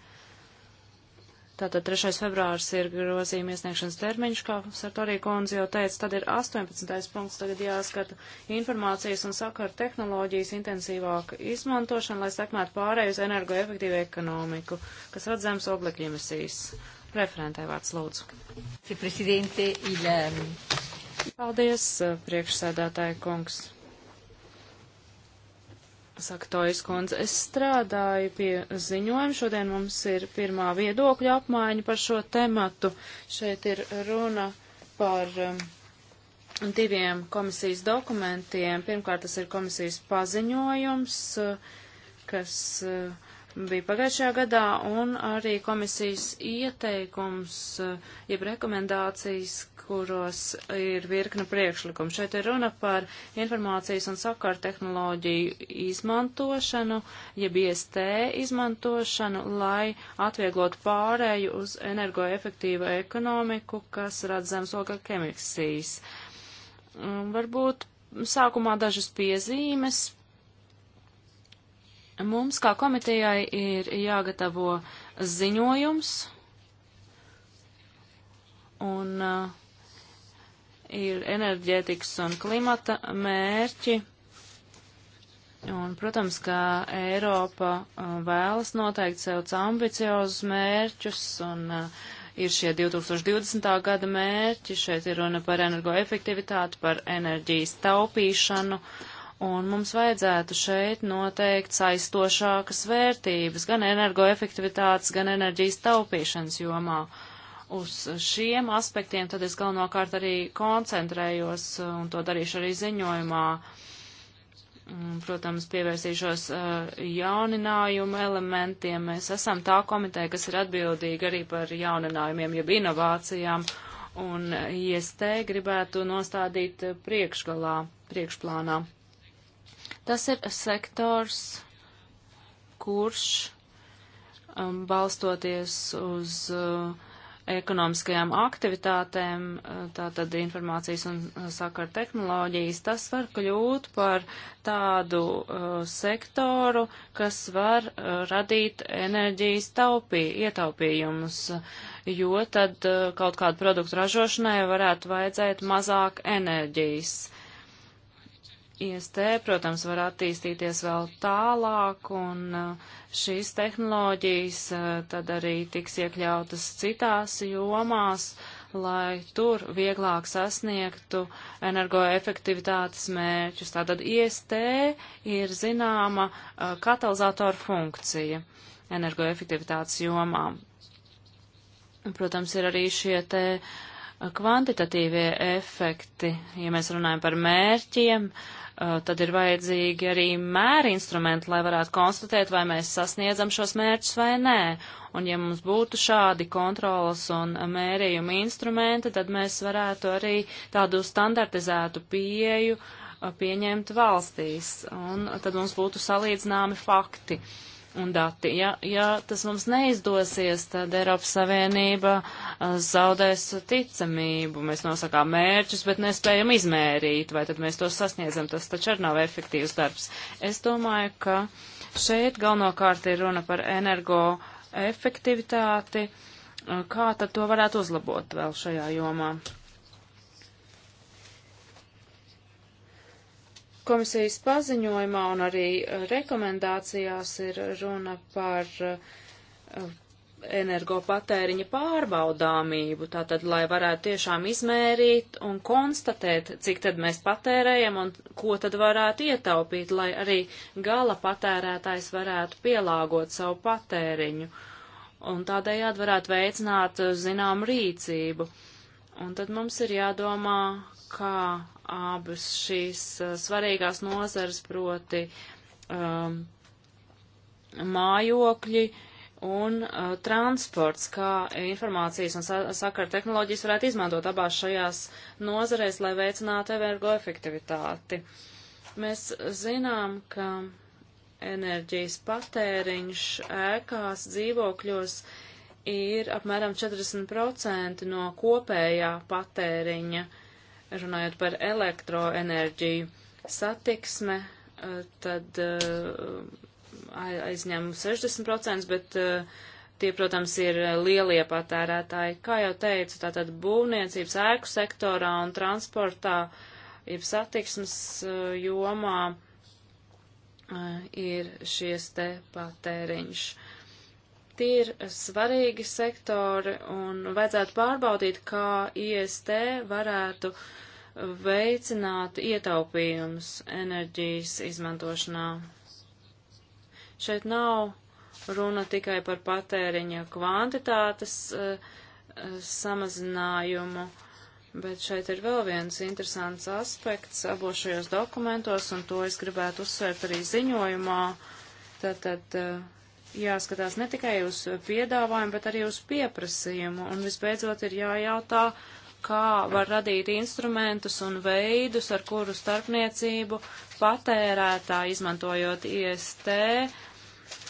Tātad 3. februārs ir grozījuma iesniegšanas termiņš, kā Sartorija kundze jau teica, tad ir 18. punkts, tagad jāskata informācijas un sakaru tehnoloģijas intensīvāka izmantošana, lai sekmētu pārēju uz energoefektīvu ekonomiku, kas rada zemes oglekļu emisijas. Referentai vārds lūdzu. Ehm, Paldies, eh, priekšsēdētāja kungs saka Tojas kundze. Es strādāju pie ziņojuma. Šodien mums ir pirmā viedokļa apmaiņa par šo tematu. Šeit ir runa par um, diviem komisijas dokumentiem. Pirmkārt, tas ir komisijas paziņojums, uh, kas uh, bija pagājušajā gadā, un arī komisijas ieteikums, jeb rekomendācijas, kuros ir virkna priekšlikumu. Šeit ir runa par informācijas un sakaru tehnoloģiju izmantošanu, jeb IST izmantošanu, lai atvieglot pārēju uz energoefektīvu ekonomiku, kas rada zemesloka emiksijas. Varbūt sākumā dažas piezīmes Mums kā komitejai ir jāgatavo ziņojums un uh, ir enerģētikas un klimata mērķi. Un, protams, ka Eiropa uh, vēlas noteikt sev ambiciozus mērķus un uh, ir šie 2020. gada mērķi. Šeit ir runa par energoefektivitāti, par enerģijas taupīšanu Un mums vajadzētu šeit noteikt saistošākas vērtības gan energoefektivitātes, gan enerģijas taupīšanas jomā. Uz šiem aspektiem tad es galvenokārt arī koncentrējos, un to darīšu arī ziņojumā. Protams, pievērsīšos eh, jauninājumu elementiem. Mēs esam tā komiteja, kas ir atbildīga arī par jauninājumiem, jeb inovācijām, un eh, IST gribētu nostādīt eh, priekšgalā, priekšplānā. Tas ir sektors, kurš um, balstoties uz uh, ekonomiskajām aktivitātēm, uh, tātad informācijas un uh, sakaru tehnoloģijas, tas var kļūt par tādu uh, sektoru, kas var uh, radīt enerģijas taupī, ietaupījumus, jo tad uh, kaut kādu produktu ražošanai varētu vajadzēt mazāk enerģijas. IST, protams, var attīstīties vēl tālāk, un uh, šīs tehnoloģijas uh, tad arī tiks iekļautas citās jomās, lai tur vieglāk sasniegtu energoefektivitātes mērķus. Tātad IST ir zināma uh, katalizatora funkcija energoefektivitātes jomām. Protams, ir arī šie te uh, kvantitatīvie efekti. Ja mēs runājam par mērķiem, eh, tad ir vajadzīgi arī mēri instrumenti, lai varētu konstatēt, vai mēs sasniedzam šos mērķus vai nē. Un ja mums būtu šādi kontrolas un mērījuma instrumenti, tad mēs varētu arī tādu standartizētu pieju eh, pieņemt valstīs. Un tad mums būtu salīdzināmi fakti. Uh, un dati. Ja, ja tas mums neizdosies, tad Eiropas Savienība uh, zaudēs ticamību. Mēs nosakām mērķus, bet nespējam izmērīt, vai tad mēs tos sasniedzam. Tas taču arī nav efektīvs darbs. Es domāju, ka šeit galvenokārt ir runa par energo efektivitāti. Uh, kā tad to varētu uzlabot vēl šajā jomā? Komisijas paziņojumā un arī eh, rekomendācijās ir runa par eh, energopatēriņa pārbaudāmību, tātad, lai varētu tiešām izmērīt un konstatēt, cik tad mēs patērējam un ko tad varētu ietaupīt, lai arī gala patērētājs varētu pielāgot savu patēriņu un tādējādi varētu veicināt eh, zinām rīcību. Uh, Un tad mums ir jādomā, kā abas šīs svarīgās nozares, proti um, mājokļi un uh, transports, kā informācijas un sa sakara tehnoloģijas varētu izmantot abās šajās nozarēs, lai veicinātu energoefektivitāti. Mēs zinām, ka enerģijas patēriņš ēkās, dzīvokļos uh, ir apmēram 40% no kopējā patēriņa, runājot par elektroenerģiju. Satiksme eh, tad eh, aizņem 60%, bet eh, tie, protams, ir lielie patērētāji. Kā jau teicu, tātad būvniecības ēku sektorā un transportā, jeb satiksmes jomā ir šies te patēriņš. Uh, Tie ir svarīgi sektori un vajadzētu pārbaudīt, kā IST varētu veicināt ietaupījumus enerģijas izmantošanā. Šeit nav runa tikai par patēriņa kvantitātes uh, samazinājumu, bet šeit ir vēl viens interesants aspekts abos šajos dokumentos, un to es gribētu uzsvērt arī ziņojumā. Tātad uh, jāskatās ne tikai uz piedāvājumu, bet arī uz pieprasījumu. Un visbeidzot ir jājautā, kā var radīt instrumentus un veidus, ar kuru starpniecību patērētā izmantojot IST.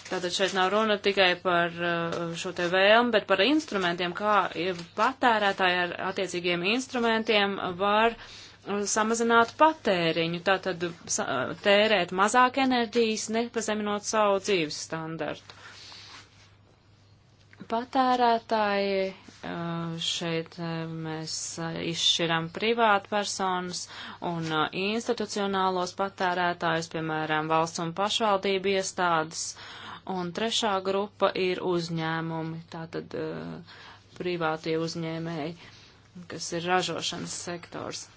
Tātad šeit nav runa tikai par uh, šo te vēlmu, bet par instrumentiem, kā patērētāji ar attiecīgiem instrumentiem var uh, samazinātu patēriņu, tātad tērēt mazāk enerģijas, nepazeminot savu dzīves standartu. Patērētāji šeit mēs izšķiram privātpersonas un institucionālos patērētājus, piemēram, valsts un pašvaldību iestādes, un trešā grupa ir uzņēmumi, tātad privātie uzņēmēji, kas ir ražošanas sektors.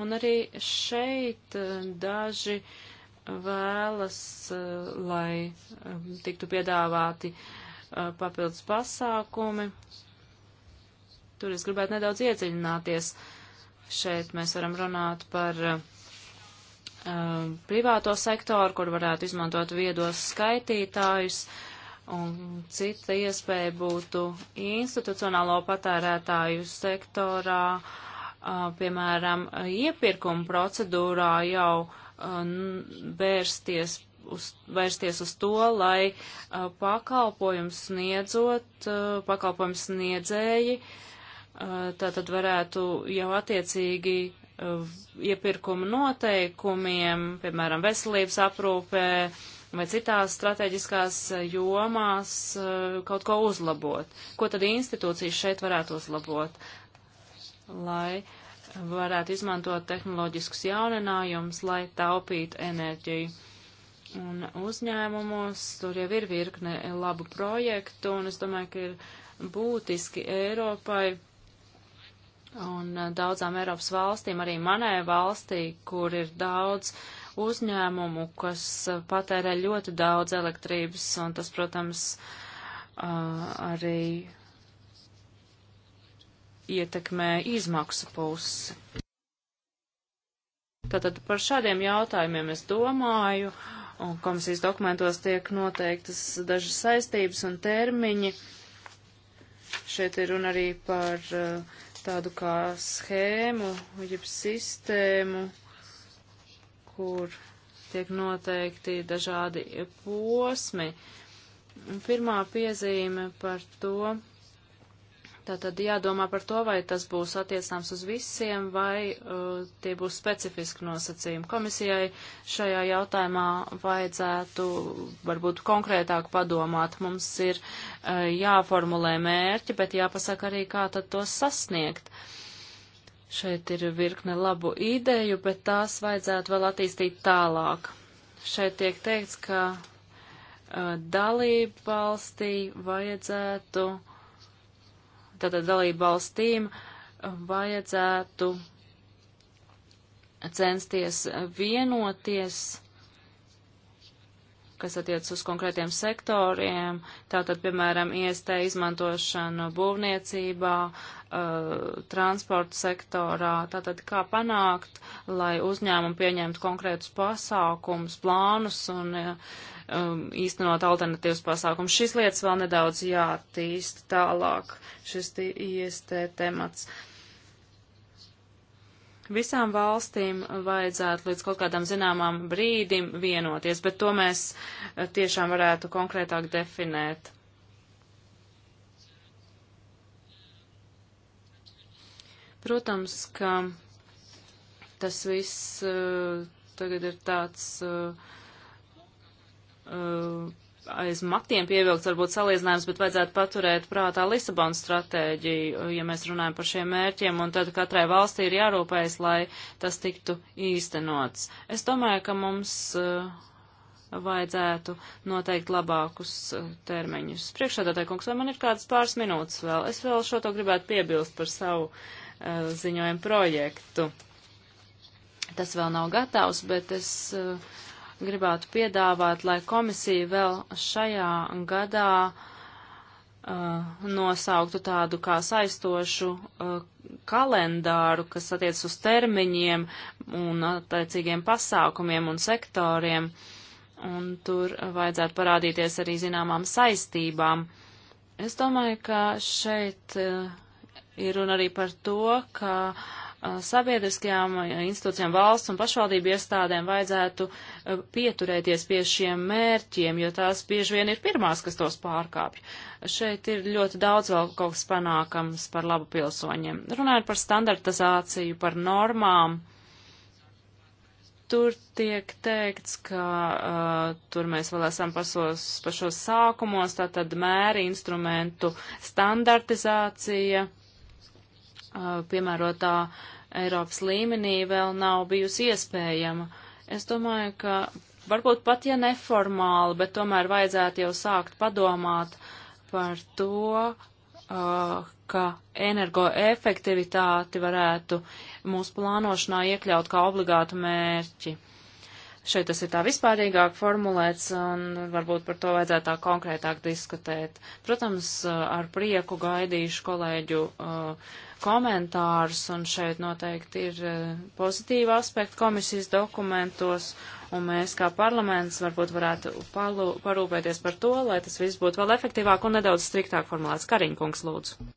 Un arī šeit eh, daži eh, vēlas, eh, lai tiktu piedāvāti papildus pasākumi. Tur es gribētu nedaudz iedziļināties. Šeit mēs varam runāt par privāto sektoru, kur varētu izmantot viedos skaitītājus, un cita iespēja būtu institucionālo patērētāju sektorā uh, piemēram, iepirkuma procedūrā jau vērsties uz, vērsties uz to, lai pakalpojums sniedzot, pakalpojums sniedzēji, tātad varētu jau attiecīgi iepirkuma noteikumiem, piemēram, veselības aprūpē vai citās strateģiskās jomās kaut ko uzlabot. Ko tad institūcijas šeit varētu uzlabot? lai varētu izmantot tehnoloģiskus jauninājumus, lai taupītu enerģiju. Un uzņēmumos tur jau ir virkne labu projektu, un es domāju, ka ir būtiski Eiropai un daudzām Eiropas valstīm, arī manai valstī, kur ir daudz uzņēmumu, kas patērē ļoti daudz elektrības, un tas, protams, arī ietekmē izmaksu pusi. Tātad par šādiem jautājumiem es domāju, un komisijas dokumentos tiek noteiktas dažas saistības un termiņi. Šeit ir runa arī par uh, tādu kā schēmu, jeb sistēmu, kur tiek noteikti dažādi posmi. Pirmā piezīme par to, Tātad jādomā par to, vai tas būs attiecināms uz visiem, vai uh, tie būs specifiski nosacījumi. Komisijai šajā jautājumā vajadzētu varbūt konkrētāk padomāt. Mums ir uh, jāformulē mērķi, bet jāpasaka arī, kā tad tos sasniegt. Šeit ir virkne labu ideju, bet tās vajadzētu vēl attīstīt tālāk. Šeit tiek teikts, ka uh, dalību valstī vajadzētu uh, Tātad dalību valstīm um, vajadzētu censties vienoties, kas attiec uz konkrētiem sektoriem, tātad, piemēram, iestē izmantošanu būvniecībā, uh, transporta sektorā, tātad kā panākt, lai uzņēmumi pieņemtu konkrētus pasākums, plānus un uh, um, īstenot alternatīvas pasākumus. Šīs lietas vēl nedaudz jātīst tālāk, šis IST temats. Visām valstīm vajadzētu līdz kaut kādam zināmam brīdim vienoties, bet to mēs uh, tiešām varētu konkrētāk definēt. Protams, ka tas viss uh, tagad ir tāds uh, Uh, aiz matiem pievilkts varbūt salīdzinājums, bet vajadzētu paturēt prātā Lisabonas stratēģiju, uh, ja mēs runājam par šiem mērķiem, un tad katrai valstī ir jārūpējas, lai tas tiktu īstenots. Es domāju, ka mums uh, vajadzētu noteikt labākus termiņus. Priekšādātāji kungs, vai man ir kādas pāris minūtes vēl? Es vēl šo to gribētu piebilst par savu uh, ziņojumu projektu. Tas vēl nav gatavs, bet es uh, gribētu piedāvāt, lai komisija vēl šajā gadā uh, nosauktu tādu kā saistošu uh, kalendāru, kas attiec uz termiņiem un attiecīgiem pasākumiem un sektoriem, un tur vajadzētu parādīties arī zināmām saistībām. Es domāju, ka šeit uh, ir runa arī par to, ka uh, Uh, sabiedriskajām uh, institūcijām, valsts un pašvaldību iestādēm vajadzētu uh, pieturēties pie šiem mērķiem, jo tās bieži vien ir pirmās, kas tos pārkāpj. Šeit ir ļoti daudz vēl kaut kas panākams par labu pilsoņiem. Runājot par standartizāciju, par normām. Tur tiek teikts, ka uh, tur mēs vēl esam pašos, pašos sākumos, tātad mēri instrumentu standartizācija, uh, piemērotā Eiropas līmenī vēl nav bijusi iespējama. Es domāju, ka varbūt pat ja neformāli, bet tomēr vajadzētu jau sākt padomāt par to, ka energoefektivitāti varētu mūsu plānošanā iekļaut kā obligātu mērķi. Šeit tas ir tā vispārīgāk formulēts, un varbūt par to vajadzētu tā konkrētāk diskutēt. Protams, ar prieku gaidīšu kolēģu uh, komentārus, un šeit noteikti ir e, pozitīva aspekta komisijas dokumentos, un mēs kā parlaments varbūt varētu palu, parūpēties par to, lai tas viss būtu vēl efektīvāk un nedaudz striktāk formulēts. Kariņkungs, lūdzu.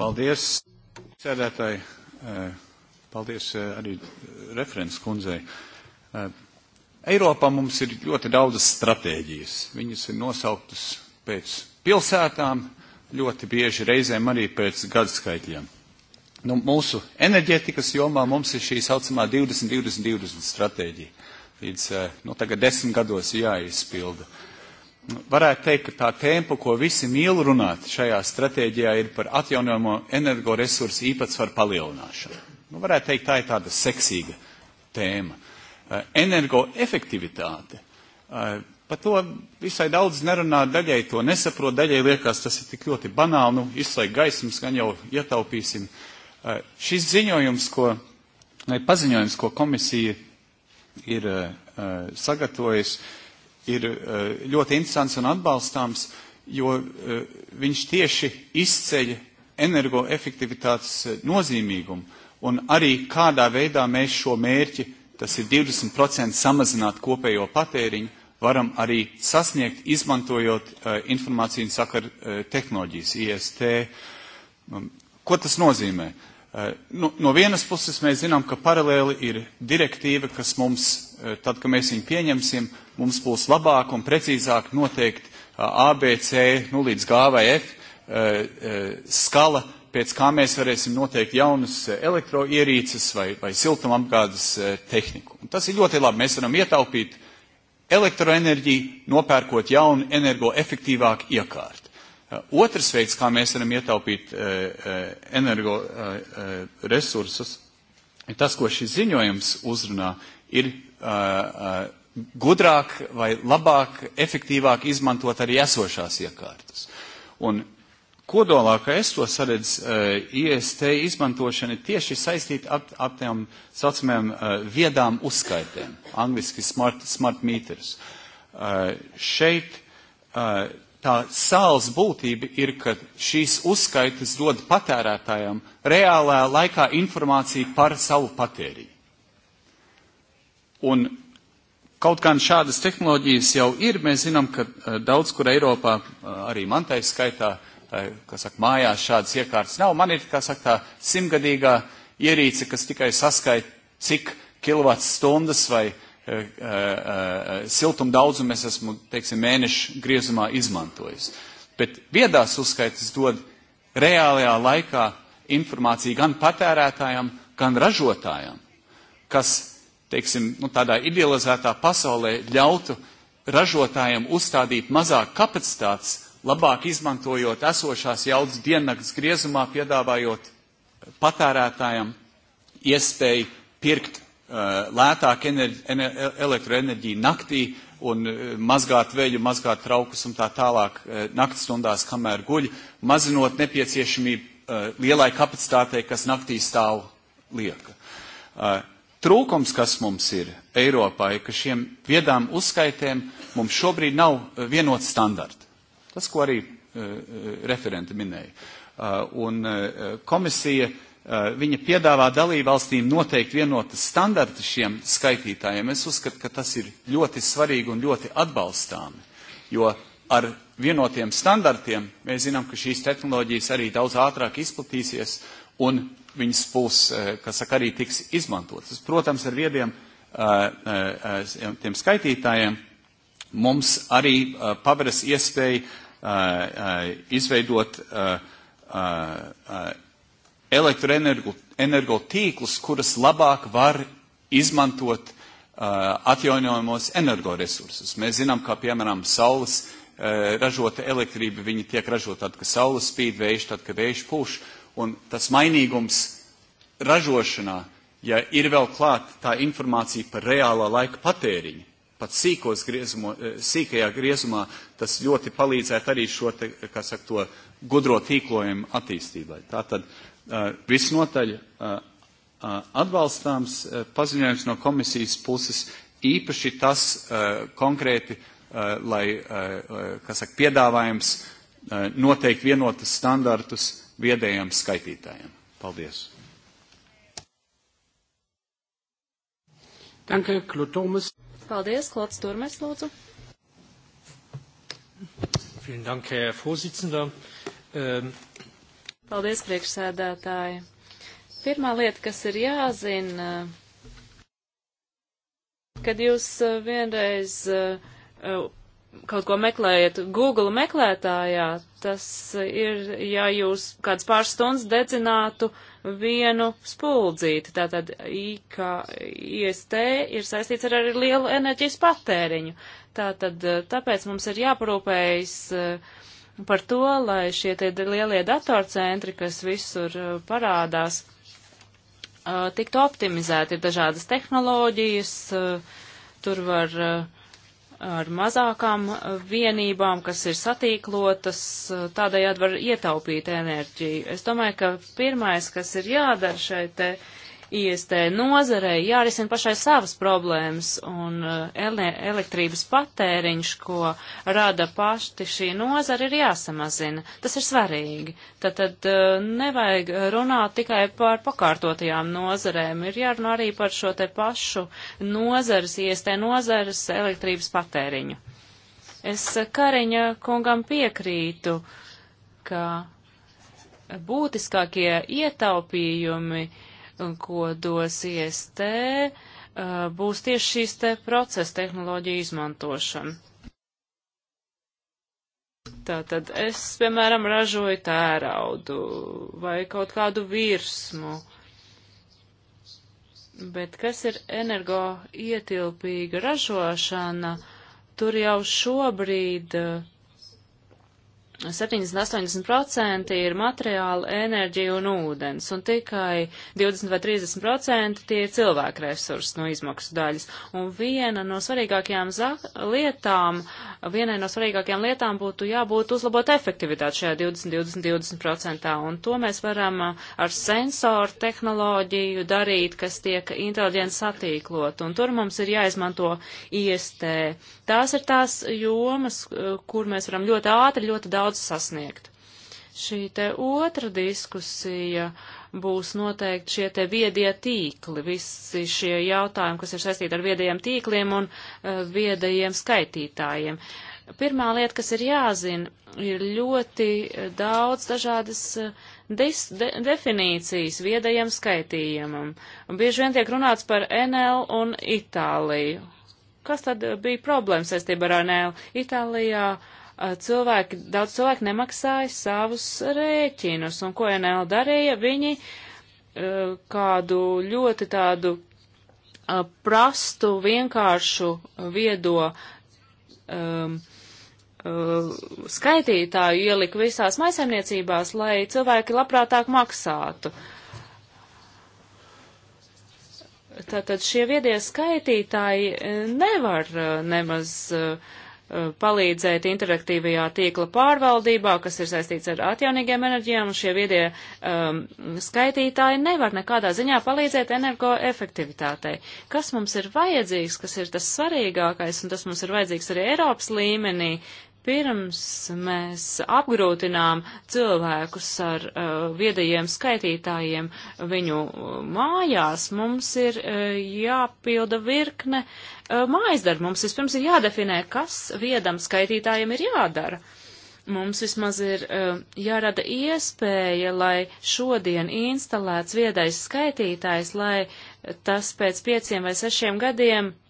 Paldies, sēdētāji. E, paldies e, arī referents kundzei. Eiropā mums ir ļoti daudzas stratēģijas. Viņas ir nosauktas pēc pilsētām, ļoti bieži reizēm arī pēc gadskaitļiem. Nu, mūsu enerģetikas jomā mums ir šī saucamā 20-20-20 stratēģija. Līdz eh, nu, tagad desmit gados jāizpilda. Nu, varētu teikt, ka tā tempa, ko visi mīl runāt šajā stratēģijā, ir par atjaunojamo energoresursu īpatsvaru palielināšanu. Nu, varētu teikt, tā ir tāda seksīga tēma. Eh, energoefektivitāte eh, Par to visai daudz nerunā, daļai to nesaprot, daļai liekas, tas ir tik ļoti banāli, nu, izslēgt gaismas, gan jau ietaupīsim. Eh, šis ziņojums, ko, vai paziņojums, ko komisija ir eh, sagatavojusi, ir eh, ļoti interesants un atbalstāms, jo viņš tieši izceļ energoefektivitātes nozīmīgumu un arī kādā veidā mēs šo mērķi, tas ir 20% samazināt kopējo patēriņu, varam arī sasniegt, izmantojot uh, informāciju un sakaru uh, tehnoloģijas, IST. Um, ko tas nozīmē? Uh, nu, no vienas puses mēs zinām, ka paralēli ir direktīva, kas mums, uh, tad, kad mēs viņu pieņemsim, mums būs labāk un precīzāk noteikt uh, ABC, nu līdz G vai F uh, uh, skala pēc kā mēs varēsim noteikt jaunus elektroierīces vai, vai siltumapgādes tehniku. Un tas ir ļoti labi. Mēs varam ietaupīt uh, elektroenerģiju, nopērkot jaunu energoefektīvāku iekārtu. Eh, otrs veids, kā mēs varam ietaupīt eh, eh, energoresursus, ir tas, ko šis ziņojums uzrunā, ir gudrāk vai labāk, efektīvāk izmantot arī esošās iekārtas. Un kodolā, ka es to saredzu, uh, eh, IST izmantošana ir tieši saistīta ap, ap tiem saucamajām uh, eh, viedām uzskaitēm, angliski smart, smart meters. Uh, šeit uh, tā sāls būtība ir, ka šīs uzskaitas dod patērētājiem reālā laikā informāciju par savu patēriņu. Un Kaut gan šādas tehnoloģijas jau ir, mēs zinām, ka daudz kur Eiropā, arī man tai skaitā, uh, tā, saka, mājās šādas iekārtas nav. Man ir, kā saka, tā simgadīgā ierīce, kas tikai saskaita, cik kilovats stundas vai uh, e, uh, e, e, siltuma daudzumu es esmu, teiksim, mēnešu griezumā izmantojis. Bet viedās uzskaitas dod reālajā laikā informāciju gan patērētājam, gan ražotājam, kas, teiksim, nu, tādā idealizētā pasaulē ļautu ražotājiem uzstādīt mazāk kapacitātes labāk izmantojot esošās jaudas diennakts griezumā, piedāvājot patērētājam iespēju pirkt uh, lētāk enerģi, ener, elektroenerģiju naktī un uh, mazgāt veļu, mazgāt traukus un tā tālāk uh, eh, naktas stundās, kamēr guļ, mazinot nepieciešamību lielai kapacitātei, kas naktī stāv lieka. Trūkums, kas mums ir Eiropā, ir, ka šiem viedām uzskaitēm mums šobrīd nav vienots standarts. Tas, ko arī eh, eh, referenti minēja. Eh, un komisija viņa piedāvā dalībvalstīm noteikt vienotas standartas šiem skaitītājiem. Es uzskatu, ka tas ir ļoti svarīgi un ļoti atbalstāmi, jo ar vienotiem standartiem mēs zinām, ka šīs tehnoloģijas arī daudz ātrāk izplatīsies un viņas būs, kas saka, arī tiks izmantotas. Protams, ar viediem tiem skaitītājiem mums arī uh, paveras iespēja uh, uh izveidot uh, uh, elektroenergo tīklus, kuras labāk var izmantot atjaunojamos energoresursus. Mēs zinām, kā piemēram saules ražota elektrība, viņa tiek ražota tad, kad saule spīd, vējš tad, kad vējš pūš, un tas mainīgums ražošanā, ja ir vēl klāt tā informācija par reālā laika patēriņu, pat sīkos griezumo, e, sīkajā griezumā, tas ļoti palīdzētu arī šo, te, kā saka, to gudro tīklojumu attīstībai. Tātad e, visnotaļ e, atbalstāms paziņojums no komisijas puses, īpaši tas konkrēti, lai, kā saka, piedāvājums noteikt vienotas standartus viedajiem skaitītājiem. Paldies! Danke, Claude Thomas. Paldies, Klots Turmers, lūdzu. Vielen Dank, Herr Vorsitzender. Um... Paldies, priekšsēdētāji. Pirmā lieta, kas ir jāzina, kad jūs eh, vienreiz eh, kaut ko meklējat Google meklētājā, tas eh, ir, ja jūs kāds pāris stundas dedzinātu vienu spuldzīti. Tātad IKST ir saistīts ar arī lielu enerģijas patēriņu. Tātad eh, tāpēc mums ir jāparūpējas eh, par to, lai šie tie lielie datorcentri, kas visur eh, parādās, tiktu optimizēti. Ir dažādas tehnoloģijas, tur var ar mazākām eh, vienībām, kas ir satīklotas, eh, tādējādi var ietaupīt enerģiju. Es domāju, ka pirmais, kas ir jādara šai te IST nozarei jārisina pašai savas problēmas un eh, ele elektrības patēriņš, ko rada pašti šī nozara, ir jāsamazina. Tas ir svarīgi. Tad, tad eh, nevajag runāt tikai par pakārtotajām nozarēm, ir jārunā arī par šo te pašu nozares, IST nozares elektrības patēriņu. Es eh, Kariņa kungam piekrītu, ka būtiskākie ietaupījumi uh, ko dos IST, uh, būs tieši šīs te procesa tehnoloģija izmantošana. Tātad es, piemēram, ražoju tēraudu vai kaut kādu virsmu, bet kas ir energo ietilpīga ražošana, tur jau šobrīd uh, 70-80% ir materiāli, enerģija un ūdens, un tikai 20 vai 30% tie ir cilvēku resursi no izmaksu daļas. Un viena no svarīgākajām lietām, vienai no svarīgākajām lietām būtu jābūt uzlabot efektivitāti šajā 20-20-20%, un to mēs varam ar sensoru tehnoloģiju darīt, kas tiek inteliģents satīklot, un tur mums ir jāizmanto IST. Tās ir tās jomas, kur mēs varam ļoti ātri, ļoti daudz daudz sasniegt. Šī te otra diskusija būs noteikti šie te viedie tīkli, visi šie jautājumi, kas ir saistīti ar viedajiem tīkliem un uh, viedajiem skaitītājiem. Pirmā lieta, kas ir jāzina, ir ļoti eh, daudz dažādas eh, dis, de, definīcijas viedajiem skaitījumam. Un bieži vien tiek runāts par NL un Itāliju. Kas tad bija problēma saistībā ar NL? Itālijā uh, Eh, cilvēki, daudz cilvēku nemaksāja savus rēķinus, un ko NL darīja, viņi eh, kādu ļoti tādu eh, prastu, vienkāršu viedo um, skaitītāju ielika visās maisaimniecībās, lai cilvēki labprātāk maksātu. Tātad šie viedie skaitītāji nevar nemaz uh, Uh, palīdzēt interaktīvajā tīkla pārvaldībā, kas ir saistīts ar atjaunīgiem enerģijām, un šie viedie um, skaitītāji nevar nekādā ziņā palīdzēt energoefektivitātei. Kas mums ir vajadzīgs, kas ir tas svarīgākais, un tas mums ir vajadzīgs arī Eiropas līmenī, Pirms mēs apgrūtinām cilvēkus ar uh, viedajiem skaitītājiem viņu uh, mājās, mums ir uh, jāpilda virkne uh, mājas darbu. Mums vispirms ir jādefinē, kas viedam skaitītājiem ir jādara. Mums vismaz ir uh, jārada iespēja, lai šodien instalēts viedais skaitītājs, lai tas pēc pieciem vai sešiem gadiem uh,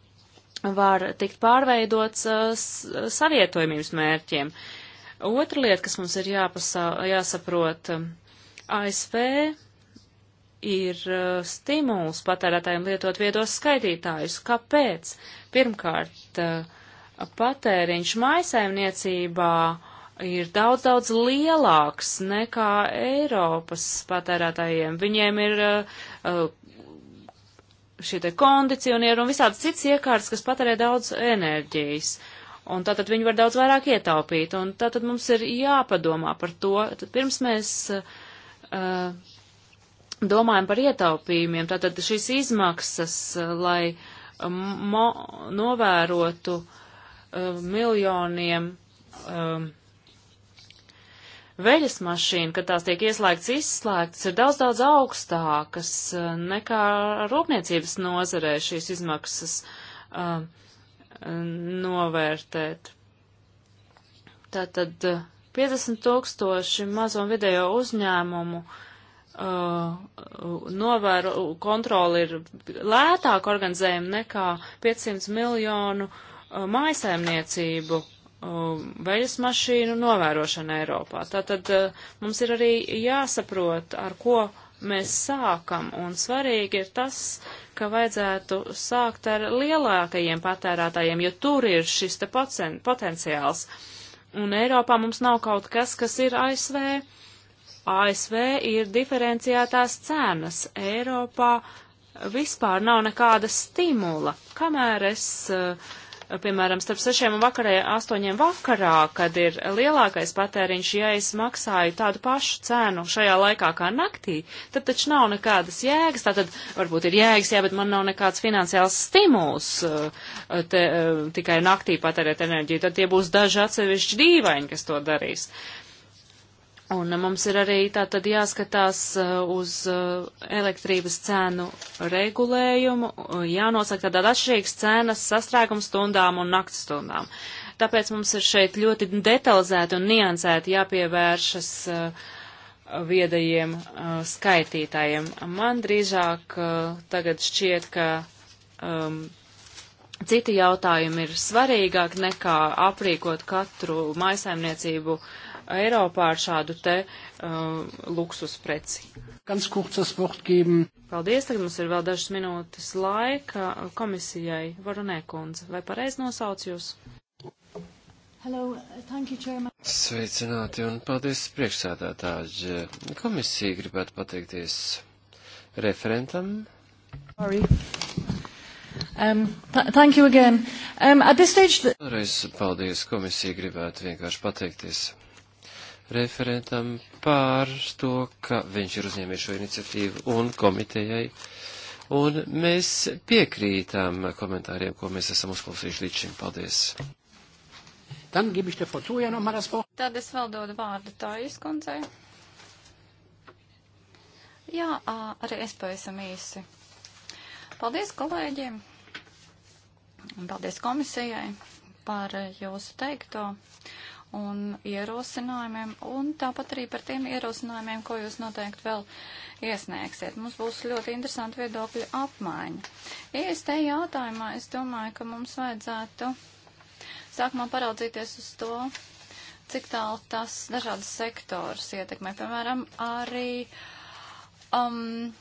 var tikt pārveidots uh, savietojumības mērķiem. Otra lieta, kas mums ir jāpasa, jāsaprot, um, ASV ir uh, stimuls patērētājiem lietot viedos skaitītājus. Kāpēc? Pirmkārt, uh, patēriņš maisaimniecībā ir daudz, daudz lielāks nekā Eiropas patērētājiem. Viņiem ir uh, šie te kondicionieri un visādas citas iekārtas, kas patērē daudz enerģijas. Un tātad viņi var daudz vairāk ietaupīt. Un tātad mums ir jāpadomā par to. Tad pirms mēs uh, domājam par ietaupījumiem, tātad šīs izmaksas, uh, lai um, mo, novērotu uh, miljoniem. Um, veļas mašīna, kad tās tiek ieslēgts, izslēgtas, ir daudz, daudz augstākas eh, nekā rūpniecības nozarē šīs izmaksas uh, novērtēt. Tātad 50 eh, tūkstoši mazo un vidējo uzņēmumu uh, Uh, novēro, kontroli ir lētāk organizējama nekā 500 miljonu uh, mājasēmniecību. Um, veļas mašīnu novērošana Eiropā. Tātad uh, mums ir arī jāsaprot, ar ko mēs sākam, un svarīgi ir tas, ka vajadzētu sākt ar lielākajiem patērētājiem, jo tur ir šis te potenciāls. Un Eiropā mums nav kaut kas, kas ir ASV. ASV ir diferenciētās cenas. Eiropā vispār nav nekāda stimula. Kamēr es uh, piemēram, starp sešiem un vakarē, astoņiem vakarā, kad ir lielākais patēriņš, ja es maksāju tādu pašu cenu šajā laikā kā naktī, tad taču nav nekādas jēgas, tātad varbūt ir jēgas, jā, bet man nav nekāds finansiāls stimuls uh, te, uh, tikai naktī patērēt enerģiju, tad tie būs daži atsevišķi dīvaini, kas to darīs. Uh, Un mums ir arī tātad jāskatās uh, uz uh, elektrības cēnu regulējumu, uh, jānosaka tātad atšķirīgas cenas sastrēguma stundām un naktas stundām. Tāpēc mums ir šeit ļoti detalizēti un niansēti jāpievēršas viedajiem skaitītājiem. Man drīzāk tagad šķiet, ka um, citi jautājumi ir svarīgāk nekā aprīkot katru maisaimniecību uh, Eiropā ar šādu te uh, luksus preci. Ganz kurzes Wort geben. Paldies, tagad mums ir vēl dažas minūtes laika komisijai. Varunē kundze, vai pareizi nosauc jūs? Hello, thank you, Chairman. Sveicināti un paldies priekšsādātāji. Komisija gribētu pateikties referentam. Sorry. Um, th thank you again. Um, at this stage... The... Reiz paldies komisija gribētu vienkārši pateikties referentam pār to, ka viņš ir uzņēmis šo iniciatīvu un komitejai. Un mēs piekrītam komentāriem, ko mēs esam uzklausījuši līdz šim. Paldies! Dann gebe ich der Frau Tuja nochmal das Wort. Tad es vēl dodu vārdu Tājas kundzei. Jā, arī es pavisam īsi. Paldies kolēģiem un paldies komisijai par jūsu teikto un ierosinājumiem, un tāpat arī par tiem ierosinājumiem, ko jūs noteikti vēl iesniegsiet. Mums būs ļoti interesanti viedokļu apmaiņa. Es te jautājumā, es domāju, ka mums vajadzētu sākumā paraudzīties uz to, cik tālu tas dažādas sektors ietekmē, piemēram, arī um,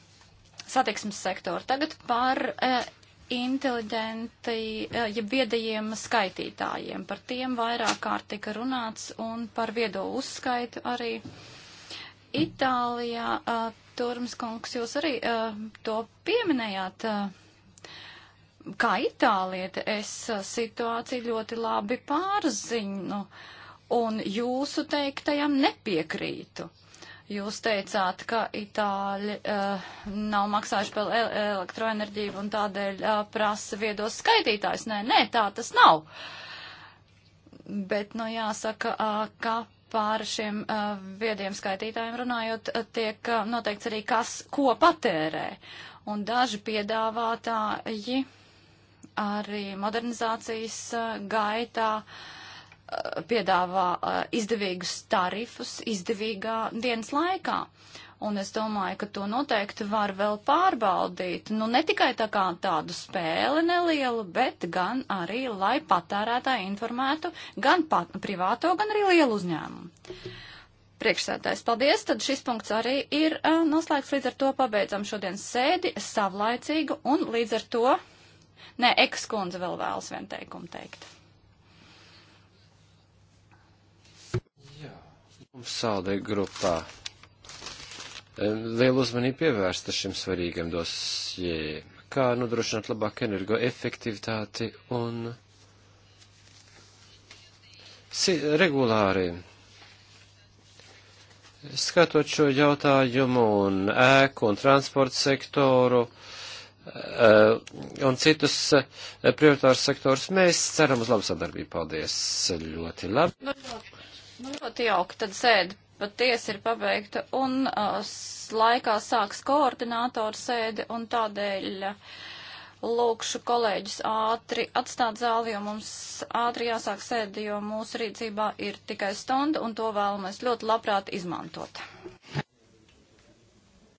satiksmes sektoru. Tagad par uh, inteliģenti, eh, ja viedajiem skaitītājiem. Par tiem vairāk kārt tika runāts un par viedo uzskaitu arī. Itālijā, uh, Turms kungs, jūs arī uh, to pieminējāt. Uh, kā itālieti, es uh, situāciju ļoti labi pārzinu un jūsu teiktajam nepiekrītu. Jūs teicāt, ka Itāļi uh, nav maksājuši par elektroenerģiju un tādēļ uh, prasa viedos skaitītājs. Nē, nē, tā tas nav. Bet, nu, jāsaka, uh, ka pār šiem uh, viediem skaitītājiem runājot, uh, tiek uh, noteikts arī, kas ko patērē. Un daži piedāvātāji arī modernizācijas uh, gaitā. Uh, Eh, piedāvā uh, izdevīgus tarifus izdevīgā dienas laikā. Un es domāju, ka to noteikti var vēl pārbaudīt. Nu, ne tikai tā kā tādu spēli nelielu, bet gan arī, lai patērētāji informētu gan pat, privāto, gan arī lielu uzņēmumu. Priekšsētājs, paldies, tad šis punkts arī ir uh, noslēgts, līdz ar to pabeidzam šodien sēdi savlaicīgu un līdz ar to, nē, ekskundze vēl vēlas vien teikumu teikt. Saldai grupā lielu uzmanību pievērsta šim svarīgam dosjē, kā nodrošināt labāku energoefektivitāti un si regulāri skatot šo jautājumu un ēku un transporta sektoru eh, un citus eh, prioritārus sektors, mēs ceram uz labu sadarbību. Paldies ļoti labi. Nu, ļoti jauki, tad sēdi patiesi ir pabeigta un uh, laikā sāks koordinātoru sēdi un tādēļ uh, lūkšu kolēģis ātri atstāt zāli, jo mums ātri jāsāk sēdi, jo mūsu rīcībā ir tikai stunda un to vēlamies ļoti labprāt izmantot.